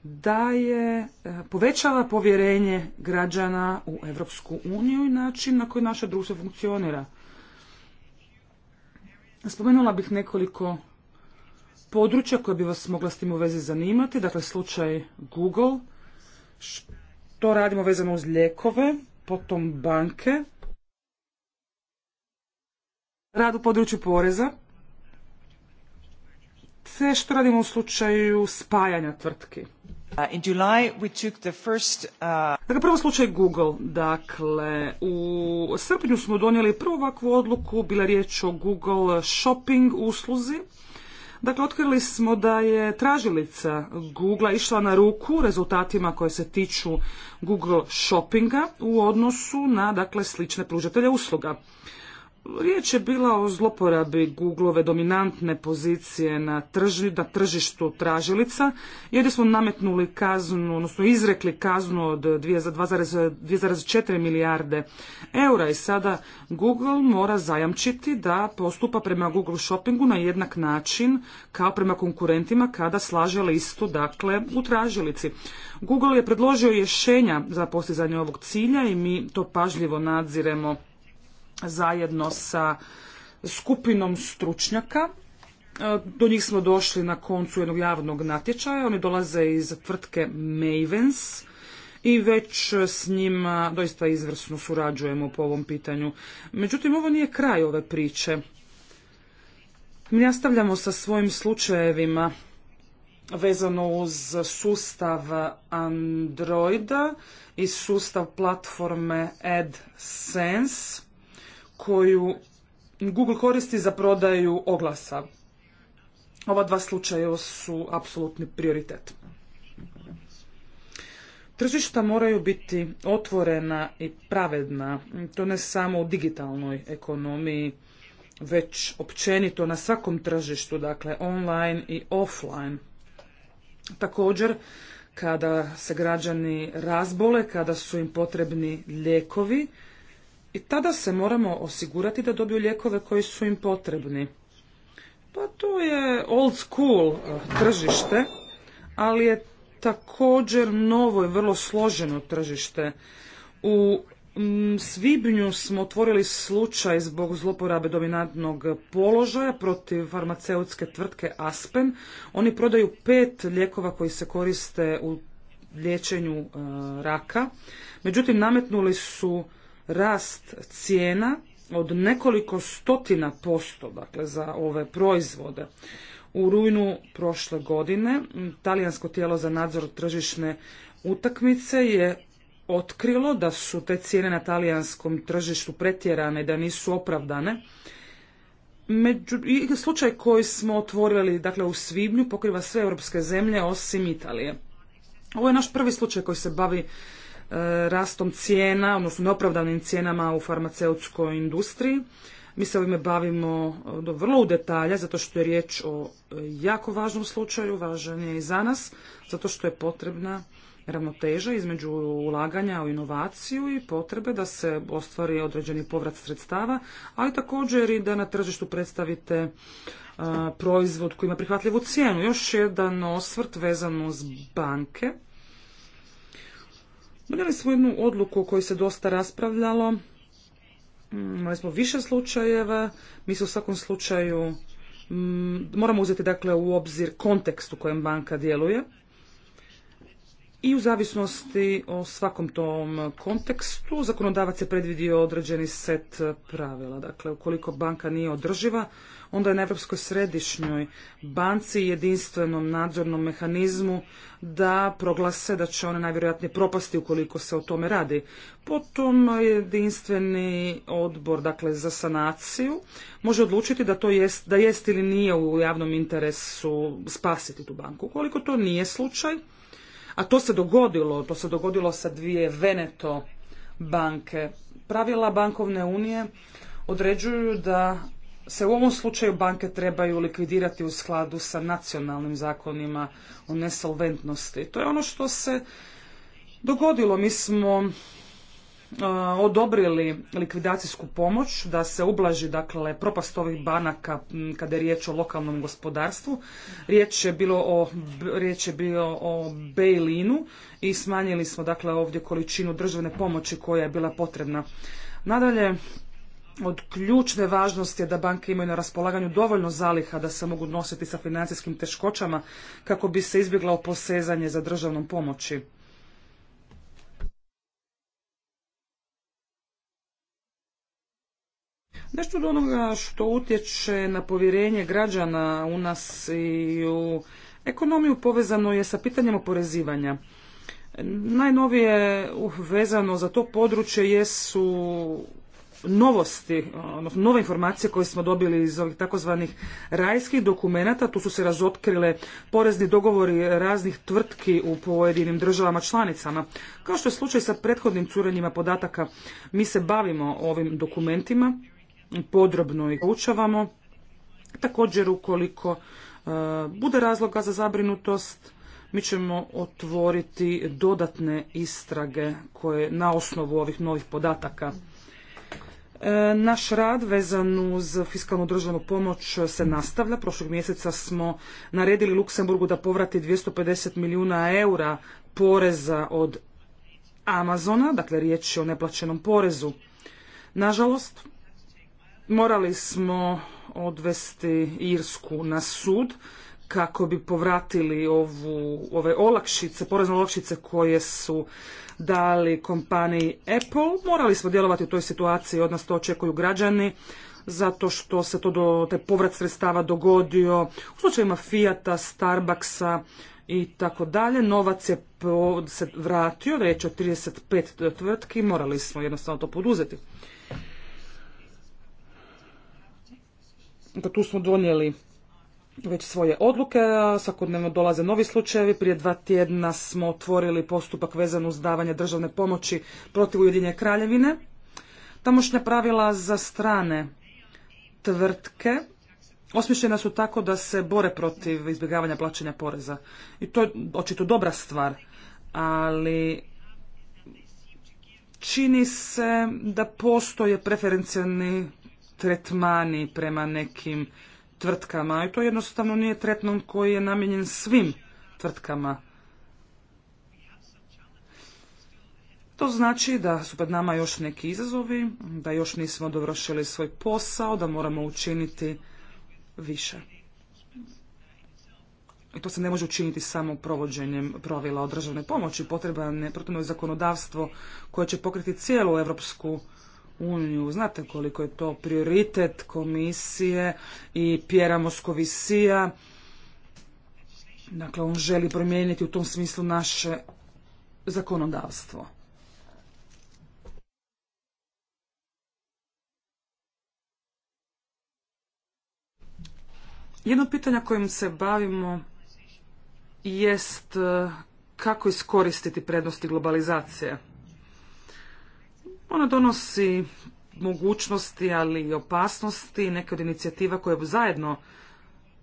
daje, e, povećava povjerenje građana u Europsku uniju i način na koji naše društvo funkcionira. Spomenula bih nekoliko područja koja bi vas mogla s tim u vezi zanimati, dakle slučaj Google, što radimo vezano uz ljekove, potom banke, rad u području poreza, te što radimo u slučaju spajanja tvrtki. Uh, in uh, Dakle, prvo slučaj Google. Dakle, u srpnju smo donijeli prvu ovakvu odluku, bila riječ o Google shopping usluzi. Dakle, otkrili smo da je tražilica Google išla na ruku rezultatima koje se tiču Google shoppinga u odnosu na dakle, slične pružatelje usluga. Riječ je bila o zloporabi Google-ove dominantne pozicije na, tržištu tražilica, jer smo nametnuli kaznu, odnosno izrekli kaznu od 2,4 milijarde eura i sada Google mora zajamčiti da postupa prema Google shoppingu na jednak način kao prema konkurentima kada slaže listu dakle, u tražilici. Google je predložio rješenja za postizanje ovog cilja i mi to pažljivo nadziremo zajedno sa skupinom stručnjaka. E, do njih smo došli na koncu jednog javnog natječaja. Oni dolaze iz tvrtke Mavens i već s njima doista izvrsno surađujemo po ovom pitanju. Međutim, ovo nije kraj ove priče. Mi nastavljamo sa svojim slučajevima vezano uz sustav Androida i sustav platforme AdSense koju Google koristi za prodaju oglasa. Ova dva slučaja su apsolutni prioritet. Tržišta moraju biti otvorena i pravedna, to ne samo u digitalnoj ekonomiji, već općenito na svakom tržištu, dakle online i offline. Također, kada se građani razbole, kada su im potrebni lijekovi, i tada se moramo osigurati da dobiju lijekove koji su im potrebni. Pa to je old school eh, tržište, ali je također novo i vrlo složeno tržište. U mm, svibnju smo otvorili slučaj zbog zloporabe dominantnog položaja protiv farmaceutske tvrtke Aspen. Oni prodaju pet lijekova koji se koriste u liječenju eh, raka. Međutim, nametnuli su rast cijena od nekoliko stotina posto dakle, za ove proizvode. U rujnu prošle godine talijansko tijelo za nadzor tržišne utakmice je otkrilo da su te cijene na talijanskom tržištu pretjerane, da nisu opravdane. i slučaj koji smo otvorili dakle, u Svibnju pokriva sve europske zemlje osim Italije. Ovo je naš prvi slučaj koji se bavi rastom cijena, odnosno neopravdanim cijenama u farmaceutskoj industriji. Mi se ovime bavimo do vrlo u detalja, zato što je riječ o e, jako važnom slučaju, važan je i za nas, zato što je potrebna ravnoteža između ulaganja u inovaciju i potrebe da se ostvari određeni povrat sredstava, ali također i da na tržištu predstavite e, proizvod koji ima prihvatljivu cijenu. Još jedan osvrt vezano uz banke. Donijeli smo jednu odluku o kojoj se dosta raspravljalo. Mm, imali smo više slučajeva. Mi se u svakom slučaju mm, moramo uzeti dakle u obzir kontekst u kojem banka djeluje i u zavisnosti o svakom tom kontekstu zakonodavac je predvidio određeni set pravila. Dakle, ukoliko banka nije održiva, onda je na Europskoj središnjoj banci jedinstvenom nadzornom mehanizmu da proglase da će ona najvjerojatnije propasti ukoliko se o tome radi. Potom jedinstveni odbor dakle, za sanaciju može odlučiti da, to jest, da jest ili nije u javnom interesu spasiti tu banku. Ukoliko to nije slučaj, a to se dogodilo, to se dogodilo sa dvije Veneto banke. Pravila bankovne unije određuju da se u ovom slučaju banke trebaju likvidirati u skladu sa nacionalnim zakonima o nesolventnosti. To je ono što se dogodilo. Mi smo E, odobrili likvidacijsku pomoć da se ublaži dakle propast ovih banaka kada je riječ o lokalnom gospodarstvu. Riječ je bilo o, riječ je bio o bailinu i smanjili smo dakle ovdje količinu državne pomoći koja je bila potrebna. Nadalje, od ključne važnosti je da banke imaju na raspolaganju dovoljno zaliha da se mogu nositi sa financijskim teškoćama kako bi se izbjeglo posezanje za državnom pomoći. Nešto od onoga što utječe na povjerenje građana u nas i u ekonomiju povezano je sa pitanjem oporezivanja. Najnovije vezano za to područje jesu novosti, odnosno nove informacije koje smo dobili iz ovih takozvanih rajskih dokumenata. Tu su se razotkrile porezni dogovori raznih tvrtki u pojedinim državama članicama. Kao što je slučaj sa prethodnim curenjima podataka, mi se bavimo ovim dokumentima podrobno i učavamo. Također, ukoliko e, bude razloga za zabrinutost, mi ćemo otvoriti dodatne istrage koje na osnovu ovih novih podataka. E, naš rad vezan uz fiskalnu državnu pomoć se nastavlja. Prošlog mjeseca smo naredili Luksemburgu da povrati 250 milijuna eura poreza od Amazona, dakle riječ je o neplaćenom porezu. Nažalost, Morali smo odvesti Irsku na sud kako bi povratili ovu, ove olakšice, porezne olakšice koje su dali kompaniji Apple. Morali smo djelovati u toj situaciji, od nas to očekuju građani, zato što se to do, taj povrat sredstava dogodio u slučajima Fiata, Starbucksa i tako dalje. Novac je po, se vratio, riječ o 35 tvrtki, morali smo jednostavno to poduzeti. Pa tu smo donijeli već svoje odluke, svakodnevno dolaze novi slučajevi. Prije dva tjedna smo otvorili postupak vezan uz davanje državne pomoći protiv Ujedinje Kraljevine. Tamošnja pravila za strane tvrtke osmišljena su tako da se bore protiv izbjegavanja plaćanja poreza. I to je očito dobra stvar, ali čini se da postoje preferencijalni tretmani prema nekim tvrtkama i to jednostavno nije tretman koji je namijenjen svim tvrtkama. To znači da su pred nama još neki izazovi, da još nismo dovršili svoj posao, da moramo učiniti više. I to se ne može učiniti samo provođenjem pravila o državnoj pomoći. Potrebno je zakonodavstvo koje će pokriti cijelu Europsku uniju. Znate koliko je to prioritet komisije i Pjera Moskovisija. Dakle, on želi promijeniti u tom smislu naše zakonodavstvo. Jedno pitanje kojim se bavimo jest eh, kako iskoristiti prednosti globalizacije. Ona donosi mogućnosti, ali i opasnosti. Neke od inicijativa koje zajedno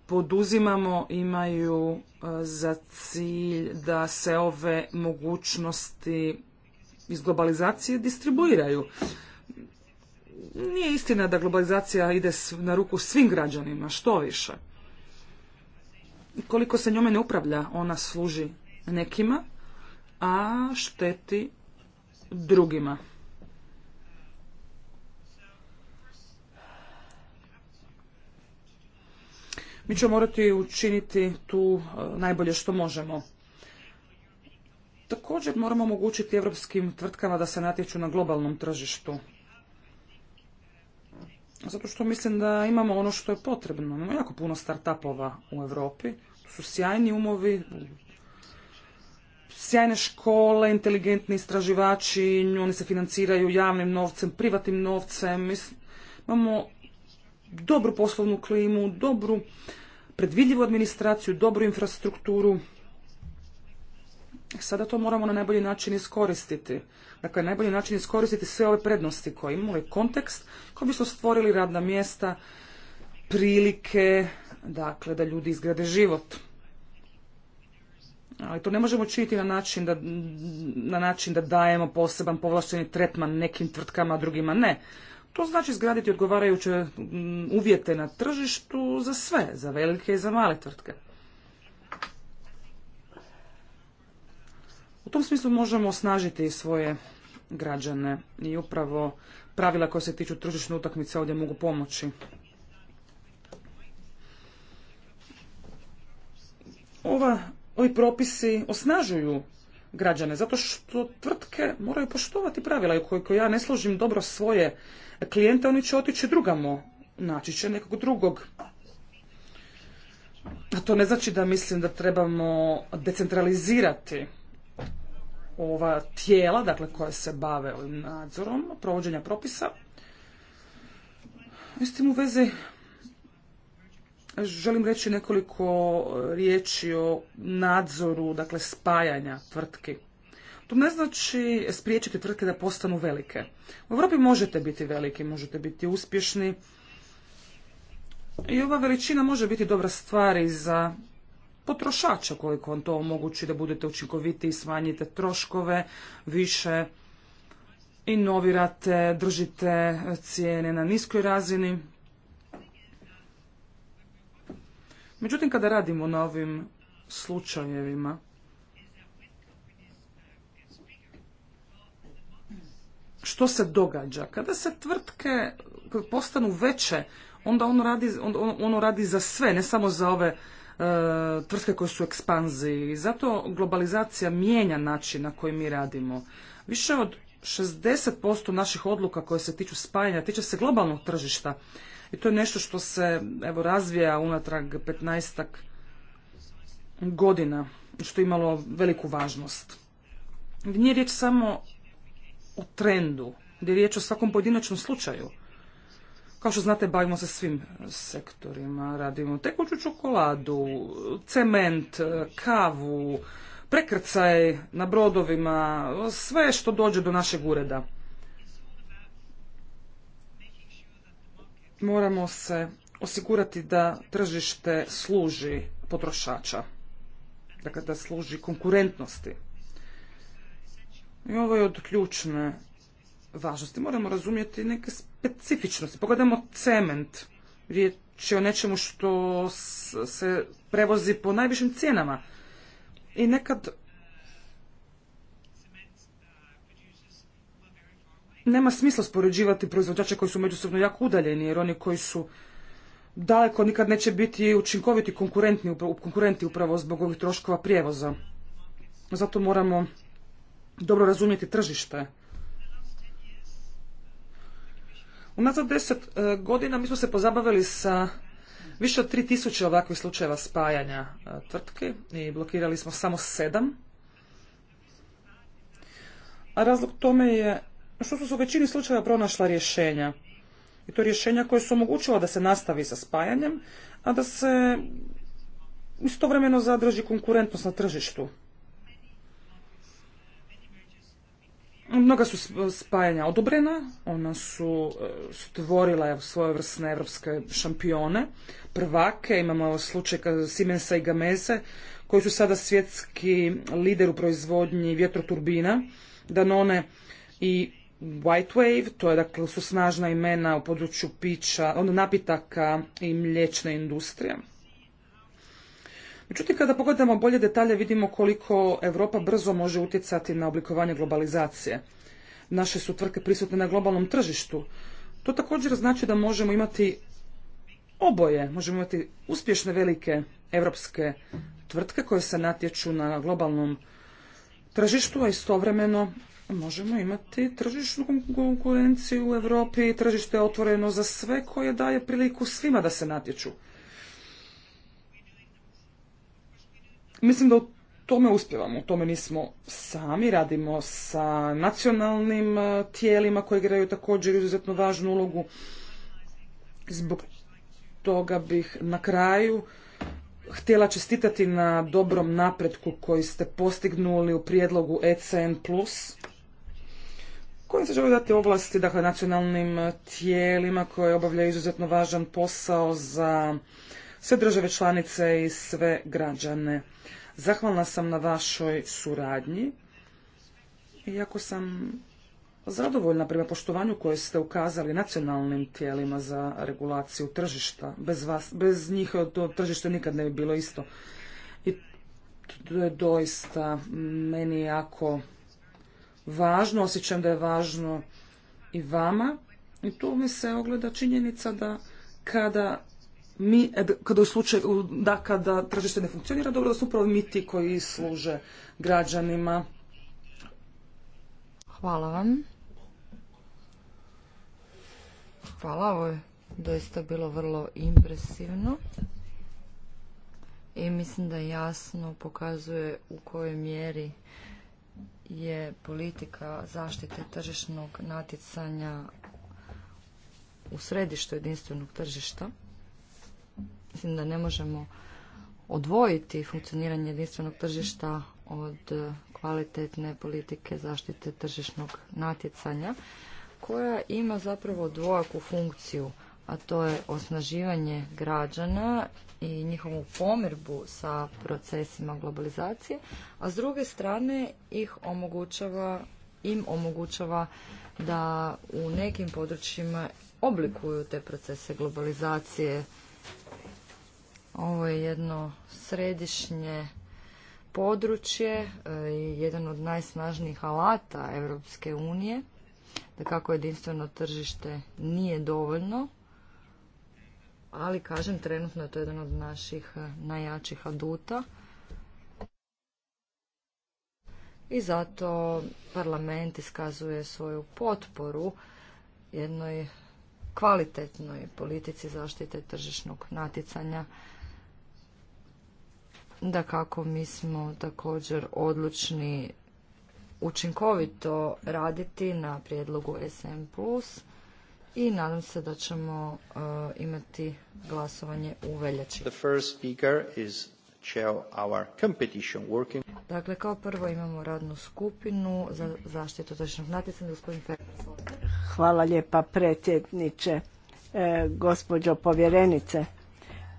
poduzimamo imaju e, za cilj da se ove mogućnosti iz globalizacije distribuiraju. Nije istina da globalizacija ide na ruku svim građanima, što više. Koliko se njome ne upravlja, ona služi nekima, a šteti drugima. Mi ćemo morati učiniti tu e, najbolje što možemo. Također moramo omogućiti evropskim tvrtkama da se natječu na globalnom tržištu. Zato što mislim da imamo ono što je potrebno. Imamo jako puno startupova u Europi. To su sjajni umovi, sjajne škole, inteligentni istraživači, oni se financiraju javnim novcem, privatnim novcem. Imamo dobru poslovnu klimu, dobru predvidljivu administraciju, dobru infrastrukturu. Sada to moramo na najbolji način iskoristiti. Dakle, najbolji način iskoristiti sve ove prednosti koje imamo, ovaj kontekst, koji bi se stvorili radna mjesta, prilike, dakle, da ljudi izgrade život. Ali to ne možemo činiti na način da, na način da dajemo poseban povlašteni tretman nekim tvrtkama, a drugima ne. To znači izgraditi odgovarajuće uvjete na tržištu za sve, za velike i za male tvrtke. U tom smislu možemo osnažiti svoje građane i upravo pravila koja se tiču tržišne utakmice ovdje mogu pomoći. Ova, ovi propisi osnažuju građane zato što tvrtke moraju poštovati pravila i ukoliko ja ne složim dobro svoje Klijente, oni će otići drugamo, naći će nekog drugog. A to ne znači da mislim da trebamo decentralizirati ova tijela, dakle koja se bave ovim nadzorom provođenja propisa. S tim u vezi želim reći nekoliko riječi o nadzoru, dakle spajanja tvrtki. To ne znači spriječiti tvrtke da postanu velike. U Europi možete biti veliki, možete biti uspješni. I ova veličina može biti dobra stvar i za potrošača koliko vam to omogući da budete učinkoviti i smanjite troškove više inovirate, držite cijene na niskoj razini. Međutim, kada radimo na ovim slučajevima, što se događa. Kada se tvrtke postanu veće, onda ono radi, ono radi za sve, ne samo za ove e, tvrtke koje su u ekspanziji. I zato globalizacija mijenja način na koji mi radimo. Više od 60% naših odluka koje se tiču spajanja tiče se globalnog tržišta. I to je nešto što se evo, razvija unatrag 15 godina, što je imalo veliku važnost. Nije riječ samo u trendu, gdje je riječ o svakom pojedinačnom slučaju. Kao što znate, bavimo se svim sektorima, radimo tekuću čokoladu, cement, kavu, prekrcaj na brodovima, sve što dođe do našeg ureda. Moramo se osigurati da tržište služi potrošača, dakle da služi konkurentnosti. I ovo je od ključne važnosti. Moramo razumjeti neke specifičnosti. Pogledamo cement. Riječ je o nečemu što se prevozi po najvišim cijenama. I nekad nema smisla spoređivati proizvođače koji su međusobno jako udaljeni, jer oni koji su daleko nikad neće biti učinkoviti konkurentni, konkurenti upravo zbog ovih troškova prijevoza. Zato moramo dobro razumjeti tržište. Unazad deset e, godina mi smo se pozabavili sa više od tisuće ovakvih slučajeva spajanja e, tvrtke i blokirali smo samo sedam. A razlog tome je što su se u većini slučajeva pronašla rješenja. I to rješenja koje su omogućila da se nastavi sa spajanjem, a da se istovremeno zadrži konkurentnost na tržištu. Mnoga su spajanja odobrena, ona su e, stvorila svojevrsne evropske šampione, prvake, imamo slučaj Simensa i Gameze, koji su sada svjetski lider u proizvodnji vjetroturbina, Danone i White Wave, to je dakle su snažna imena u području pića, napitaka i mliječne industrije. Međutim, kada pogledamo bolje detalje vidimo koliko Europa brzo može utjecati na oblikovanje globalizacije. Naše su tvrtke prisutne na globalnom tržištu. To također znači da možemo imati oboje, možemo imati uspješne velike europske tvrtke koje se natječu na globalnom tržištu, a istovremeno možemo imati tržišnu konkurenciju u Europi, tržište je otvoreno za sve koje daje priliku svima da se natječu. Mislim da u tome uspjevamo, u tome nismo sami, radimo sa nacionalnim e, tijelima koje igraju također izuzetno važnu ulogu. Zbog toga bih na kraju htjela čestitati na dobrom napretku koji ste postignuli u prijedlogu ECN+, kojim se želi dati ovlasti dakle, nacionalnim tijelima koje obavljaju izuzetno važan posao za sve države članice i sve građane. Zahvalna sam na vašoj suradnji. Iako sam zadovoljna prema poštovanju koje ste ukazali nacionalnim tijelima za regulaciju tržišta, bez, vas, bez njih to tržište nikad ne bi bilo isto. I to je doista meni jako važno, osjećam da je važno i vama. I tu mi se ogleda činjenica da kada mi, kada u slučaju, da kada tržište ne funkcionira dobro, da su upravo mi ti koji služe građanima. Hvala vam. Hvala, ovo je doista bilo vrlo impresivno i mislim da jasno pokazuje u kojoj mjeri je politika zaštite tržišnog natjecanja u središtu jedinstvenog tržišta. Mislim da ne možemo odvojiti funkcioniranje jedinstvenog tržišta od kvalitetne politike zaštite tržišnog natjecanja koja ima zapravo dvojaku funkciju, a to je osnaživanje građana i njihovu pomirbu sa procesima globalizacije, a s druge strane ih omogućava, im omogućava da u nekim područjima oblikuju te procese globalizacije ovo je jedno središnje područje, e, jedan od najsnažnijih alata Europske unije, da kako jedinstveno tržište nije dovoljno, ali kažem trenutno je to jedan od naših e, najjačih aduta. I zato parlament iskazuje svoju potporu jednoj kvalitetnoj politici zaštite tržišnog natjecanja da kako mi smo također odlučni učinkovito raditi na prijedlogu SM+, i nadam se da ćemo e, imati glasovanje u veljači. The first speaker is our competition working. Dakle, kao prvo imamo radnu skupinu za zaštitu tržišnog natjecanja. Gospodin Hvala lijepa predsjedniče, e, gospođo povjerenice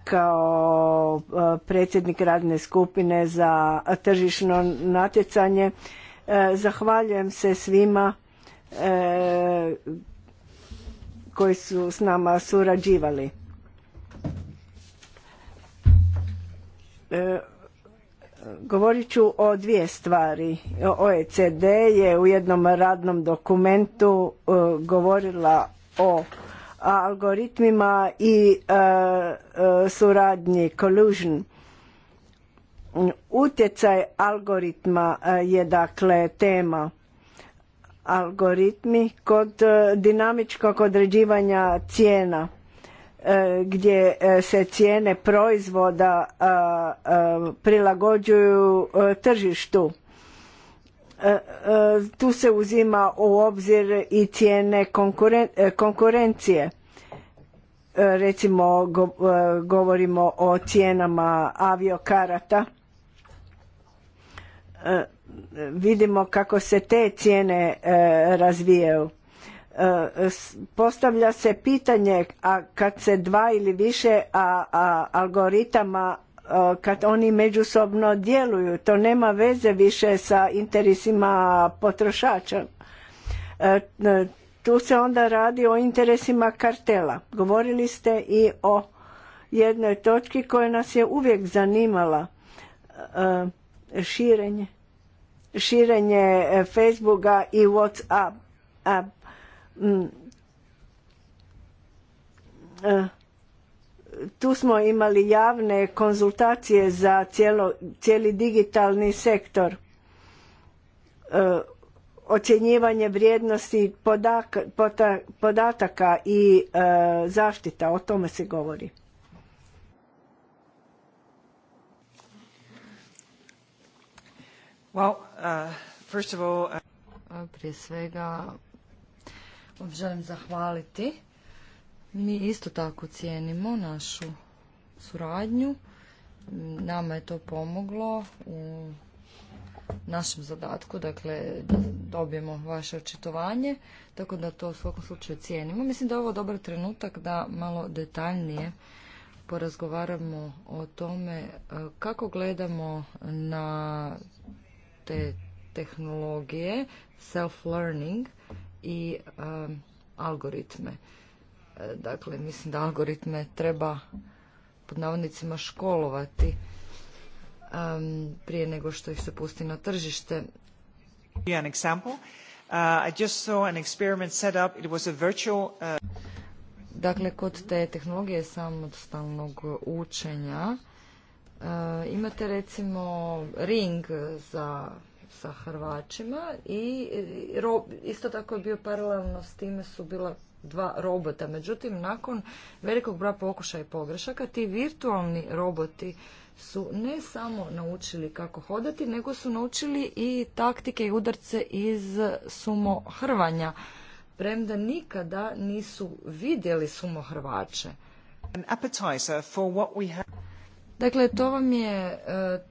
kao e, predsjednik radne skupine za tržišno natjecanje. E, zahvaljujem se svima e, koji su s nama surađivali. Govorit ću o dvije stvari. OECD je u jednom radnom dokumentu govorila o algoritmima i e, e, suradnji collusion utjecaj algoritma e, je dakle tema algoritmi kod dinamičkog određivanja cijena gdje se cijene proizvoda prilagođuju tržištu E, e, tu se uzima u obzir i cijene e, konkurencije recimo govorimo o cijenama aviokarata vidimo kako se te cijene razvijaju postavlja se pitanje a kad se dva ili više algoritama E, kad oni međusobno djeluju to nema veze više sa interesima potrošača e, e, tu se onda radi o interesima kartela govorili ste i o jednoj točki koja nas je uvijek zanimala širenje širenje Facebooka i Whatsapp tu smo imali javne konzultacije za cijeli digitalni sektor e, ocjenjivanje vrijednosti podataka i e, zaštita o tome se govori uh, uh, Prije svega želim zahvaliti mi isto tako cijenimo našu suradnju. Nama je to pomoglo u našem zadatku, dakle da dobijemo vaše očitovanje, tako da to u svakom slučaju cijenimo. Mislim da je ovo dobar trenutak da malo detaljnije porazgovaramo o tome e, kako gledamo na te tehnologije, self-learning i e, algoritme. E, dakle, mislim da algoritme treba pod navodnicima školovati prije nego što ih se pusti na tržište. An example. Uh, an experiment set up. Uh, dakle, kod te tehnologije samostalnog učenja e, imate recimo ring za sa Hrvačima i isto tako je bio paralelno s time su bila dva robota. Međutim, nakon velikog broja pokušaja i pogrešaka, ti virtualni roboti su ne samo naučili kako hodati, nego su naučili i taktike i udarce iz sumo hrvanja. premda nikada nisu vidjeli sumohrvače. Dakle, to vam je e,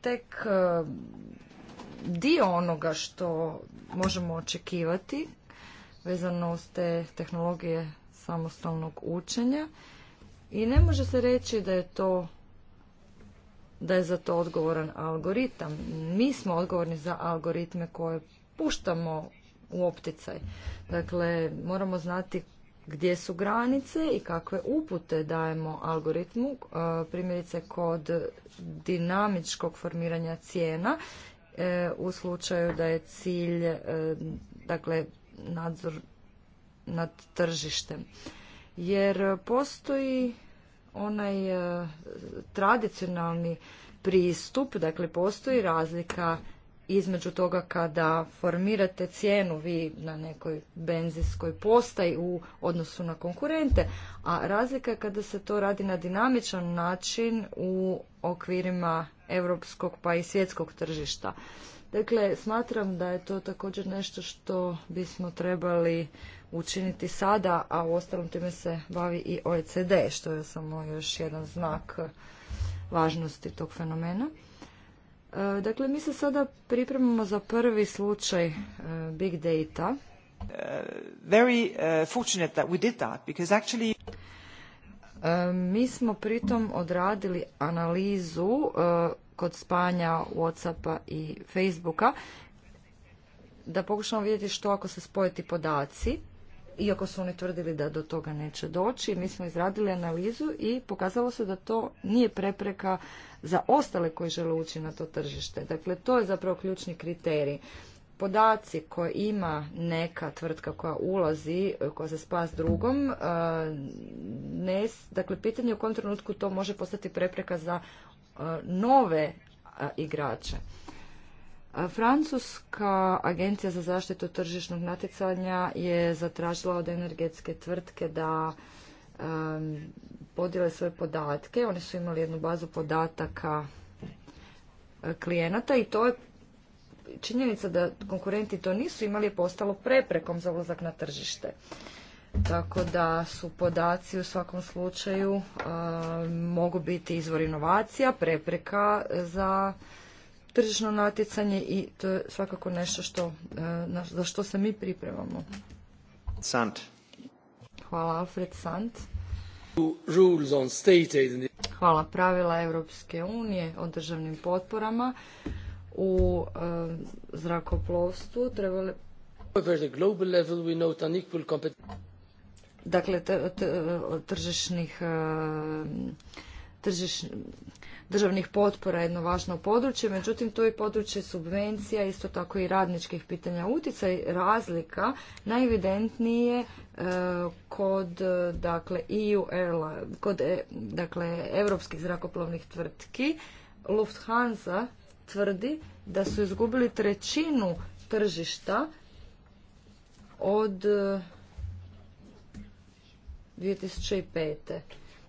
tek e, dio onoga što možemo očekivati vezano uz te tehnologije samostalnog učenja i ne može se reći da je to da je za to odgovoran algoritam. Mi smo odgovorni za algoritme koje puštamo u opticaj. Dakle, moramo znati gdje su granice i kakve upute dajemo algoritmu, e, primjerice kod dinamičkog formiranja cijena, e, u slučaju da je cilj e, dakle nadzor nad tržištem. Jer postoji onaj e, tradicionalni pristup, dakle postoji razlika između toga kada formirate cijenu vi na nekoj benzinskoj postaji u odnosu na konkurente, a razlika je kada se to radi na dinamičan način u okvirima europskog pa i svjetskog tržišta. Dakle, smatram da je to također nešto što bismo trebali učiniti sada, a u ostalom time se bavi i OECD, što je samo još jedan znak važnosti tog fenomena. E, dakle, mi se sada pripremamo za prvi slučaj e, big data. Uh, very uh, fortunate that did that E, mi smo pritom odradili analizu e, kod spanja Whatsappa i Facebooka da pokušamo vidjeti što ako se spoje ti podaci, iako su oni tvrdili da do toga neće doći. Mi smo izradili analizu i pokazalo se da to nije prepreka za ostale koji žele ući na to tržište. Dakle, to je zapravo ključni kriterij podaci koje ima neka tvrtka koja ulazi, koja se spas drugom, e, ne, dakle pitanje u kojem trenutku to može postati prepreka za e, nove e, igrače. Francuska agencija za zaštitu tržišnog natjecanja je zatražila od energetske tvrtke da podijele svoje podatke. Oni su imali jednu bazu podataka klijenata i to je činjenica da konkurenti to nisu imali je postalo preprekom za ulazak na tržište. Tako da su podaci u svakom slučaju mogu biti izvor inovacija, prepreka za tržišno natjecanje i to je svakako nešto što, e, za što se mi pripremamo. Sant. Hvala Alfred Sant. Hvala pravila Europske unije o državnim potporama u eh, zrakoplovstvu trebali dakle tržišnih eh, državnih potpora je jedno važno područje, međutim to je područje subvencija, isto tako i radničkih pitanja utjecaj razlika najevidentniji je eh, kod dakle EU kod dakle europskih zrakoplovnih tvrtki Lufthansa tvrdi da su izgubili trećinu tržišta od 2005. Eh,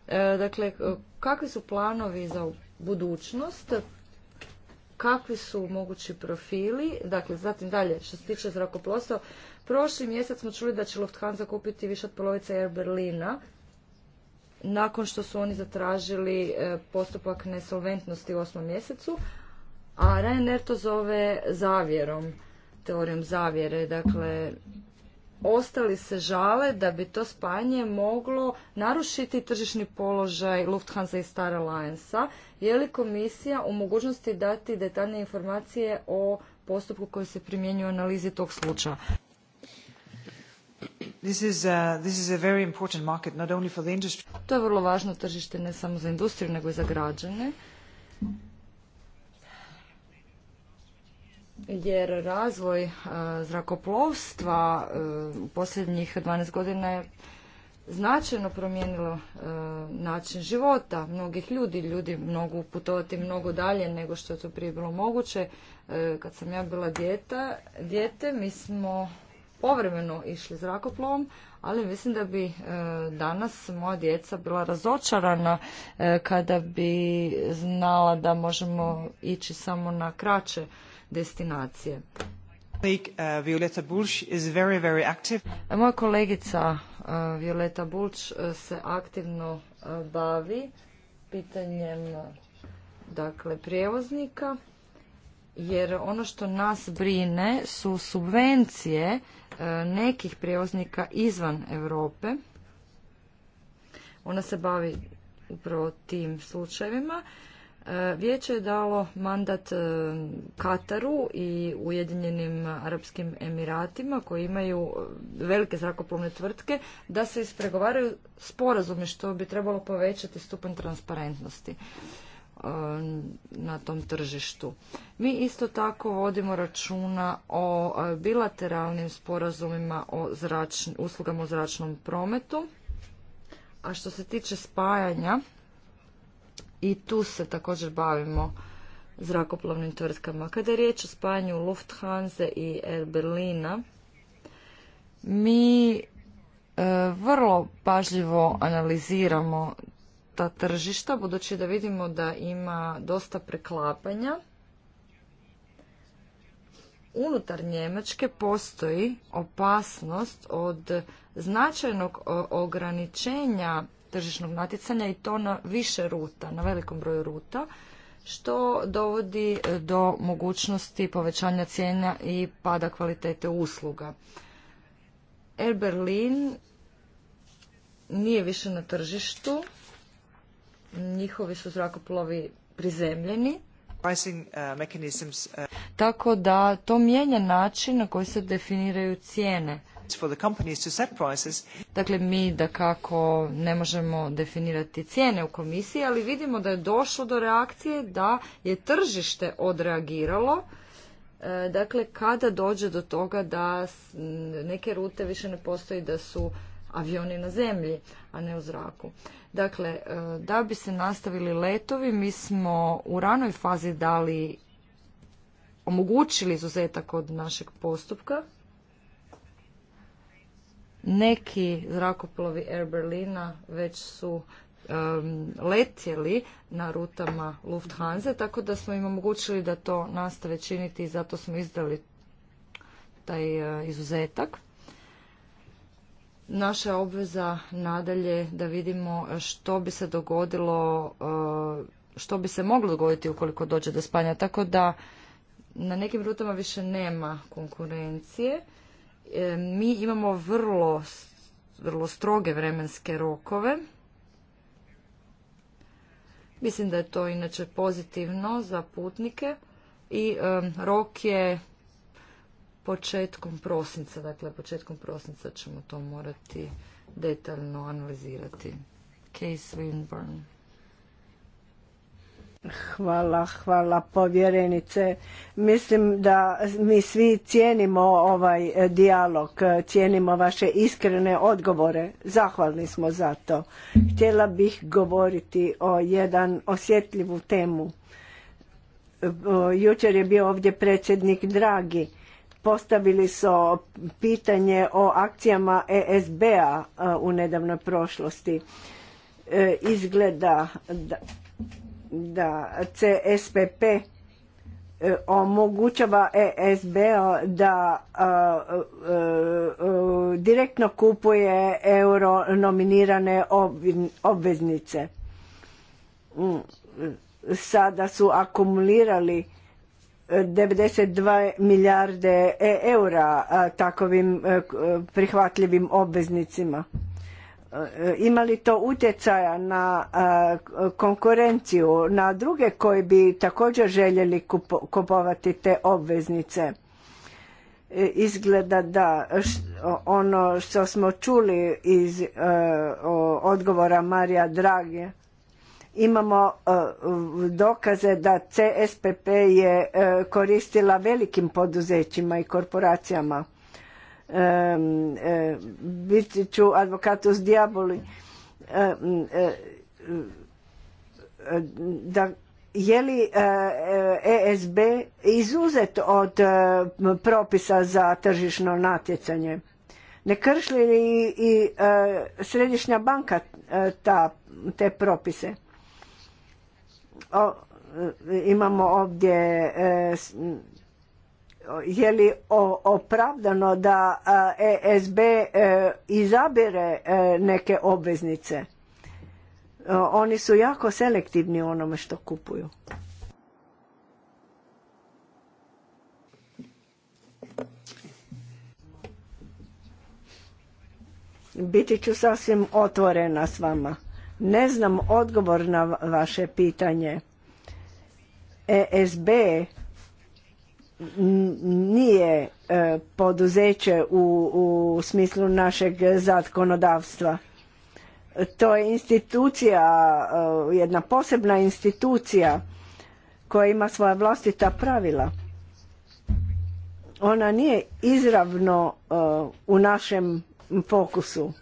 eh, dakle, kakvi su planovi za budućnost? Kakvi su mogući profili? Dakle, zatim dalje, što se tiče zrakoplovstva, prošli mjesec smo čuli da će Lufthansa kupiti više od polovice Air Berlina nakon što su oni zatražili eh, postupak nesolventnosti u osmom mjesecu, a Reiner to zove zavjerom, teorijom zavjere. Dakle, ostali se žale da bi to spajanje moglo narušiti tržišni položaj Lufthansa i Star Alliance-a. Je li komisija u mogućnosti dati detaljne informacije o postupku koji se primjenjuje u analizi tog slučaja? to je vrlo važno tržište ne samo za industriju nego i za građane. jer razvoj e, zrakoplovstva e, u posljednjih 12 godina je značajno promijenilo e, način života mnogih ljudi. Ljudi mogu putovati mnogo dalje nego što je to prije bilo moguće. Kad sam ja bila djeta, djete, mi smo povremeno išli zrakoplovom, ali mislim da bi danas moja djeca bila razočarana kada bi znala da možemo ići samo na kraće destinacije. Uh, Moja kolegica uh, Violeta Bulč uh, se aktivno bavi pitanjem dakle prijevoznika jer ono što nas brine su subvencije nekih prijevoznika izvan Europe. Ona se bavi upravo tim slučajevima Vijeće je dalo mandat e, Kataru i Ujedinjenim Arapskim Emiratima koji imaju e, velike zrakoplovne tvrtke da se ispregovaraju sporazumi što bi trebalo povećati stupanj transparentnosti e, na tom tržištu. Mi isto tako vodimo računa o bilateralnim sporazumima o uslugama u zračnom prometu. A što se tiče spajanja i tu se također bavimo zrakoplovnim tvrtkama. Kada je riječ o spajanju Lufthansa i Air Berlina, mi e, vrlo pažljivo analiziramo ta tržišta, budući da vidimo da ima dosta preklapanja. Unutar Njemačke postoji opasnost od značajnog ograničenja tržišnog natjecanja i to na više ruta, na velikom broju ruta, što dovodi e, do mogućnosti povećanja cijena i pada kvalitete usluga. Air Berlin nije više na tržištu, njihovi su zrakoplovi prizemljeni, uh, uh, tako da to mijenja način na koji se definiraju cijene Dakle, mi da kako ne možemo definirati cijene u komisiji, ali vidimo da je došlo do reakcije da je tržište odreagiralo. E, dakle, kada dođe do toga da neke rute više ne postoji da su avioni na zemlji, a ne u zraku. Dakle, e, da bi se nastavili letovi, mi smo u ranoj fazi dali omogućili izuzetak od našeg postupka neki zrakoplovi Air Berlina već su letjeli na rutama Lufthansa, tako da smo im omogućili da to nastave činiti i zato smo izdali taj e, izuzetak. Naša obveza nadalje da vidimo što bi se dogodilo, e, što bi se moglo dogoditi ukoliko dođe do spanja. Tako da na nekim rutama više nema konkurencije E, mi imamo vrlo, stroge vremenske rokove. Mislim da je to inače pozitivno za putnike i e, rok je početkom prosinca, dakle početkom prosinca ćemo to morati detaljno analizirati. Case Winburn. Hvala, hvala povjerenice. Mislim da mi svi cijenimo ovaj eh, dijalog, cijenimo vaše iskrene odgovore. Zahvalni smo za to. Htjela bih govoriti o jedan osjetljivu temu. Jučer je bio ovdje predsjednik Dragi. Postavili su pitanje o akcijama ESB-a eh, u nedavnoj prošlosti. Eh, izgleda da da CSPP e, omogućava ESB da e, e, direktno kupuje euro nominirane obveznice. Sada su akumulirali 92 milijarde eura takovim prihvatljivim obveznicima E, ima li to utjecaja na e, konkurenciju na druge koji bi također željeli kupovati te obveznice e, izgleda da ono što smo čuli iz odgovora Marija Drage imamo dokaze da CSPP je koristila velikim poduzećima i korporacijama biti ću advokatus diaboli da je li ESB eh, eh, e izuzet od eh, propisa za tržišno natjecanje? Ne krši li i Središnja banka ta, te propise? imamo ovdje je li opravdano da ESB e, izabire e, neke obveznice? E, oni su jako selektivni u onome što kupuju. Biti ću sasvim otvorena s vama. Ne znam odgovor na vaše pitanje. ESB nije e, poduzeće u, smislu našeg zakonodavstva. To je institucija, e, jedna posebna institucija koja ima svoja vlastita pravila. Ona nije izravno e, u našem fokusu.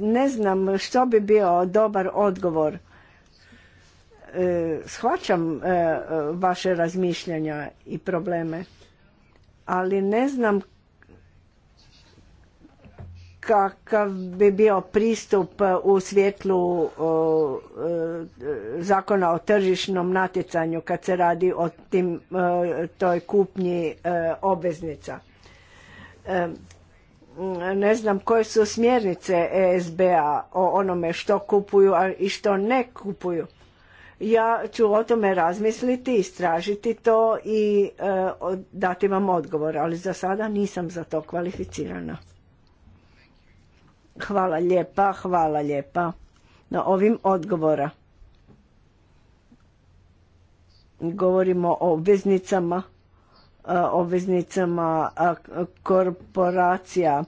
Ne znam što bi bio dobar odgovor E, shvaćam e, e, vaše razmišljanja i probleme, ali ne znam kakav bi bio pristup u svjetlu zakona o tržišnom natjecanju kad se radi o tim toj kupnji obveznica. Ne znam koje su smjernice ESB-a o onome što kupuju i što ne kupuju. Ja ću o tome razmisliti, istražiti to i e, dati vam odgovor, ali za sada nisam za to kvalificirana. Hvala lijepa, hvala lijepa na ovim odgovora. Govorimo o obveznicama, e, obveznicama korporacija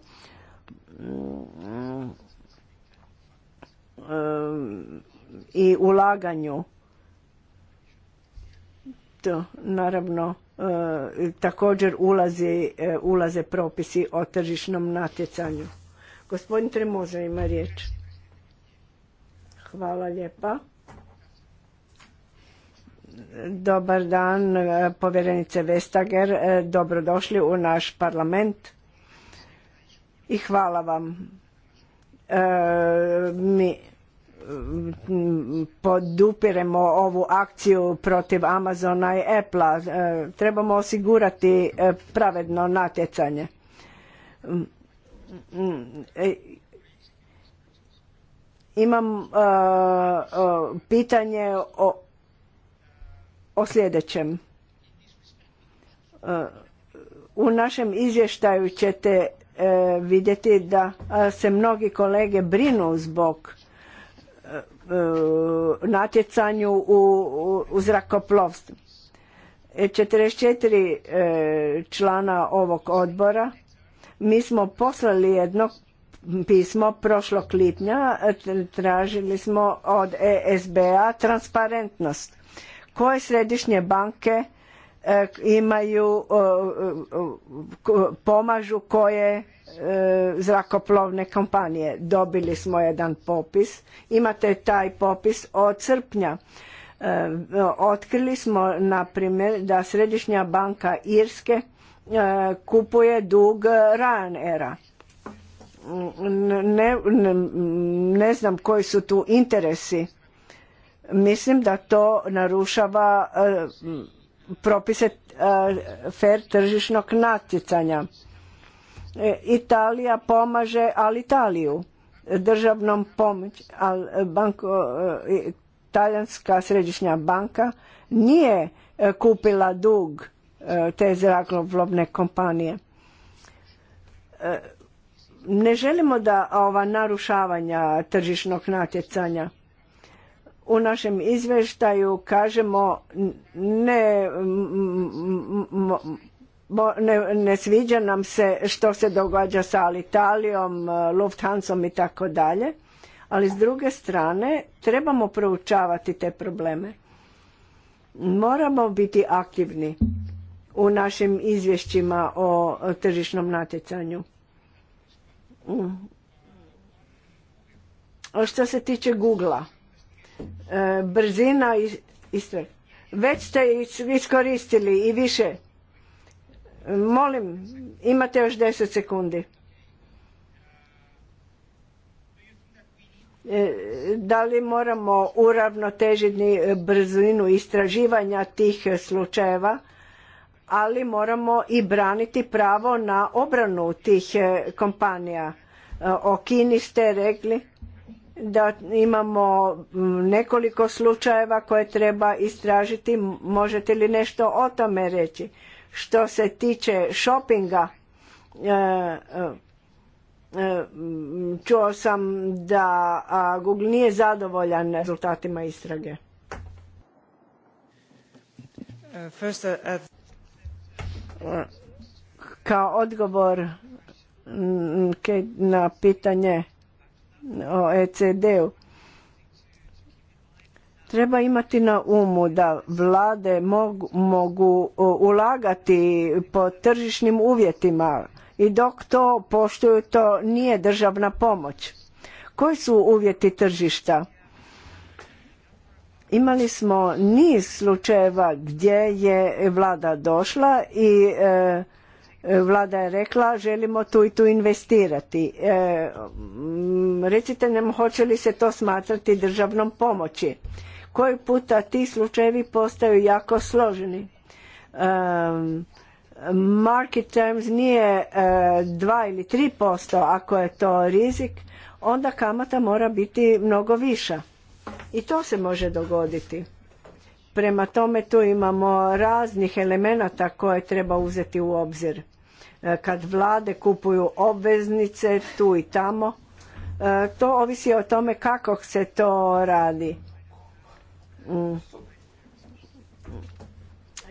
mm, e, i ulaganju to naravno e, također e, ulaze propisi o tržišnom natjecanju. Gospodin Tremoza ima riječ. Hvala lijepa. Dobar dan, e, povjerenice Vestager. Dobrodošli u naš parlament. I hvala vam. mi podupiremo ovu akciju protiv Amazona i Apple-a. E, trebamo osigurati e, pravedno natjecanje. E, imam pitanje o, sljedećem. U našem izvještaju ćete vidjeti da se mnogi kolege brinu zbog E, natjecanju u, u zrakoplovstvu. 44 e, e, člana ovog odbora mi smo poslali jedno pismo prošlog lipnja tražili smo od ESBA transparentnost koje središnje banke imaju pomažu koje E, zrakoplovne kompanije. Dobili smo jedan popis. Imate taj popis od srpnja. E, otkrili smo, na primjer, da Središnja banka Irske e, kupuje dug Ryanaira. Ne, ne, znam koji su tu interesi. Mislim da to narušava propise fer tržišnog natjecanja E, Italija pomaže Italiju, državnom pomoć, ali e, banko, e, talijanska središnja banka nije kupila dug te zrakoplovne kompanije. Ne želimo da ova narušavanja tržišnog natjecanja u našem izvještaju kažemo ne ne, sviđa nam se što se događa sa Alitalijom, eh, Lufthansom i tako dalje, ali s druge strane trebamo proučavati te probleme. Moramo biti aktivni u našim izvješćima o tržišnom natjecanju. Mm. Što se tiče Google-a, eh, brzina i već ste iskoristili i više Molim, imate još 10 sekundi. E, da li moramo uravnotežiti brzinu istraživanja tih slučajeva, ali moramo i braniti pravo na obranu tih e, kompanija. E, o Kini ste rekli da imamo nekoliko slučajeva koje treba istražiti. Možete li nešto o tome reći? Što se tiče šopinga, e, e, čuo sam da Google nije zadovoljan rezultatima istrage. Uh, uh, Kao odgovor na pitanje o ECD-u, Treba imati na umu da vlade mogu, ulagati po tržišnim uvjetima i dok to poštuju to nije državna pomoć. Koji su uvjeti tržišta? Imali smo niz slučajeva gdje je vlada došla i e, vlada je rekla želimo tu i tu investirati. E, recite nam hoće li se to smatrati državnom pomoći. Koji puta ti slučajevi postaju jako složeni. market terms nije e, dva ili tri posto ako je to rizik onda kamata mora biti mnogo viša i to se može dogoditi prema tome tu imamo raznih elemenata koje treba uzeti u obzir e, kad vlade kupuju obveznice tu i tamo e, to ovisi o tome kako se to radi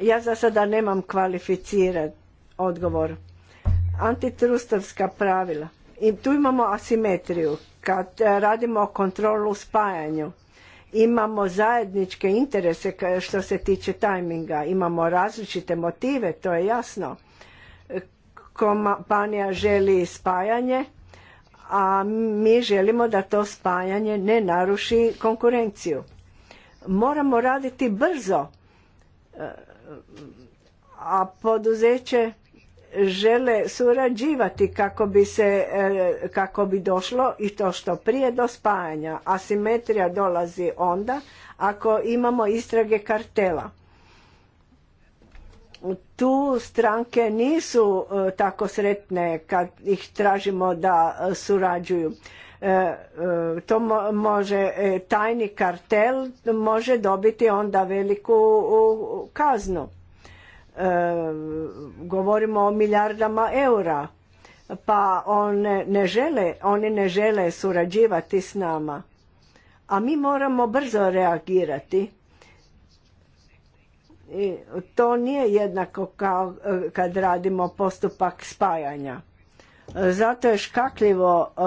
ja za sada nemam kvalificiran odgovor. Antitrustovska pravila. I tu imamo asimetriju. Kad e, radimo kontrolu spajanju, imamo zajedničke interese što se tiče tajminga. Imamo različite motive, to je jasno. Kompanija želi spajanje, a mi želimo da to spajanje ne naruši konkurenciju Moramo raditi brzo, e, a poduzeće žele surađivati kako bi se, e, kako bi došlo i to što prije do spajanja. Asimetrija dolazi onda ako imamo istrage kartela. Tu stranke nisu e, tako sretne kad ih tražimo da surađuju. E, e, to može e, tajni kartel može dobiti onda veliku kaznu govorimo o milijardama eura pa one ne žele oni ne žele surađivati s nama a mi moramo brzo reagirati to nije jednako kao kad radimo postupak spajanja zato je škakljivo e,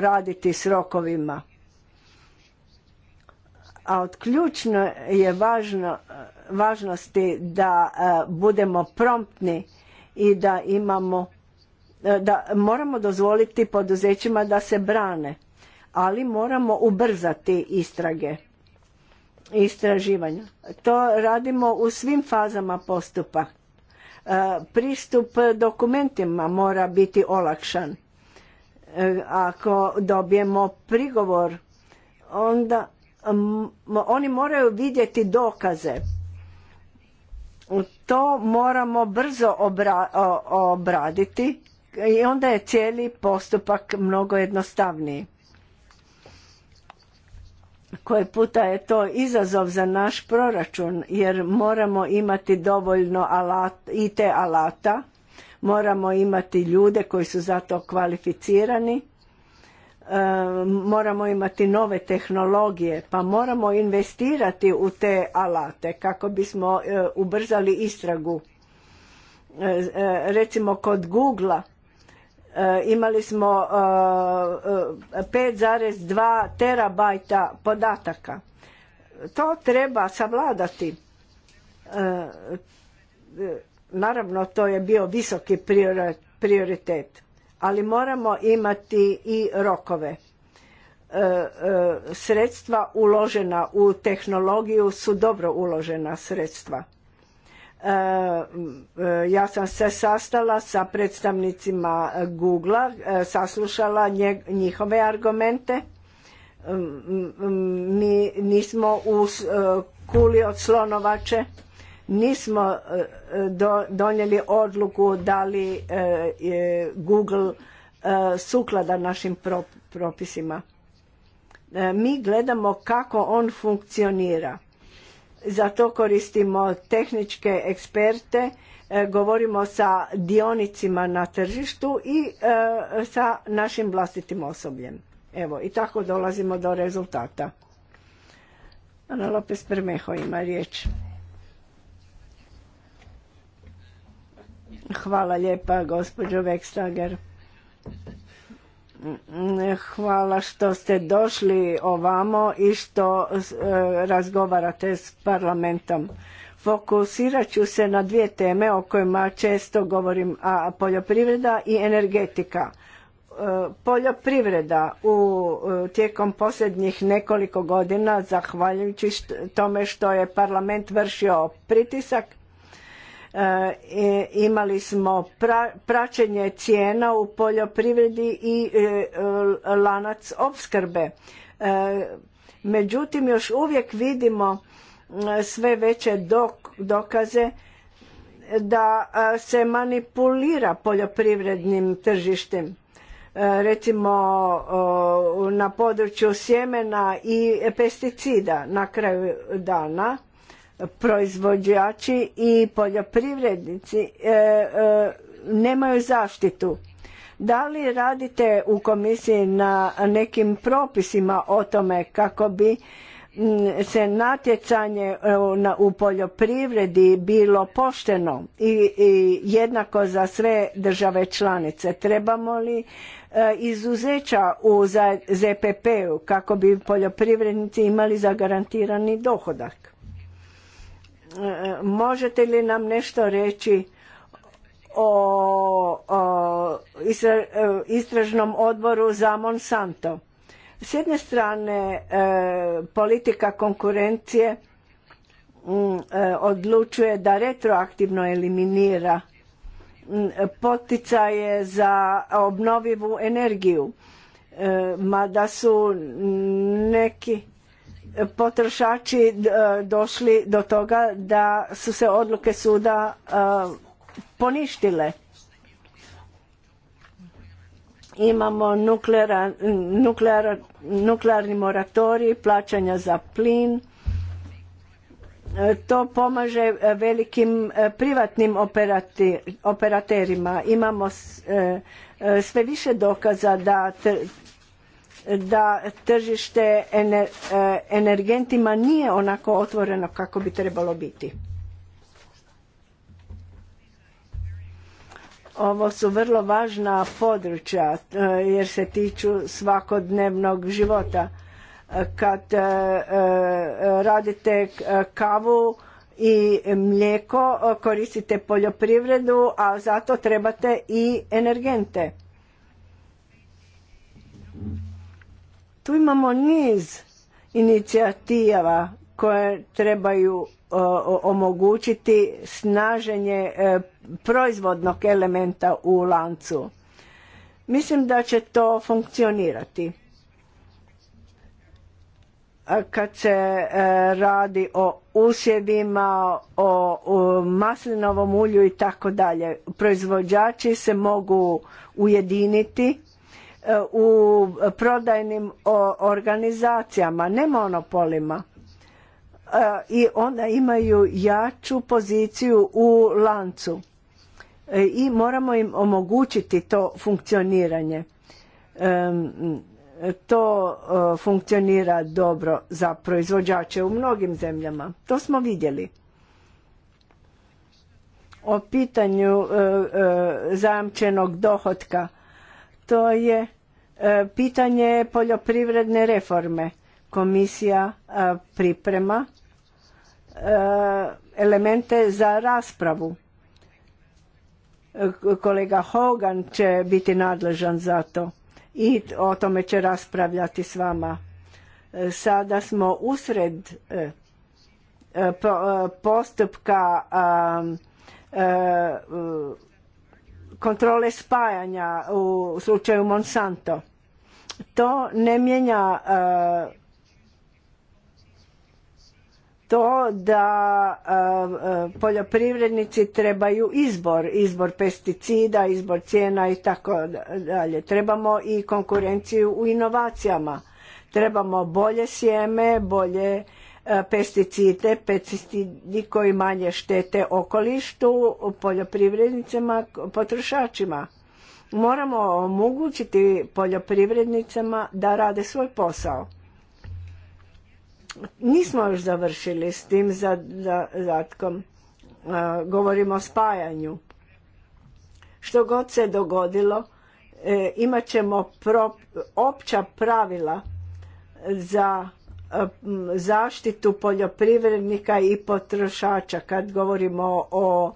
raditi s rokovima. A od ključne je važno, važnosti da e, budemo promptni i da imamo e, da moramo dozvoliti poduzećima da se brane, ali moramo ubrzati istrage istraživanja. To radimo u svim fazama postupaka E, pristup dokumentima mora biti olakšan. E, ako dobijemo prigovor, onda oni moraju vidjeti dokaze. To moramo brzo obraditi i onda je cijeli postupak mnogo jednostavniji koji puta je to izazov za naš proračun jer moramo imati dovoljno alat, te alata, moramo imati ljude koji su za to kvalificirani, e, moramo imati nove tehnologije, pa moramo investirati u te alate kako bismo e, ubrzali istragu. E, recimo kod googlea Eh, imali smo 5,2 eh, terabajta podataka. To treba savladati. Eh, naravno, to je bio visoki prioritet, ali moramo imati i rokove. Sredstva uložena u tehnologiju su dobro uložena sredstva E, e, ja sam se sastala sa predstavnicima google e, saslušala njihove argumente. Mi nismo u kuli od slonovače, nismo donijeli odluku da li je Google suklada našim propisima. Mi gledamo kako on funkcionira za to koristimo tehničke eksperte, e, govorimo sa dionicima na tržištu i e, sa našim vlastitim osobljem. Evo, i tako dolazimo do rezultata. Ana Lopez Permeho ima riječ. Hvala lijepa, gospođo Vekstager. Hvala što ste došli ovamo i što e, razgovarate s parlamentom. Fokusirat ću se na dvije teme o kojima često govorim, a poljoprivreda i energetika. E, poljoprivreda u e, tijekom posljednjih nekoliko godina, zahvaljujući tome što je parlament vršio pritisak, E, imali smo praćenje cijena u poljoprivredi i e, e, lanac opskrbe. Međutim, još uvijek vidimo sve veće dokaze da se manipulira poljoprivrednim tržištem recimo na području sjemena i pesticida na kraju dana proizvođači i poljoprivrednici e, e, nemaju zaštitu. Da li radite u komisiji na nekim propisima o tome kako bi se natjecanje e, u poljoprivredi bilo pošteno i jednako za sve države članice. Trebamo li izuzeća u ZPP-u kako bi poljoprivrednici imali zagarantirani dohodak? Možete li nam nešto reći o, o e, istražnom odboru za Monsanto? S jedne strane e, politika konkurencije mm, e, odlučuje da retroaktivno eliminira mm, poticaje za obnovivu energiju mada su neki potrošači e, došli do toga da su se odluke suda e, poništile. Imamo nuklearni moratorij, plaćanja za plin. E, to pomaže velikim privatnim operaterima. Imamo sve više dokaza da da tržište e, energentima nije onako otvoreno kako bi trebalo biti. Ovo su vrlo važna područja e, jer se tiču svakodnevnog života. E, kad radite kavu i mlijeko, koristite poljoprivredu, a zato trebate i energente. Tu imamo niz inicijativa koje trebaju omogućiti snaženje e, proizvodnog elementa u lancu. Mislim da će to funkcionirati. Kad se e, radi o usjevima, o maslinovom ulju i tako dalje, proizvođači se mogu ujediniti u prodajnim organizacijama, ne monopolima. E, I onda imaju jaču poziciju u lancu. E, I moramo im omogućiti to funkcioniranje. E, to funkcionira dobro za proizvođače u mnogim zemljama. To smo vidjeli o pitanju zajamčenog dohotka to je e, pitanje poljoprivredne reforme. Komisija e, priprema e, elemente za raspravu. Kolega Hogan će biti nadležan za to i o tome će raspravljati s vama. Sada smo usred postupka kontrole spajanja u slučaju Monsanto. To ne mijenja e, to da e, e, poljoprivrednici trebaju izbor, izbor pesticida, izbor cijena i tako dalje. Trebamo i konkurenciju u inovacijama. Trebamo bolje sjeme, bolje E, pesticide, pesticidi koji manje štete okolištu, poljoprivrednicima, potrošačima. Moramo omogućiti poljoprivrednicama da rade svoj posao. Nismo još završili s tim zadatkom. E, govorimo o spajanju. Što god se dogodilo, e, imat ćemo opća pravila za zaštitu poljoprivrednika i potrošača kad govorimo o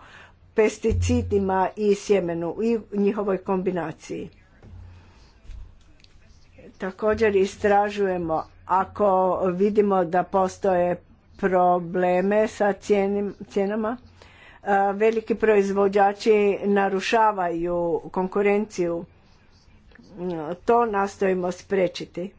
pesticidima i sjemenu i njihovoj kombinaciji. Također istražujemo ako vidimo da postoje probleme sa cijenim, cijenama. Veliki proizvođači narušavaju konkurenciju to nastojimo sprečiti.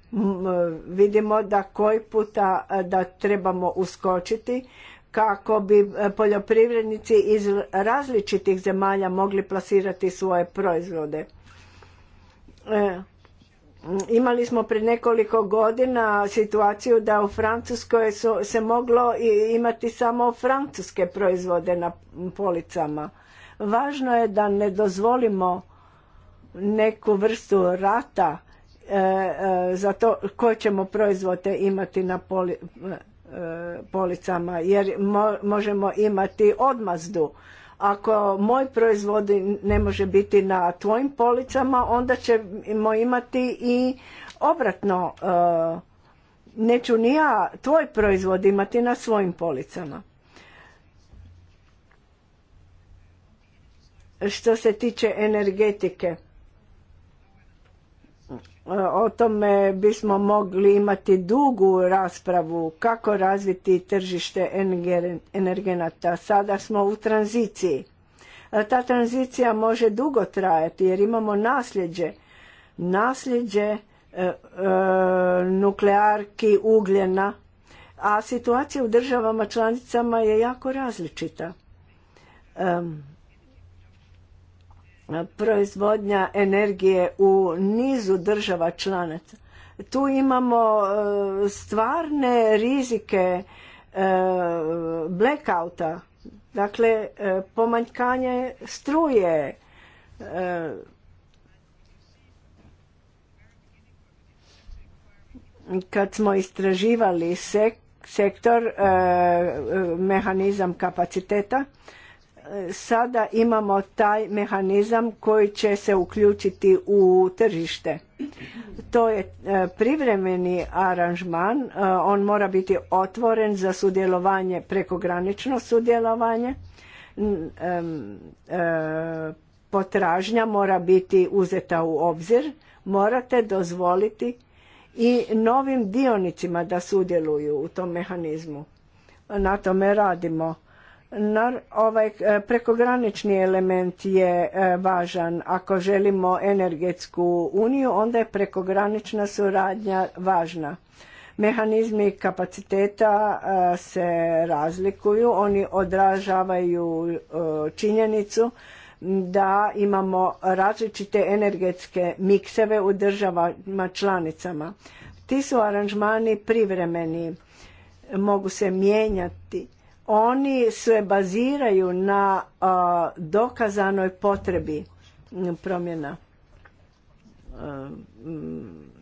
Vidimo da koji puta e, da trebamo uskočiti kako bi e, poljoprivrednici iz različitih zemalja mogli plasirati svoje proizvode. E, imali smo pred nekoliko godina situaciju da u Francuskoj se moglo imati samo francuske proizvode na policama. Važno je da ne dozvolimo neku vrstu rata e, e, za to koje ćemo proizvode imati na e, policama jer možemo imati odmazdu. Ako moj proizvod ne može biti na tvojim policama onda ćemo imati i obratno neću ni ja tvoj proizvod imati na svojim policama. Što se tiče energetike o tome bismo mogli imati dugu raspravu kako razviti tržište energenata. Sada smo u tranziciji. E, ta tranzicija može dugo trajati jer imamo nasljeđe. Nasljeđe e, e, nuklearki ugljena, a situacija u državama članicama je jako različita proizvodnja energije u nizu država članica. Tu imamo e, stvarne rizike e, blackouta, dakle e, pomanjkanje struje, kad smo istraživali sektor mehanizam kapaciteta sada imamo taj mehanizam koji će se uključiti u tržište. To je e, privremeni aranžman, e, on mora biti otvoren za sudjelovanje, prekogranično sudjelovanje. E, potražnja mora biti uzeta u obzir, morate dozvoliti i novim dionicima da sudjeluju u tom mehanizmu. Na tome radimo Ovaj e, prekogranični element je e, važan. Ako želimo energetsku uniju, onda je prekogranična suradnja važna. Mehanizmi kapaciteta e, se razlikuju, oni odražavaju činjenicu da imamo različite energetske mikseve u državama članicama. Ti su aranžmani privremeni, mogu se mijenjati oni se baziraju na dokazanoj potrebi promjena.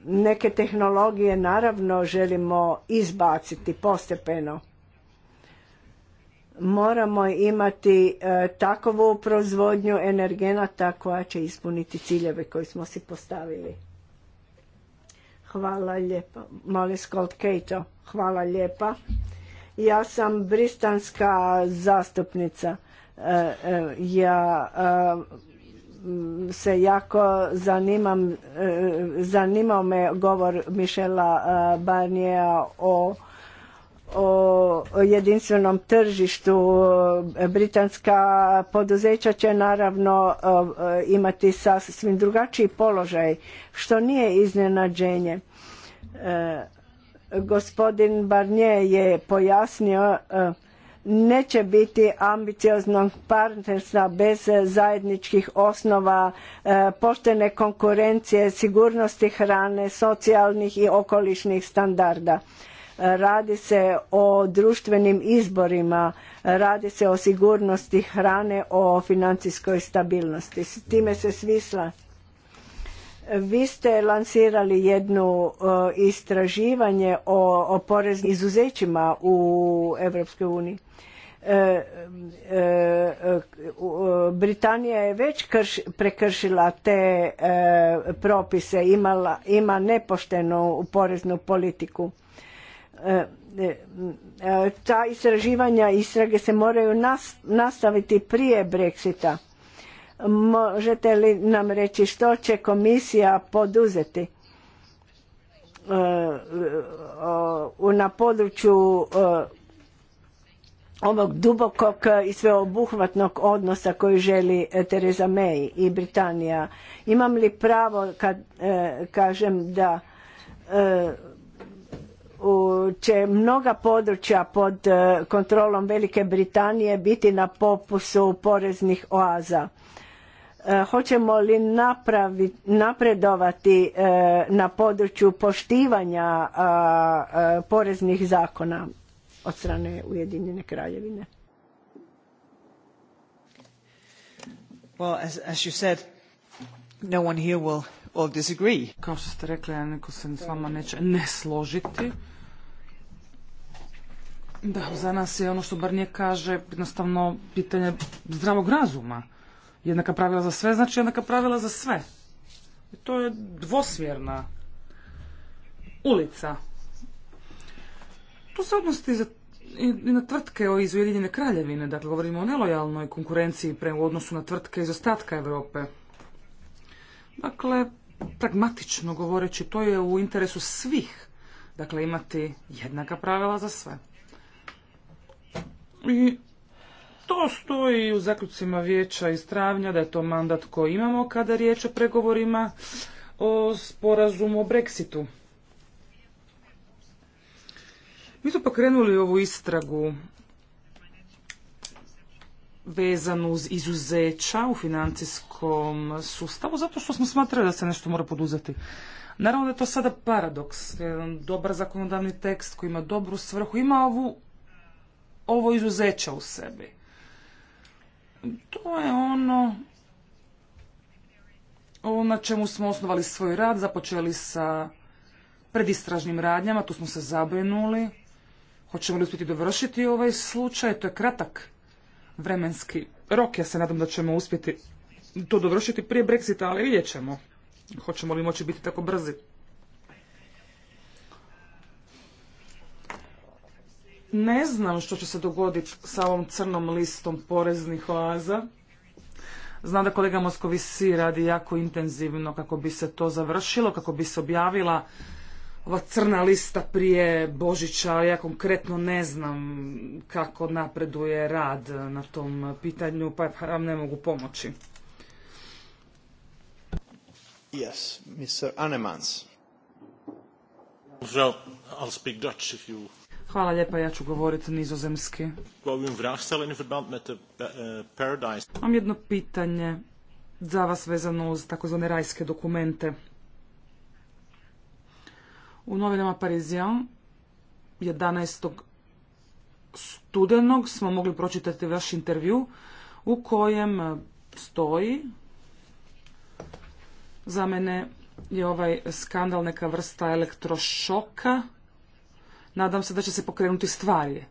Neke tehnologije naravno želimo izbaciti postepeno. Moramo imati e, takovu proizvodnju energenata koja će ispuniti ciljeve koje smo si postavili. Hvala lijepa. Hvala lijepa. Ja sam bristanska zastupnica. E, e, ja e, se jako zanimam, zanimao me govor Mišela Barnija o o jedinstvenom tržištu britanska poduzeća će naravno imati sasvim drugačiji položaj što nije iznenađenje. Gospodin Barnier je pojasnio e, neće biti ambicioznog partnerstva bez zajedničkih osnova e, poštene konkurencije, sigurnosti hrane, socijalnih i okolišnih standarda. E, radi se o društvenim izborima, radi se o sigurnosti hrane, o financijskoj stabilnosti. S time se svi vi ste lansirali jedno e, istraživanje o, poreznim izuzećima u Europskoj uniji. E, e, Britanija je već prekršila te propise, ima nepoštenu poreznu politiku. Ta istraživanja istrage se moraju nastaviti prije Brexita Možete li nam reći što će komisija poduzeti e, na području e, ovog dubokog i sveobuhvatnog odnosa koji želi Tereza May i Britanija. Imam li pravo kad e, kažem da će mnoga područja pod kontrolom Velike Britanije biti na popusu poreznih oaza. E, hoćemo li napredovati e, na području poštivanja poreznih zakona od strane Ujedinjene kraljevine? Well, as, as you said, Kao što ste rekli, ja se s vama neće ne složiti. Da, za nas je ono što bar kaže jednostavno pitanje zdravog razuma. Jednaka pravila za sve znači jednaka pravila za sve. I to je dvosmjerna ulica. To se odnosi za i na tvrtke iz Ujedinjene kraljevine, dakle govorimo o nelojalnoj konkurenciji pre u odnosu na tvrtke iz ostatka Europe. Dakle, pragmatično govoreći, to je u interesu svih, dakle imati jednaka pravila za sve. I to stoji u zaključcima vijeća iz travnja, da je to mandat koji imamo kada riječ o pregovorima o sporazumu o Brexitu. Mi smo pokrenuli ovu istragu vezanu uz izuzeća u financijskom sustavu, zato što smo smatrali da se nešto mora poduzeti. Naravno da je to sada paradoks. Jedan dobar zakonodavni tekst koji ima dobru svrhu, ima ovu, ovo izuzeća u sebi. To je ono na čemu smo osnovali svoj rad, započeli sa predistražnim radnjama, tu smo se zabrinuli. Hoćemo li uspjeti dovršiti ovaj slučaj? To je kratak vremenski rok. Ja se nadam da ćemo uspjeti to dovršiti prije Brexita, ali vidjet ćemo. Hoćemo li moći biti tako brzi? ne znam što će se dogoditi sa ovom crnom listom poreznih oaza. Znam da kolega Moskovici radi jako intenzivno kako bi se to završilo, kako bi se objavila ova crna lista prije Božića. Ja konkretno ne znam kako napreduje rad na tom pitanju, pa vam ne mogu pomoći. Yes, Mr. Anemans. Well, I'll speak Dutch if you Hvala lijepa, ja ću govoriti nizozemski. Eh, eh, Imam jedno pitanje za vas vezano uz takozvane rajske dokumente. U novinama Parizijan 11. studenog smo mogli pročitati vaš intervju u kojem eh, stoji za mene je ovaj skandal neka vrsta elektrošoka Nadam se da će se pokrenuti stvari.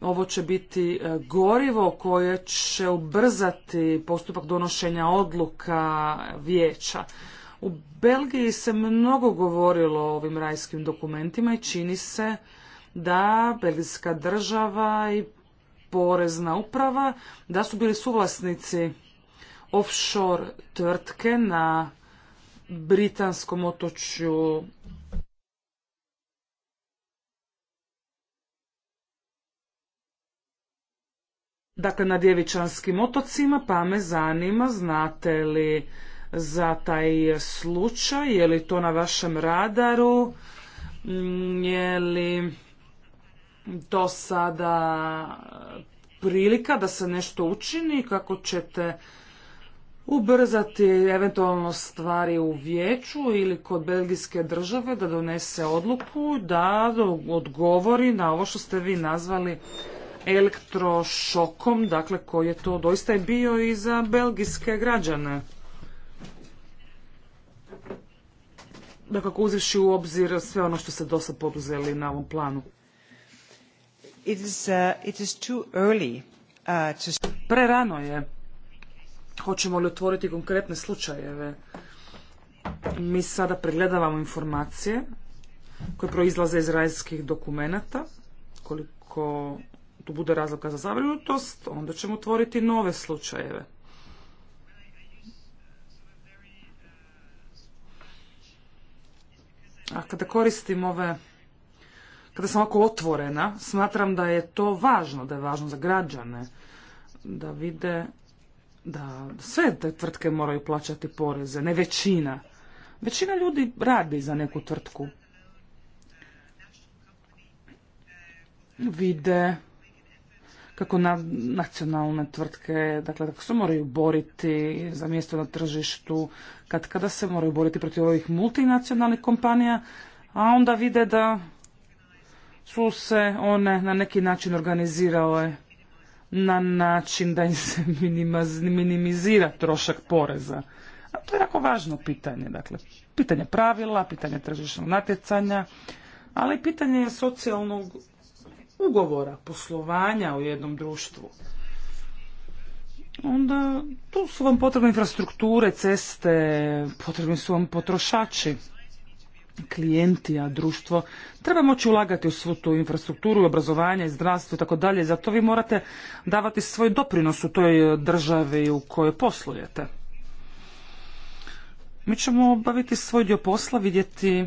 Ovo će biti e, gorivo koje će ubrzati postupak donošenja odluka vijeća. U Belgiji se mnogo govorilo o ovim rajskim dokumentima i čini se da belgijska država i porezna uprava da su bili suvlasnici offshore tvrtke na britanskom otočju dakle na Djevičanskim otocima, pa me zanima znate li za taj slučaj, je li to na vašem radaru, mm, je li to sada prilika da se nešto učini, kako ćete ubrzati eventualno stvari u vijeću ili kod belgijske države da donese odluku da odgovori na ovo što ste vi nazvali elektrošokom, dakle koji je to doista je bio i za belgijske građane. Dakle, kako u obzir sve ono što se do poduzeli na ovom planu. It is, uh, uh, to... Prerano je. Hoćemo li otvoriti konkretne slučajeve? Mi sada pregledavamo informacije koje proizlaze iz rajskih dokumenata, koliko tu bude razloga za zabrinutost, onda ćemo otvoriti nove slučajeve. A kada koristim ove, kada sam ovako otvorena, smatram da je to važno, da je važno za građane, da vide da sve te tvrtke moraju plaćati poreze, ne većina. Većina ljudi radi za neku tvrtku. Vide kako nacionalne tvrtke, dakle kako se moraju boriti za mjesto na tržištu, kad kada se moraju boriti protiv ovih multinacionalnih kompanija, a onda vide da su se one na neki način organizirale na način da im se minimizira trošak poreza. A to je jako važno pitanje, dakle, pitanje pravila, pitanje tržišnog natjecanja, ali pitanje socijalnog ugovora, poslovanja u jednom društvu, onda tu su vam potrebne infrastrukture, ceste, potrebni su vam potrošači, klijenti, a društvo. Treba moći ulagati u svu tu infrastrukturu, obrazovanje, zdravstvo i tako dalje. Zato vi morate davati svoj doprinos u toj državi u kojoj poslujete. Mi ćemo obaviti svoj dio posla, vidjeti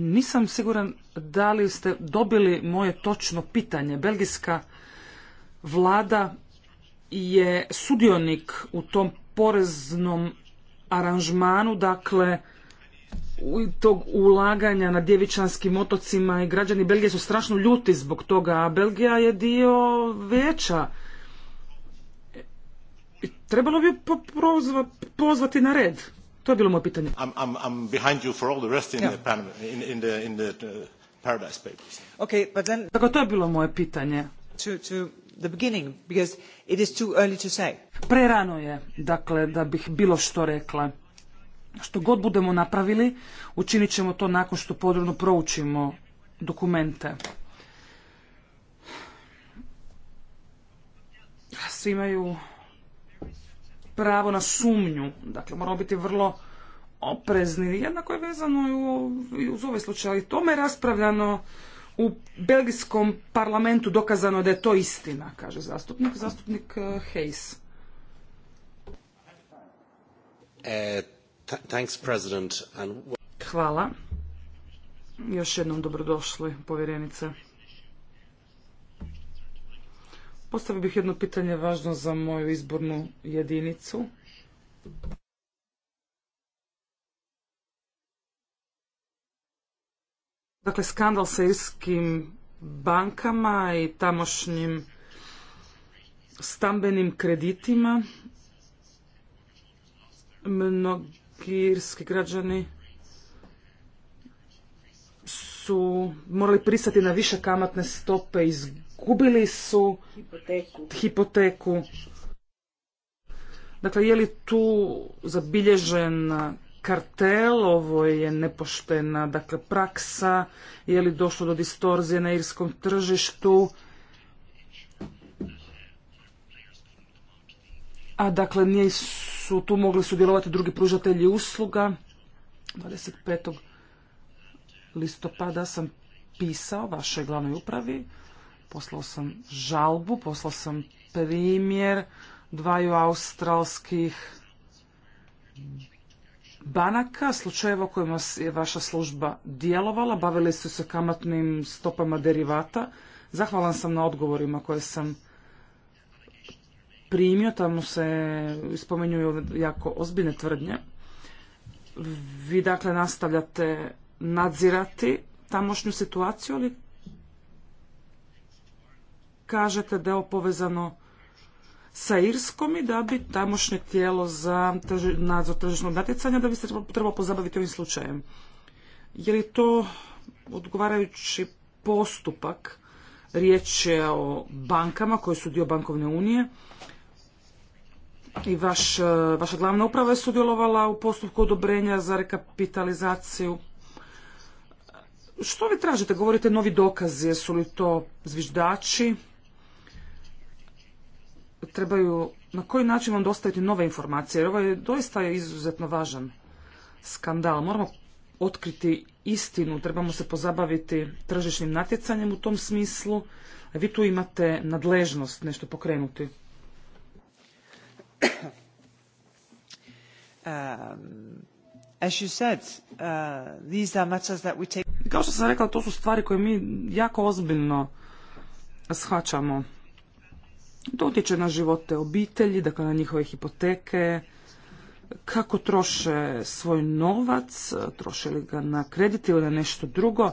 nisam siguran da li ste dobili moje točno pitanje. Belgijska vlada je sudionik u tom poreznom aranžmanu, dakle tog ulaganja na djevičanskim otocima i građani Belgije su strašno ljuti zbog toga, a Belgija je dio veća. Trebalo bi pozvati na red. To je bilo moje pitanje. I'm, I'm, I'm behind you for all the rest in, ja. the, Panama, in, in the, in the uh, Paradise Papers. Okay, but then... Dakle, to je bilo moje pitanje. To, to the beginning, because it is too early to say. Prerano je, dakle, da bih bilo što rekla. Što god budemo napravili, učinit ćemo to nakon što podrobno proučimo dokumente. Svi imaju pravo na sumnju. Dakle, moramo biti vrlo oprezni. Jednako je vezano i uz ovaj slučaj. Ali tome je raspravljano u belgijskom parlamentu dokazano da je to istina, kaže zastupnik, zastupnik eh, Hayes. Eh, Hvala. Još jednom dobrodošli, povjerenice. Postavio bih jedno pitanje važno za moju izbornu jedinicu. Dakle, skandal sa irskim bankama i tamošnjim stambenim kreditima. Mnogi irski građani su morali pristati na više kamatne stope iz izgubili su hipoteku. Dakle, je li tu zabilježen kartel, ovo je nepoštena dakle, praksa, je li došlo do distorzije na irskom tržištu, a dakle nisu tu mogli sudjelovati drugi pružatelji usluga. 25. listopada sam pisao vašoj glavnoj upravi Poslao sam žalbu, poslao sam primjer dvaju australskih banaka, slučajeva u kojima je vaša služba djelovala, bavili su se kamatnim stopama derivata. Zahvalan sam na odgovorima koje sam primio, tamo se spomenjuju jako ozbiljne tvrdnje. Vi dakle nastavljate nadzirati tamošnju situaciju, ali kažete da je ovo povezano sa Irskom i da bi tamošnje tijelo za nadzor tržišnog natjecanja da bi se trebalo pozabaviti ovim slučajem. Je li to odgovarajući postupak? Riječ je o bankama koje su dio bankovne unije i eh, vaša glavna uprava je sudjelovala u postupku odobrenja za rekapitalizaciju. Što vi tražite? Govorite novi dokazi, jesu li to zviždači, trebaju na koji način vam dostaviti nove informacije, jer ovo ovaj je doista izuzetno važan skandal. Moramo otkriti istinu, trebamo se pozabaviti tržišnim natjecanjem u tom smislu. vi tu imate nadležnost nešto pokrenuti. Kao što sam rekla, to su stvari koje mi jako ozbiljno shvaćamo. To utječe na živote obitelji, dakle na njihove hipoteke, kako troše svoj novac, troše li ga na kredit ili na nešto drugo.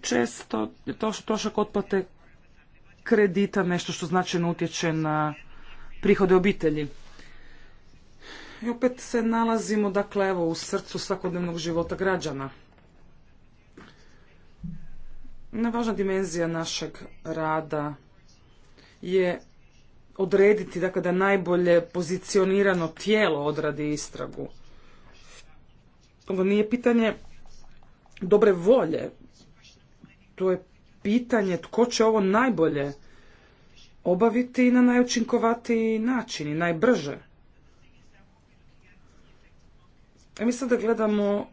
Često je to trošak otplate kredita nešto što značajno utječe na prihode obitelji. I opet se nalazimo, dakle, evo, u srcu svakodnevnog života građana. Nevažna dimenzija našeg rada je odrediti dakle, da najbolje pozicionirano tijelo odradi istragu. Ovo nije pitanje dobre volje. To je pitanje tko će ovo najbolje obaviti na najučinkovatiji način i najbrže. E mi sada gledamo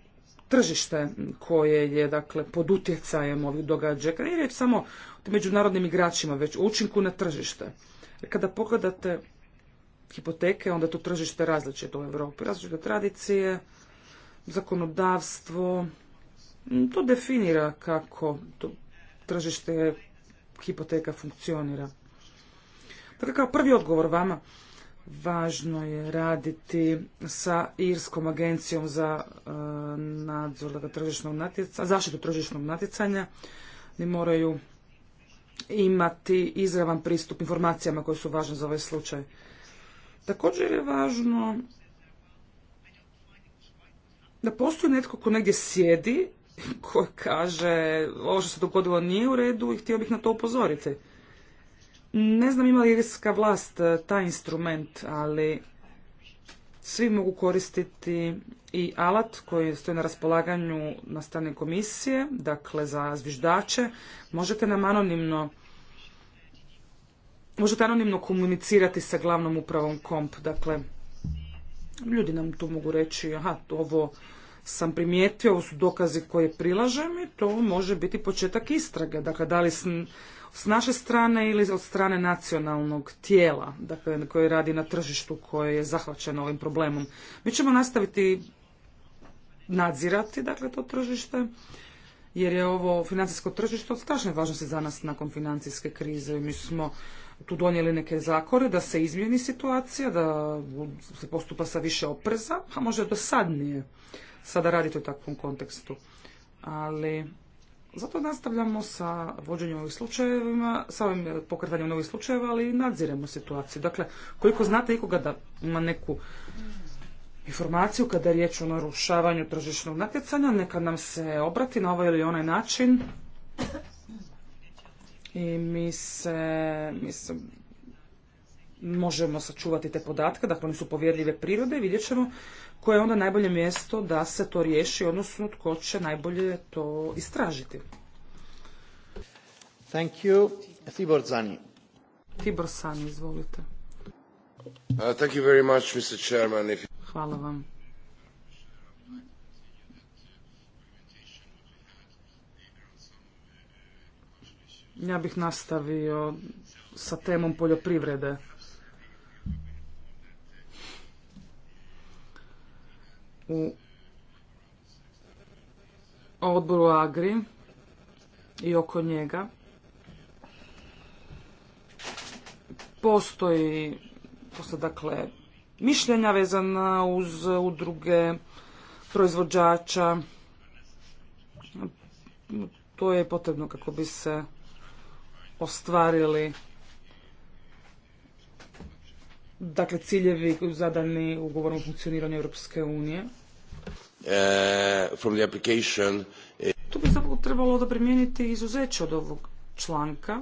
tržište koje je dakle pod utjecajem ovih događaja. nije riječ samo međunarodnim igračima, već učinku na tržište. kada pogledate hipoteke, onda to tržište različito u Europi, različite tradicije, zakonodavstvo, mm, to definira kako to tržište hipoteka funkcionira. Dakle, kao prvi odgovor vama, važno je raditi sa Irskom agencijom za e, nadzor dakle, tržišnog natjecanja, zaštitu tržišnog natjecanja. Oni moraju imati izravan pristup informacijama koje su važne za ovaj slučaj. Također je važno da postoji netko ko negdje sjedi, ko kaže ovo što se dogodilo nije u redu i htio bih na to upozoriti. Ne znam ima li irska vlast e, taj instrument, ali svi mogu koristiti i alat koji stoji na raspolaganju na strani komisije, dakle za zviždače. Možete nam anonimno možete anonimno komunicirati sa glavnom upravom komp. Dakle, ljudi nam tu mogu reći, aha, ovo sam primijetio, ovo su dokazi koje prilažem i to može biti početak istrage. Dakle, da li s naše strane ili od strane nacionalnog tijela dakle, koje radi na tržištu koje je zahvaćeno ovim problemom. Mi ćemo nastaviti nadzirati dakle, to tržište jer je ovo financijsko tržište od strašne važnosti za nas nakon financijske krize. Mi smo tu donijeli neke zakore da se izmijeni situacija, da se postupa sa više opreza, a možda dosadnije sada raditi u takvom kontekstu. Ali zato nastavljamo sa vođenjem ovih slučajevima, sa ovim eh, pokretanjem novih slučajeva, ali i nadziremo situaciju. Dakle, koliko znate ikoga da ima neku informaciju kada je riječ o narušavanju tržišnog natjecanja, neka nam se obrati na ovaj ili onaj način i mi se, mi se možemo sačuvati te podatke, dakle oni su povjerljive prirode vidjet ćemo koje je onda najbolje mjesto da se to riješi, odnosno tko će najbolje to istražiti. Thank you. Tibor Zani. Tibor Sani, izvolite. Uh, thank you very much, Mr. Chairman. If... Hvala vam. Ja bih nastavio sa temom poljoprivrede. u odboru Agri i oko njega postoji postoje dakle mišljenja vezana uz udruge proizvođača to je potrebno kako bi se ostvarili dakle ciljevi zadani ugovorom o funkcioniranju Europske unije. E, from the application... E, tu bi zapravo trebalo da primijeniti izuzeće od ovog članka.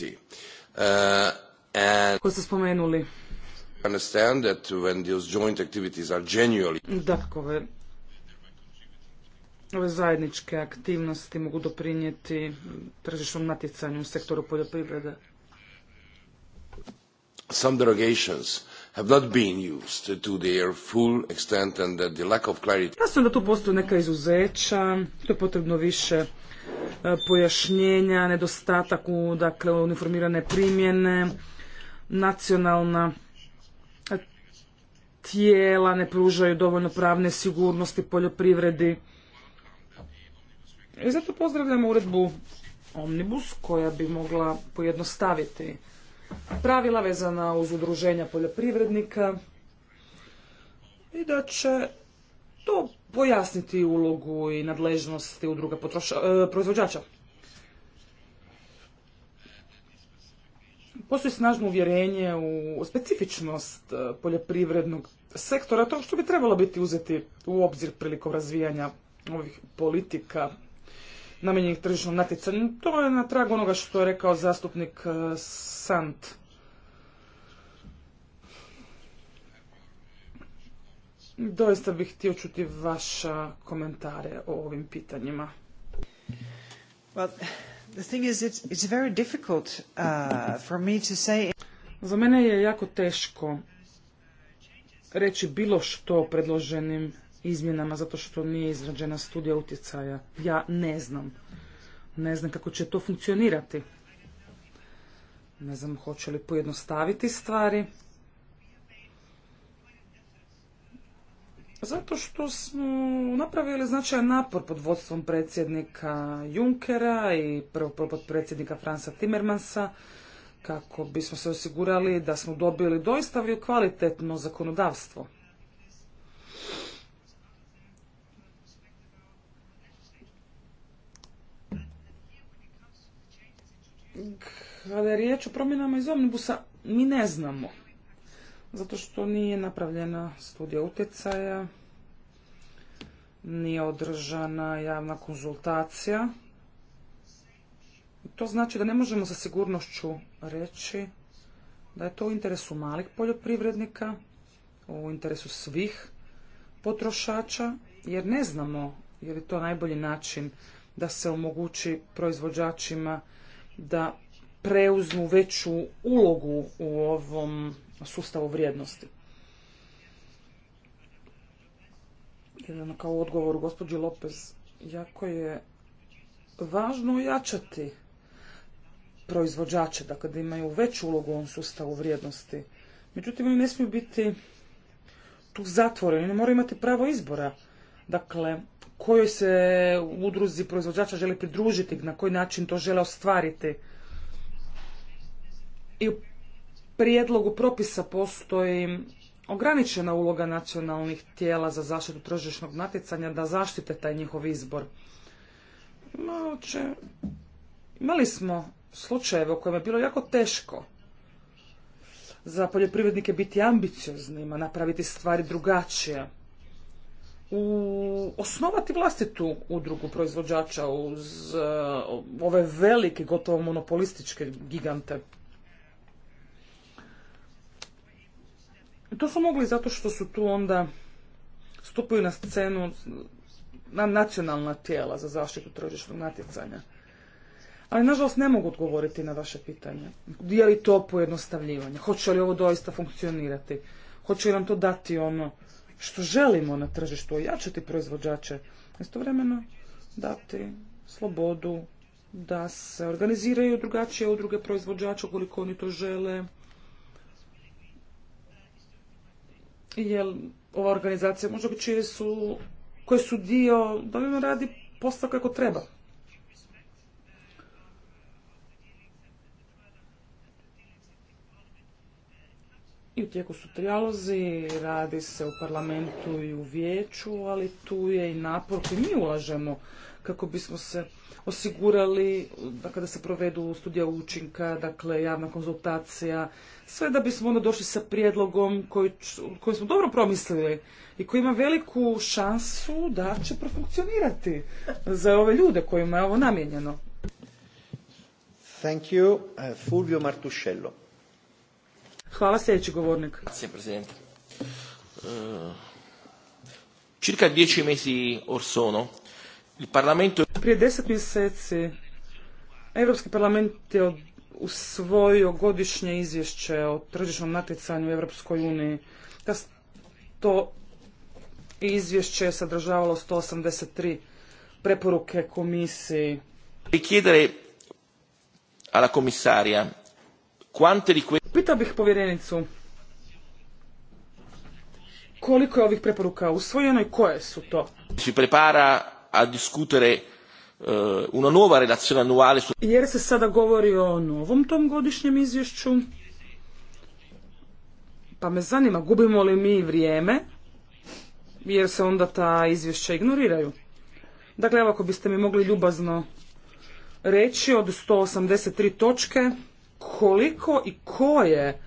E, Koji ste spomenuli. Dakle, ove zajedničke aktivnosti mogu doprinijeti tržišnom natjecanju u sektoru poljoprivrede some derogations have not been used to their full extent and the lack of clarity. Jasno da tu postoje neka izuzeća, to je potrebno više e, pojašnjenja, nedostatak u dakle, uniformirane primjene, nacionalna e, tijela ne pružaju dovoljno pravne sigurnosti poljoprivredi. I zato pozdravljamo uredbu Omnibus koja bi mogla pojednostaviti pravila vezana uz udruženja poljoprivrednika i da će to pojasniti ulogu i nadležnosti udruga e, proizvođača. Postoji snažno uvjerenje u specifičnost e, poljoprivrednog sektora, to što bi trebalo biti uzeti u obzir prilikom razvijanja ovih politika namijenjenih tržišnom natjecanju. To je na tragu onoga što je rekao zastupnik e, Sant. Doista bih htio čuti vaša komentare o ovim pitanjima. the thing is it's, it's very difficult uh, for me to say... Za mene je jako teško reći bilo što o predloženim izmjenama zato što nije izrađena studija utjecaja. Ja ne znam. Ne znam kako će to funkcionirati. Ne znam hoće li pojednostaviti stvari. Zato što smo napravili značajan napor pod vodstvom predsjednika Junkera i prvo pod predsjednika Fransa Timmermansa kako bismo se osigurali da smo dobili doista kvalitetno zakonodavstvo. Kada je riječ o promjenama iz omnibusa, mi ne znamo. Zato što nije napravljena studija utjecaja, nije održana javna konzultacija. To znači da ne možemo sa sigurnošću reći da je to u interesu malih poljoprivrednika, u interesu svih potrošača, jer ne znamo je li to najbolji način da se omogući proizvođačima da preuzmu veću ulogu u ovom sustavu vrijednosti. Jedan kao odgovor gospođi Lopez, jako je važno ojačati proizvođače, dakle da imaju veću ulogu u ovom sustavu vrijednosti. Međutim, oni ne smiju biti tu zatvoreni, oni moraju imati pravo izbora. Dakle, kojoj se udruzi proizvođača želi pridružiti, na koji način to žele ostvariti. I u prijedlogu propisa postoji ograničena uloga nacionalnih tijela za zaštitu tržišnog natjecanja da zaštite taj njihov izbor. Imali smo slučajeve u kojima je bilo jako teško za poljoprivrednike biti ambicioznima, napraviti stvari drugačije u, osnovati vlastitu udrugu proizvođača uz eh, ove velike, gotovo monopolističke gigante. I to su mogli zato što su tu onda stupaju na scenu na nacionalna tijela za zaštitu tržišnog natjecanja. Ali, nažalost, ne mogu odgovoriti na vaše pitanje. Je li to pojednostavljivanje? Hoće li ovo doista funkcionirati? Hoće li nam to dati ono što želimo na tržištu, ojačati proizvođače, istovremeno dati slobodu da se organiziraju drugačije udruge proizvođača koliko oni to žele. Jer ova organizacija može biti čije su, koje su dio da im radi posao kako treba. i u tijeku su trijalozi, radi se u parlamentu i u vijeću, ali tu je i napor koji mi ulažemo kako bismo se osigurali da kada se provedu studija učinka, dakle javna konzultacija, sve da bismo onda došli sa prijedlogom koji, koji smo dobro promislili i koji ima veliku šansu da će profunkcionirati za ove ljude kojima je ovo namijenjeno. Thank you. Eh, Fulvio Martuscello. Hvala sljedeći govornik. Čirka eh, dieci mesi orsono, il Parlamento... Prije deset mjeseci Europski parlament je usvojio godišnje izvješće o tržišnom natjecanju u Evropskoj uniji. To izvješće je sadržavalo 183 preporuke komisiji. Richiedere alla commissaria quante di Upitao bih povjerenicu koliko je ovih preporuka usvojeno i koje su to. Si prepara a discutere eh, una nuova relazione annuale su... Jer se sada govori o novom tom godišnjem izvješću. Pa me zanima, gubimo li mi vrijeme, jer se onda ta izvješća ignoriraju. Dakle, evo ako biste mi mogli ljubazno reći od 183 točke, koliko i koje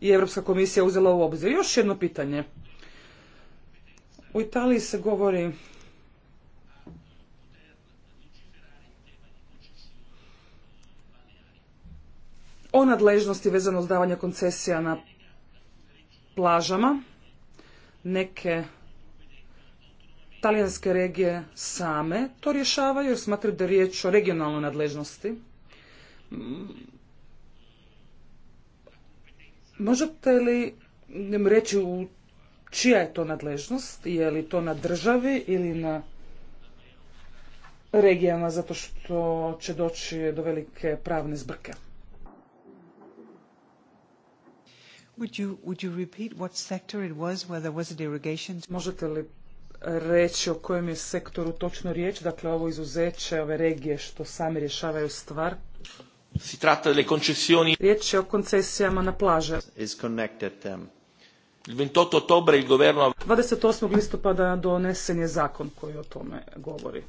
je Europska komisija uzela u obzir. Još jedno pitanje. U Italiji se govori o nadležnosti vezano uz davanje koncesija na plažama. Neke talijanske regije same to rješavaju jer smatraju da je riječ o regionalnoj nadležnosti. Možete li nam reći u čija je to nadležnost? Je li to na državi ili na regijama zato što će doći do velike pravne zbrke? Možete li reći o kojem je sektoru točno riječ, dakle ovo izuzeće, ove regije što sami rješavaju stvar? Si tratta delle concessioni... Riječ je o koncesijama na plaže. Is connected them. 28. ottobre il governo... ha... 28. listopada donesen je zakon koji o tome govori.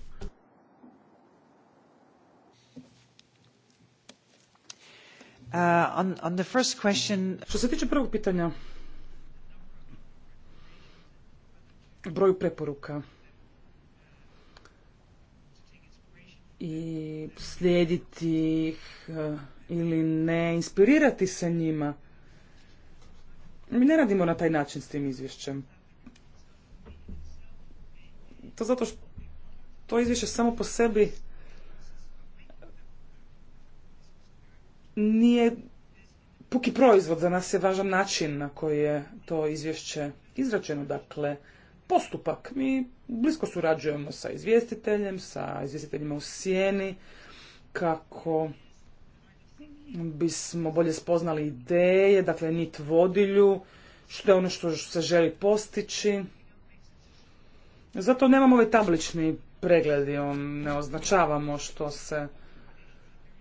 Uh, on, on the first question... Što se tiče prvog pitanja, broju preporuka. i slijediti ih e, ili ne, inspirirati se njima. Mi ne radimo na taj način s tim izvješćem. To zato što to izvješće samo po sebi nije puki proizvod, za nas je važan način na koji je to izvješće izrađeno. Dakle, postupak. Mi blisko surađujemo sa izvjestiteljem, sa izvjestiteljima u sjeni, kako bismo bolje spoznali ideje, dakle nit vodilju, što je ono što se želi postići. Zato nemamo ovaj tablični pregledi, on ne označavamo što se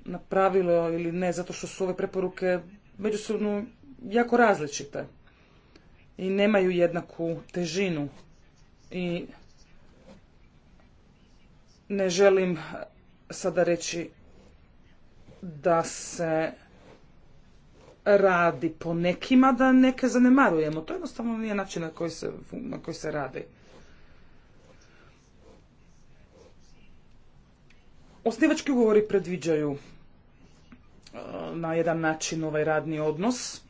napravilo ili ne, zato što su ove preporuke međusobno jako različite i nemaju jednaku težinu i ne želim sada reći da se radi po nekima, da neke zanemarujemo. To jednostavno nije način na koji se, na koji se radi. Osnivački ugovori predviđaju e, na jedan način ovaj radni odnos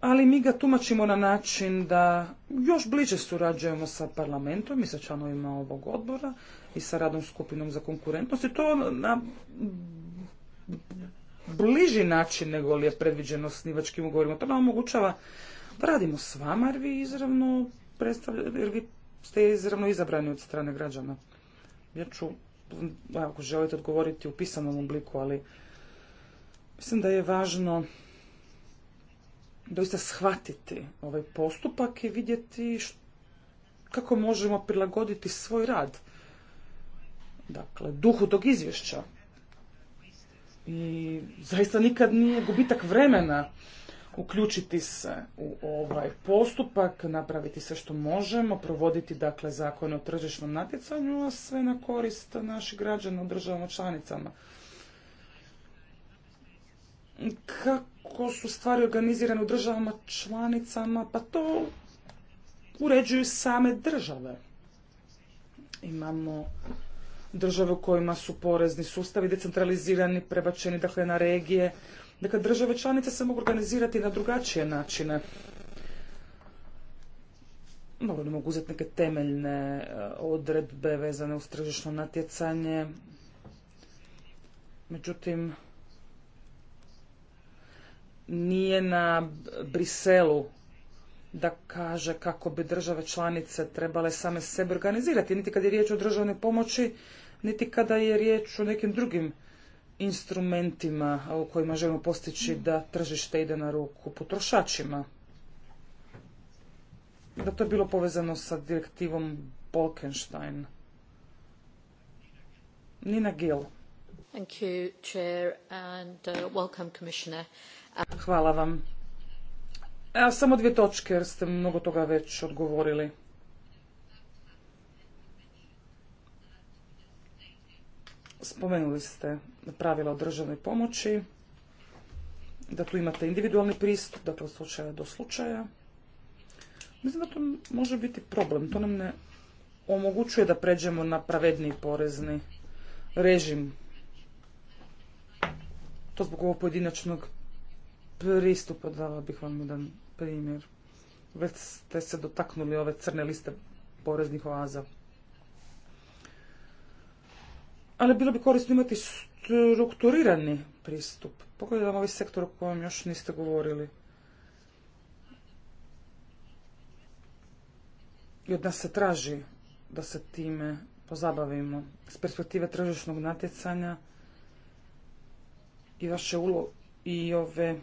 ali mi ga tumačimo na način da još bliže surađujemo sa parlamentom i sa članovima ovog odbora i sa radnom skupinom za konkurentnost i to na bliži način nego li je predviđeno snivačkim ugovorima. To nam omogućava da radimo s vama jer vi izravno jer vi ste izravno izabrani od strane građana. Ja ću, ako želite odgovoriti u pisanom obliku, ali mislim da je važno doista shvatiti ovaj postupak i vidjeti kako možemo prilagoditi svoj rad. Dakle, duhu tog izvješća. I zaista nikad nije gubitak vremena uključiti se u ovaj postupak, napraviti sve što možemo, provoditi dakle zakon o tržišnom natjecanju, a sve na korist naših građana u državama članicama. Kako kako su stvari organizirane u državama članicama, pa to uređuju same države. Imamo države u kojima su porezni sustavi decentralizirani, prebačeni dakle na regije. Dakle, države članice se mogu organizirati na drugačije načine. Mogu ne mogu uzeti neke temeljne e, odredbe vezane uz tržišno natjecanje. Međutim, nije na Briselu da kaže kako bi države članice trebale same sebe organizirati, niti kad je riječ o državnoj pomoći, niti kada je riječ o nekim drugim instrumentima u kojima želimo postići da tržište ide na ruku potrošačima. Da to je bilo povezano sa direktivom Bolkenstein. Nina Gill. Thank you, Chair, and uh, welcome, Commissioner. Hvala vam. samo dvije točke jer ste mnogo toga već odgovorili. Spomenuli ste pravila o državnoj pomoći, da dakle, tu imate individualni pristup, dakle od slučaja do slučaja. Mislim da to može biti problem. To nam ne omogućuje da pređemo na pravedniji porezni režim. To zbog ovog pojedinačnog Pristup dala bih vam jedan primjer. Već ste se dotaknuli ove crne liste poreznih oaza. Ali bilo bi korisno imati strukturirani pristup. Pogledam ovaj sektor o kojem još niste govorili. I od nas se traži da se time pozabavimo. S perspektive tržišnog natjecanja i vaše ulo i ove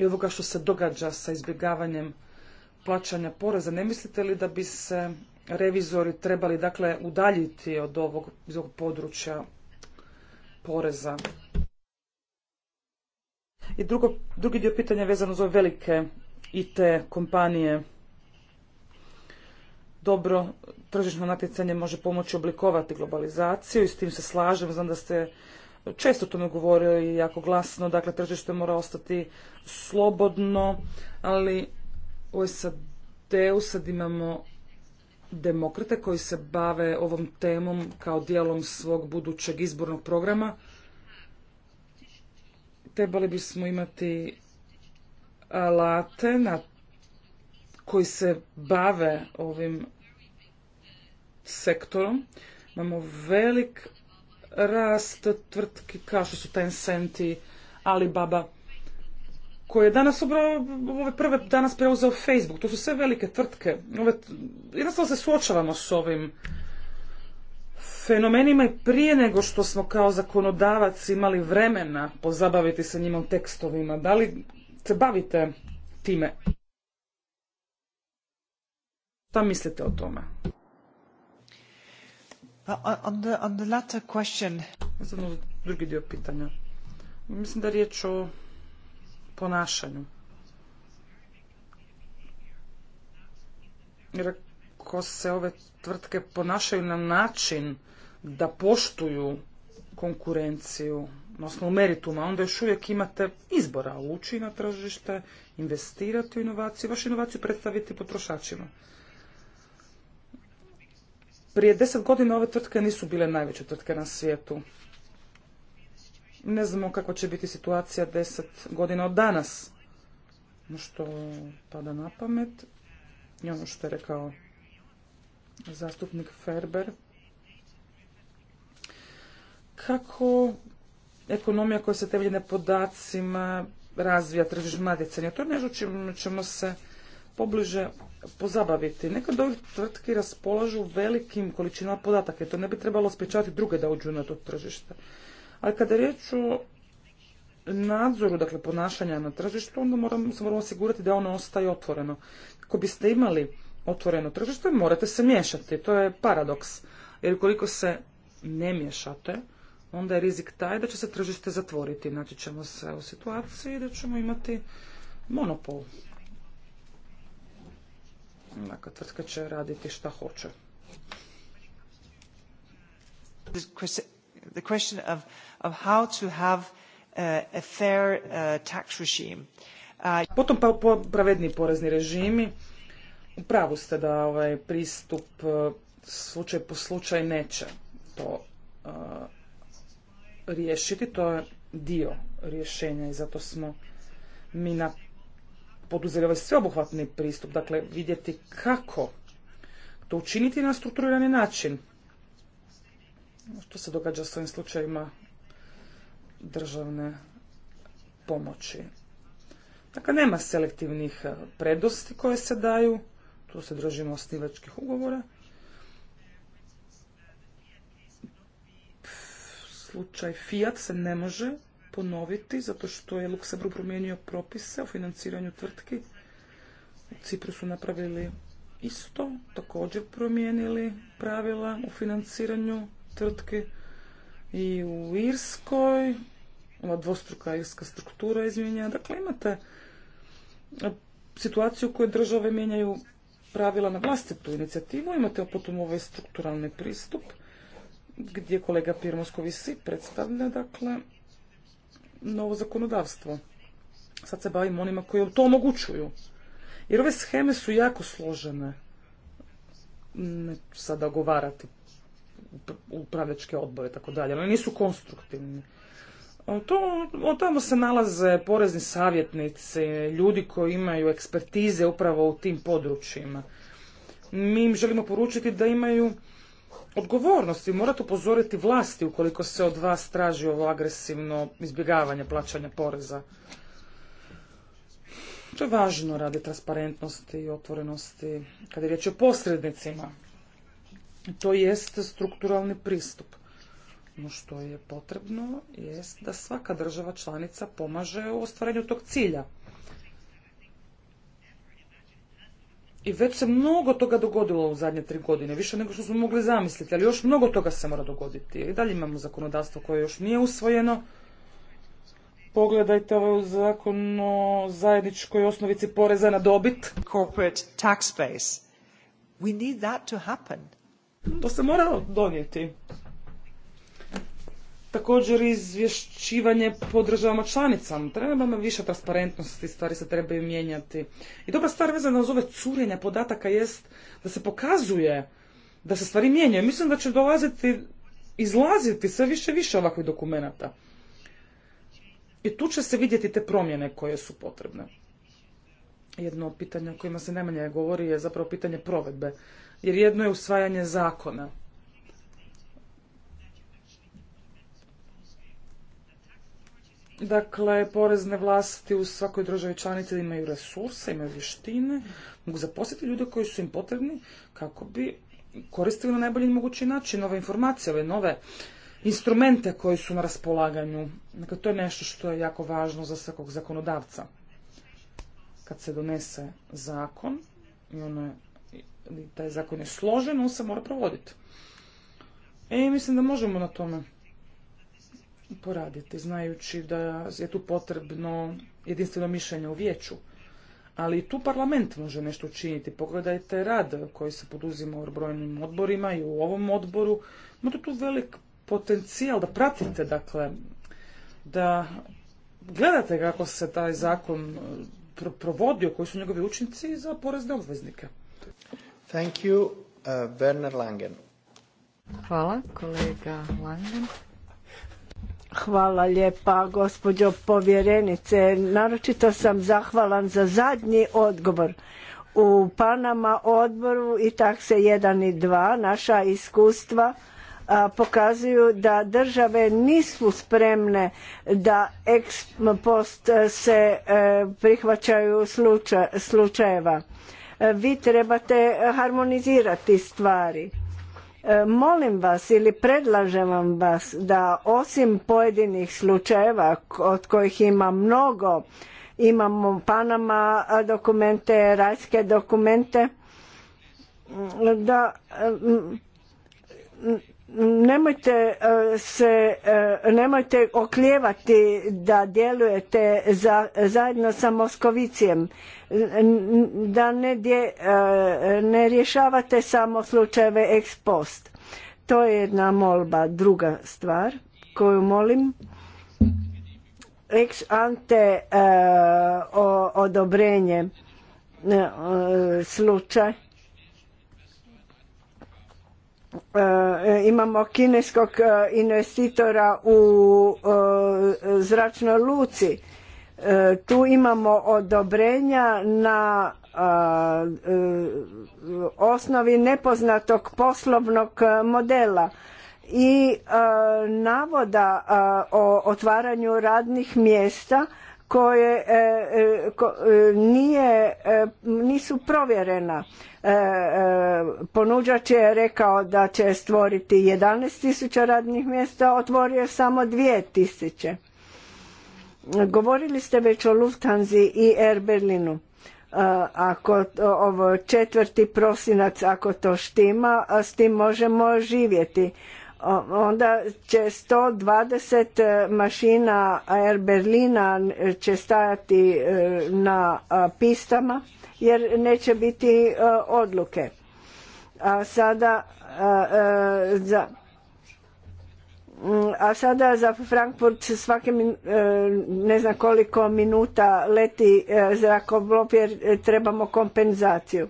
i ovoga što se događa sa izbjegavanjem plaćanja poreza. Ne mislite li da bi se revizori trebali dakle udaljiti od ovog, ovog područja poreza? I drugo, drugi dio pitanja je vezano za ove velike IT kompanije. Dobro, tržišno natjecanje može pomoći oblikovati globalizaciju i s tim se slažem. Znam da ste često tome govorio i jako glasno, dakle tržište mora ostati slobodno, ali u SAD-u sad imamo demokrate koji se bave ovom temom kao dijelom svog budućeg izbornog programa. Trebali bismo imati alate na koji se bave ovim sektorom. Imamo velik rast tvrtki kao što su Tencent i Alibaba koji je danas obrao, ove prve danas preuzeo Facebook. To su sve velike tvrtke. Ove, jednostavno se suočavamo s ovim fenomenima i prije nego što smo kao zakonodavac imali vremena pozabaviti se njima tekstovima. Da li se bavite time? Šta mislite o tome? Uh, on the, drugi dio pitanja. Mislim da je riječ o ponašanju. Jer ako se ove tvrtke ponašaju na način da poštuju konkurenciju, odnosno merituma, onda još uvijek imate izbora ući na tržište, investirati u inovaciju, vašu inovaciju predstaviti potrošačima. Prije deset godina ove tvrtke nisu bile najveće tvrtke na svijetu. Ne znamo kako će biti situacija deset godina od danas. No što pada na pamet i ono što je rekao zastupnik Ferber. Kako ekonomija koja se temelji na podacima razvija tržišno natjecanje. To je nešto čim ćemo se pobliže pozabaviti. Nekad od ovih tvrtki raspolažu velikim količinama podataka i to ne bi trebalo spječati druge da uđu na to tržište. Ali kada je riječ o nadzoru, dakle ponašanja na tržištu, onda moramo, se moramo osigurati da ono ostaje otvoreno. Ako biste imali otvoreno tržište, morate se miješati. To je paradoks. Jer koliko se ne miješate, onda je rizik taj da će se tržište zatvoriti. Znači ćemo se u situaciji da ćemo imati monopol. Dakle, tvrtka će raditi šta hoće. The question of, of how to have uh, a fair uh, tax regime. Uh, Potom pa, po, pravedni porezni režimi. U pravu ste da ovaj pristup slučaj po slučaj neće to riješiti. To je dio rješenja i zato smo mi na poduzeli ovaj sveobuhvatni pristup, dakle vidjeti kako to učiniti na strukturirani način. Što se događa s ovim slučajima državne pomoći. Dakle, nema selektivnih e, predosti koje se daju, tu se držimo osnivačkih ugovora. Slučaj Fiat se ne može ponoviti zato što je Luksemburg promijenio propise o financiranju tvrtki. U Cipru su napravili isto, također promijenili pravila u financiranju tvrtki i u Irskoj. Ova dvostruka irska struktura izmjenja, Dakle, imate situaciju u kojoj države mijenjaju pravila na vlastitu inicijativu. Imate potom ovaj strukturalni pristup gdje kolega Pirmoskovi si predstavlja, dakle, novo zakonodavstvo. Sad se bavimo onima koji to omogućuju. Jer ove scheme su jako složene. Neću sada ogovarati upravljačke odbore i tako dalje. Oni nisu konstruktivni. O tamo se nalaze porezni savjetnici, ljudi koji imaju ekspertize upravo u tim područjima. Mi im želimo poručiti da imaju odgovornosti, morate upozoriti vlasti ukoliko se od vas traži ovo agresivno izbjegavanje plaćanja poreza. To je važno radi transparentnosti i otvorenosti kada je riječ o posrednicima. To jest strukturalni pristup. Ono što je potrebno jest da svaka država članica pomaže u ostvarenju tog cilja. I već se mnogo toga dogodilo u zadnje tri godine, više nego što smo mogli zamisliti, ali još mnogo toga se mora dogoditi. I dalje imamo zakonodavstvo koje još nije usvojeno. Pogledajte ovaj zakon o zajedničkoj osnovici poreza na dobit. Corporate tax base. We need that to happen. To se mora donijeti također izvješćivanje po državama članicama. Treba nam više transparentnosti, stvari se trebaju mijenjati. I dobra stvar vezana uz ove curenja podataka jest da se pokazuje da se stvari mijenjaju. Mislim da će dolaziti, izlaziti sve više i više ovakvih dokumenata. I tu će se vidjeti te promjene koje su potrebne. Jedno pitanje o kojima se najmanje govori je zapravo pitanje provedbe. Jer jedno je usvajanje zakona. Dakle, porezne vlasti u svakoj državi članici imaju resurse, imaju vještine, mogu zaposliti ljude koji su im potrebni kako bi koristili na najbolji mogući način nove informacije, ove nove instrumente koji su na raspolaganju. Dakle, to je nešto što je jako važno za svakog zakonodavca. Kad se donese zakon, i ono je, taj zakon je složen, on se mora provoditi. E, mislim da možemo na tome poraditi, znajući da je tu potrebno jedinstveno mišljenje u vijeću. Ali i tu parlament može nešto učiniti. Pogledajte rad koji se poduzima u brojnim odborima i u ovom odboru. Imate tu velik potencijal da pratite, dakle, da gledate kako se taj zakon e, provodio, koji su njegovi učinci za porezne obveznike. Thank you, uh, Langen. Hvala, kolega Langen. Hvala lijepa gospođo povjerenice. Naročito sam zahvalan za zadnji odgovor. U Panama odboru i takse jedan i dva naša iskustva pokazuju da države nisu spremne da ex post se e, prihvaćaju slučajeva. E, vi trebate harmonizirati stvari E, molim vas ili predlažem vam vas da osim pojedinih slučajeva od kojih ima mnogo, imamo Panama dokumente, rajske dokumente, da nemojte e, se e, nemojte oklijevati da djelujete zajedno sa Moskovicijem da ne, e, ne rješavate samo slučajeve ex post to je jedna molba druga stvar koju molim ex ante odobrenje slučaj E, imamo kineskog e, investitora u e, zračnoj luci. Tu imamo odobrenja na osnovi nepoznatog poslovnog modela i navoda o otvaranju radnih mjesta koje e, e, e, nije, nisu provjerena. Ponuđač je rekao da će stvoriti 11.000 radnih mjesta, otvorio samo 2.000. Govorili ste već o Lufthansi i Air Berlinu. Ako ovo četvrti prosinac, ako to štima, s tim možemo živjeti onda će 120 e, mašina Air Berlina e, će stajati e, na pistama jer neće biti odluke. A sada za a sada za Frankfurt svake ne znam koliko minuta leti zrakoplov jer trebamo kompenzaciju.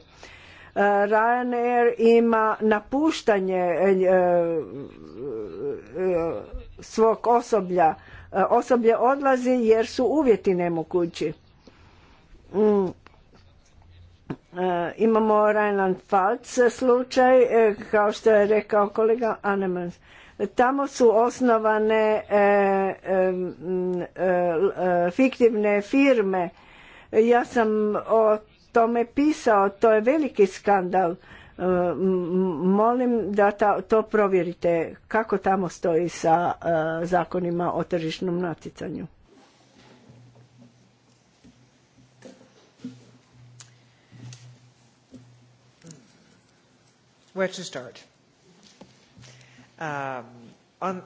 Ryanair ima napuštanje e, e, e, svog osoblja. Osoblje odlazi jer su uvjeti nemogući. Mm. Imamo Rajland Falc slučaj, kao što je rekao kolega Anemans. Tamo su osnovane fiktivne firme. Ja sam o tome pisao, to je veliki skandal. E, molim da to provjerite kako tamo stoji sa e, zakonima o tržišnom natjecanju. Where to start? Um, Uh,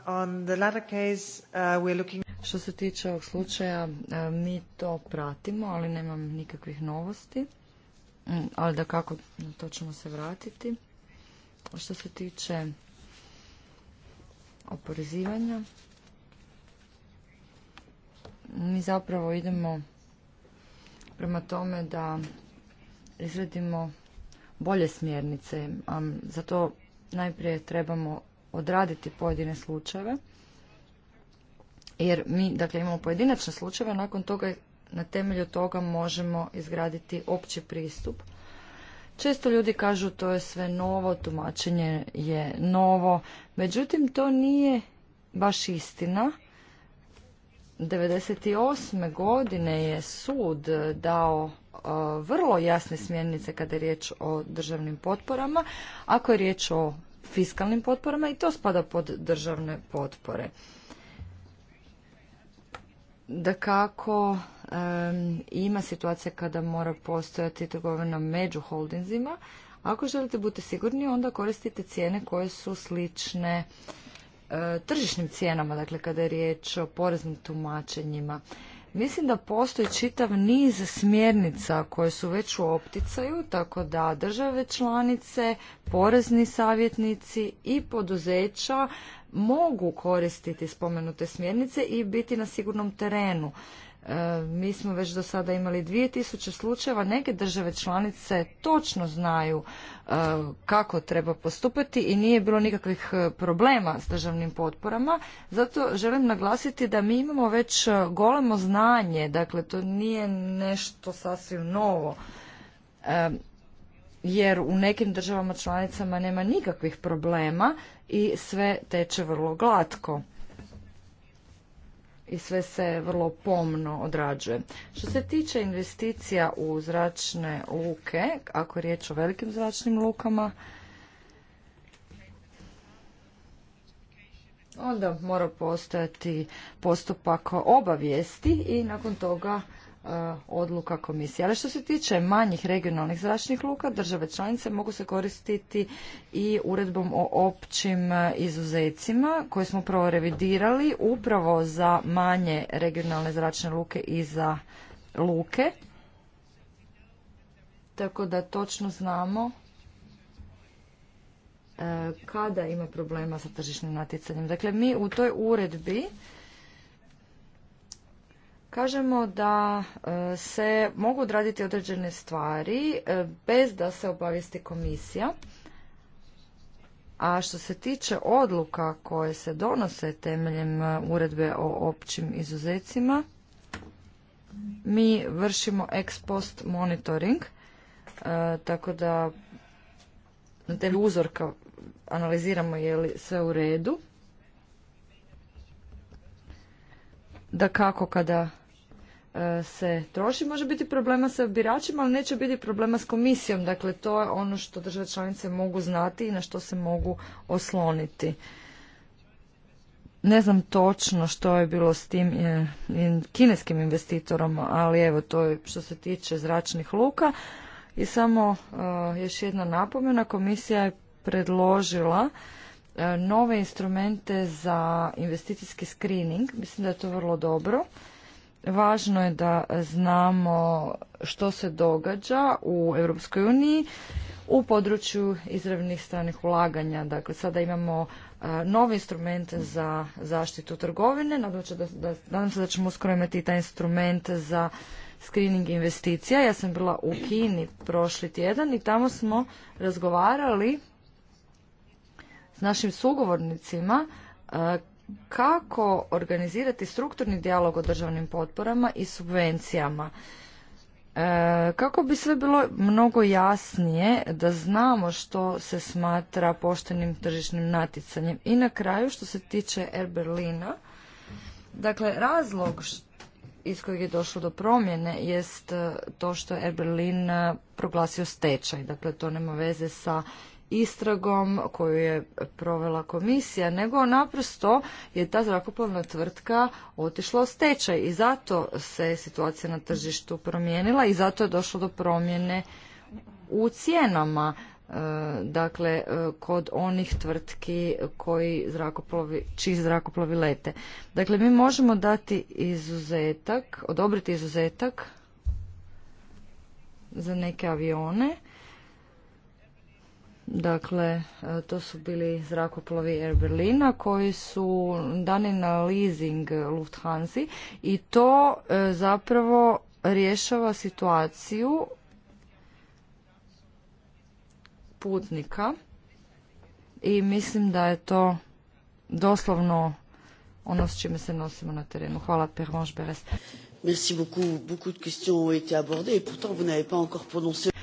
Što se tiče ovog slučaja, uh, mi to pratimo, ali nemam nikakvih novosti. Mm, ali da kako, to ćemo se vratiti. Što se tiče oporezivanja, mi zapravo idemo prema tome da izredimo bolje smjernice. Zato najprije trebamo odraditi pojedine slučajeve. Jer mi, dakle, imamo pojedinačne slučajeve, nakon toga na temelju toga možemo izgraditi opći pristup. Često ljudi kažu to je sve novo, tumačenje je novo, međutim to nije baš istina. 1998. godine je sud dao e, vrlo jasne smjernice kada je riječ o državnim potporama. Ako je riječ o fiskalnim potporama i to spada pod državne potpore. Da kako ima situacija kada mora postojati trgovina među holdinzima, ako želite biti sigurni onda koristite cijene koje su slične e, tržišnim cijenama, dakle kada je riječ o poreznim tumačenjima. Mislim da postoji čitav niz smjernica koje su već u opticaju, tako da države članice, porezni savjetnici i poduzeća mogu koristiti spomenute smjernice i biti na sigurnom terenu. E, mi smo već do sada imali 2000 slučajeva, neke države članice točno znaju e, kako treba postupati i nije bilo nikakvih e, problema s državnim potporama. Zato želim naglasiti da mi imamo već golemo znanje, dakle to nije nešto sasvim novo jer u nekim državama članicama nema nikakvih problema i sve teče vrlo glatko i sve se vrlo pomno odrađuje. Što se tiče investicija u zračne luke, ako je riječ o velikim zračnim lukama, onda mora postojati postupak obavijesti i nakon toga E, odluka komisije. Ali što se tiče manjih regionalnih zračnih luka, države članice mogu se koristiti i uredbom o općim e, izuzecima koje smo upravo revidirali upravo za manje regionalne zračne luke i za luke. Tako da točno znamo e, kada ima problema sa tržišnim natjecanjem. Dakle, mi u toj uredbi Kažemo da e, se mogu odraditi određene stvari e, bez da se obavijesti komisija. A što se tiče odluka koje se donose temeljem e, uredbe o općim izuzecima, mi vršimo ex post monitoring, tako da na temelju uzorka analiziramo je li sve u redu. Da kako kada se troši. Može biti problema sa biračima, ali neće biti problema s komisijom. Dakle, to je ono što države članice mogu znati i na što se mogu osloniti. Ne znam točno što je bilo s tim e, kineskim investitorom, ali evo to je što se tiče zračnih luka. I samo e, još jedna napomena, komisija je predložila e, nove instrumente za investicijski screening. Mislim da je to vrlo dobro Važno je da znamo što se događa u Europskoj uniji u području izravnih stranih ulaganja. Dakle, sada imamo nove instrumente za zaštitu trgovine. Nadam se da, ćemo uskoro imati i taj instrument za screening investicija. Ja sam bila u Kini prošli tjedan i tamo smo razgovarali s našim sugovornicima kako organizirati strukturni dijalog o državnim potporama i subvencijama. E, kako bi sve bilo mnogo jasnije da znamo što se smatra poštenim tržišnim naticanjem? I na kraju što se tiče Air Berlina, dakle razlog iz kojeg je došlo do promjene jest e, to što je Air Berlin e, proglasio stečaj. Dakle, to nema veze sa istragom koju je provela komisija, nego naprosto je ta zrakoplovna tvrtka otišla u stečaj i zato se situacija na tržištu promijenila i zato je došlo do promjene u cijenama. E, dakle, e, kod onih tvrtki koji zrakoplovi, čiji zrakoplovi lete. Dakle, mi možemo dati izuzetak, odobriti izuzetak za neke avione Dakle, e, to su bili zrakoplovi Air Berlina koji su dani na leasing Lufthansa i to e, zapravo rješava situaciju putnika i mislim da je to doslovno ono s čime se nosimo na terenu. Hvala, Pervanche Beres. Merci beaucoup. Beaucoup de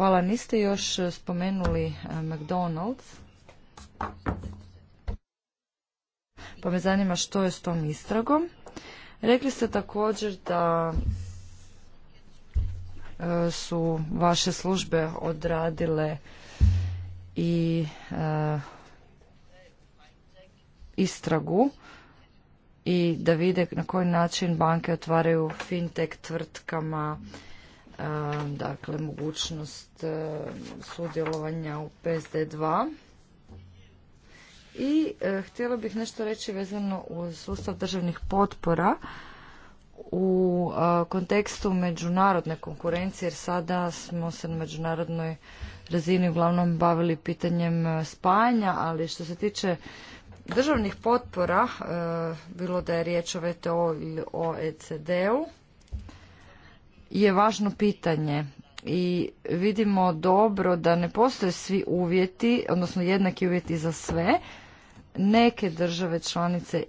Hvala. Niste još spomenuli eh, McDonald's. Pa me zanima što je s tom istragom. Rekli ste također da eh, su vaše službe odradile i eh, istragu i da vide na koji način banke otvaraju fintech tvrtkama dakle mogućnost e, sudjelovanja u PSD2. I e, htjela bih nešto reći vezano uz sustav državnih potpora u kontekstu međunarodne konkurencije, jer sada smo se na međunarodnoj razini uglavnom bavili pitanjem e, spajanja, ali što se tiče državnih potpora, bilo da je riječ o VTO ili ecd u je važno pitanje i vidimo dobro da ne postoje svi uvjeti, odnosno jednaki uvjeti za sve. Neke države članice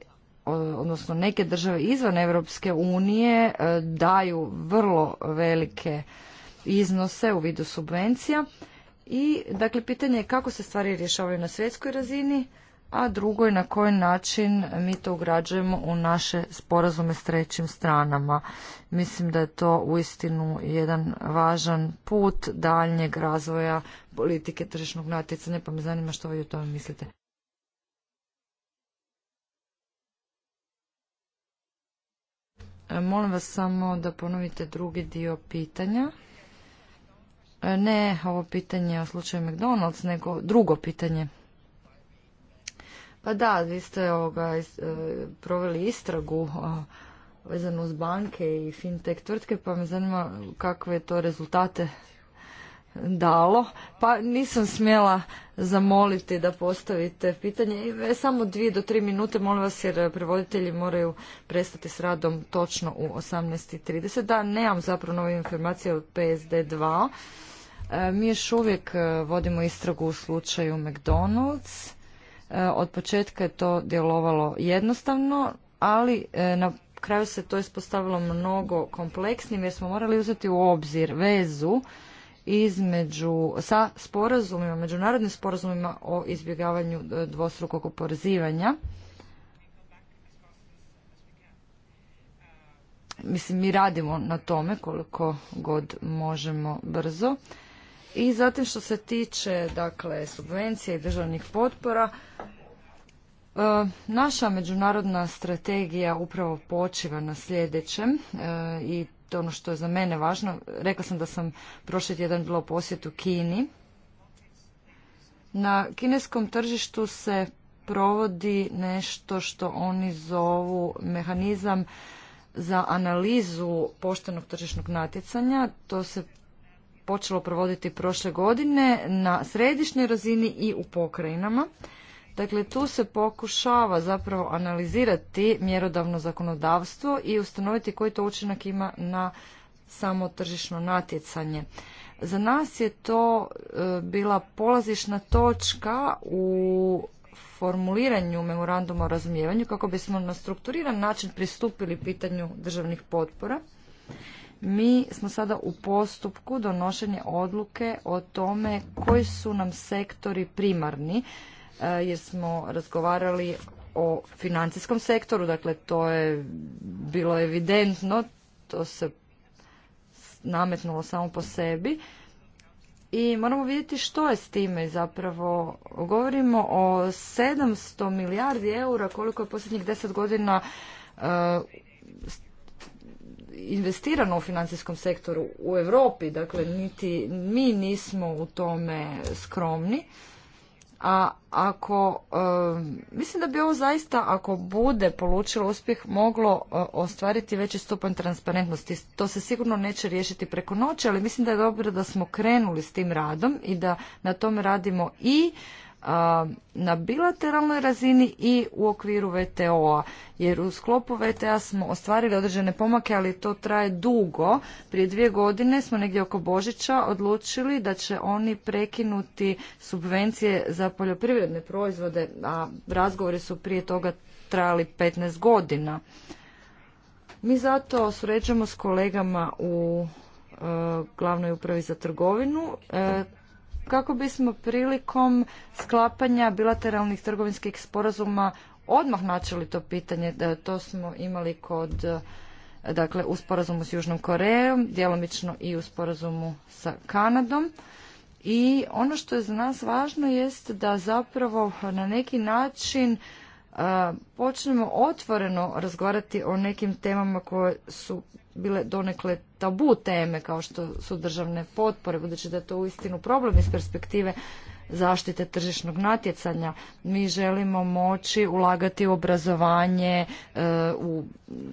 odnosno neke države izvan Europske unije e, daju vrlo velike iznose u vidu subvencija i dakle pitanje je kako se stvari rješavaju na svjetskoj razini a drugo je na koji način mi to ugrađujemo u naše sporazume s trećim stranama. Mislim da je to uistinu jedan važan put daljnjeg razvoja politike tržišnog natjecanja, pa me zanima što vi o tome mislite. E, molim vas samo da ponovite drugi dio pitanja. E, ne ovo pitanje o slučaju McDonald's, nego drugo pitanje. Pa da, vi ste ovoga, e, proveli istragu vezano uz banke i fintech tvrtke, pa me zanima kakve je to rezultate dalo. Pa nisam smjela zamoliti da postavite pitanje. E, samo dvije do tri minute, molim vas, jer prevoditelji moraju prestati s radom točno u 18.30. Da, nemam zapravo nove informacije od PSD2. E, mi još uvijek vodimo istragu u slučaju McDonald's E, od početka je to djelovalo jednostavno, ali e, na kraju se to ispostavilo mnogo kompleksnim jer smo morali uzeti u obzir vezu između sa sporazumima, međunarodnim sporazumima o izbjegavanju e, dvostrukog oporezivanja. Mislim, mi radimo na tome koliko god možemo brzo. I zatim što se tiče dakle, subvencije i državnih potpora, e, naša međunarodna strategija upravo počiva na sljedećem e, i to ono što je za mene važno. Rekla sam da sam prošli tjedan bila u posjetu Kini. Na kineskom tržištu se provodi nešto što oni zovu mehanizam za analizu poštenog tržišnog natjecanja. To se počelo provoditi prošle godine na središnjoj razini i u pokrajinama. Dakle, tu se pokušava zapravo analizirati mjerodavno zakonodavstvo i ustanoviti koji to učinak ima na samo tržišno natjecanje. Za nas je to e, bila polazišna točka u formuliranju memoranduma o razumijevanju kako bismo na strukturiran način pristupili pitanju državnih potpora mi smo sada u postupku donošenja odluke o tome koji su nam sektori primarni e, jer smo razgovarali o financijskom sektoru, dakle to je bilo evidentno, to se nametnulo samo po sebi i moramo vidjeti što je s time zapravo. Govorimo o 700 milijardi eura koliko je posljednjih 10 godina e, investirano u financijskom sektoru u Europi, dakle niti mi nismo u tome skromni. A ako, eh, mislim da bi ovo zaista, ako bude polučilo uspjeh, moglo eh, ostvariti veći stupanj transparentnosti. To se sigurno neće riješiti preko noći, ali mislim da je dobro da smo krenuli s tim radom i da na tome radimo i a, na bilateralnoj razini i u okviru VTO-a. Jer u sklopu VTO-a smo ostvarili određene pomake, ali to traje dugo. Prije dvije godine smo negdje oko Božića odlučili da će oni prekinuti subvencije za poljoprivredne proizvode, a razgovori su prije toga trajali 15 godina. Mi zato sređujemo s kolegama u e, glavnoj upravi za trgovinu. E, kako bismo prilikom sklapanja bilateralnih trgovinskih sporazuma odmah načeli to pitanje. To smo imali kod dakle u sporazumu s Južnom Korejom, djelomično i u sporazumu sa Kanadom. I ono što je za nas važno jest da zapravo na neki način počnemo otvoreno razgovarati o nekim temama koje su bile donekle tabu teme kao što su državne potpore, budući da je to uistinu problem iz perspektive zaštite tržišnog natjecanja. Mi želimo moći ulagati u obrazovanje, e, u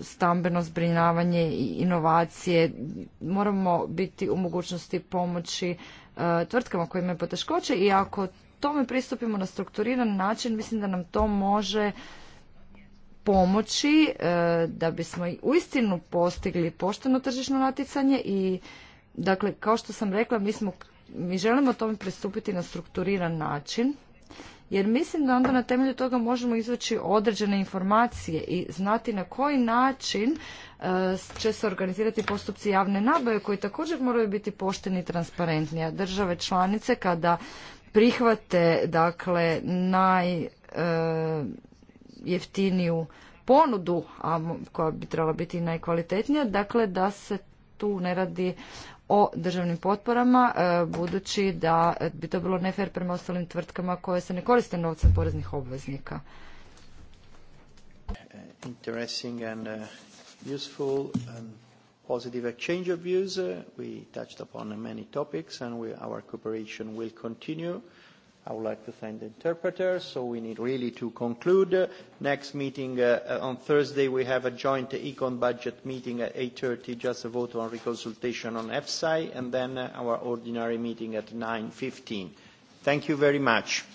stambeno zbrinjavanje i inovacije. Moramo biti u mogućnosti pomoći e, tvrtkama koje imaju poteškoće i ako tome pristupimo na strukturiran način, mislim da nam to može pomoći e, da bismo uistinu postigli pošteno tržišno natjecanje i dakle kao što sam rekla mi mi želimo tome pristupiti na strukturiran način jer mislim da onda na temelju toga možemo izvući određene informacije i znati na koji način e, će se organizirati postupci javne nabave koji također moraju biti pošteni i transparentni. A države članice kada prihvate dakle najjeftiniju e, ponudu, a koja bi trebala biti najkvalitetnija, dakle da se tu ne radi o državnim potporama, e, budući da bi to bilo nefer prema ostalim tvrtkama koje se ne koriste novcem poreznih obveznika. Interesting and, uh, useful and positive exchange of views. Uh, we touched upon many topics and we, our cooperation will continue. I would like to thank the interpreter, so we need really to conclude. next meeting uh, uh, on Thursday, we have a joint econ budget meeting at 8.30, just a vote on reconsultation on EFSI, and then our ordinary meeting at 9.15. Thank you very much.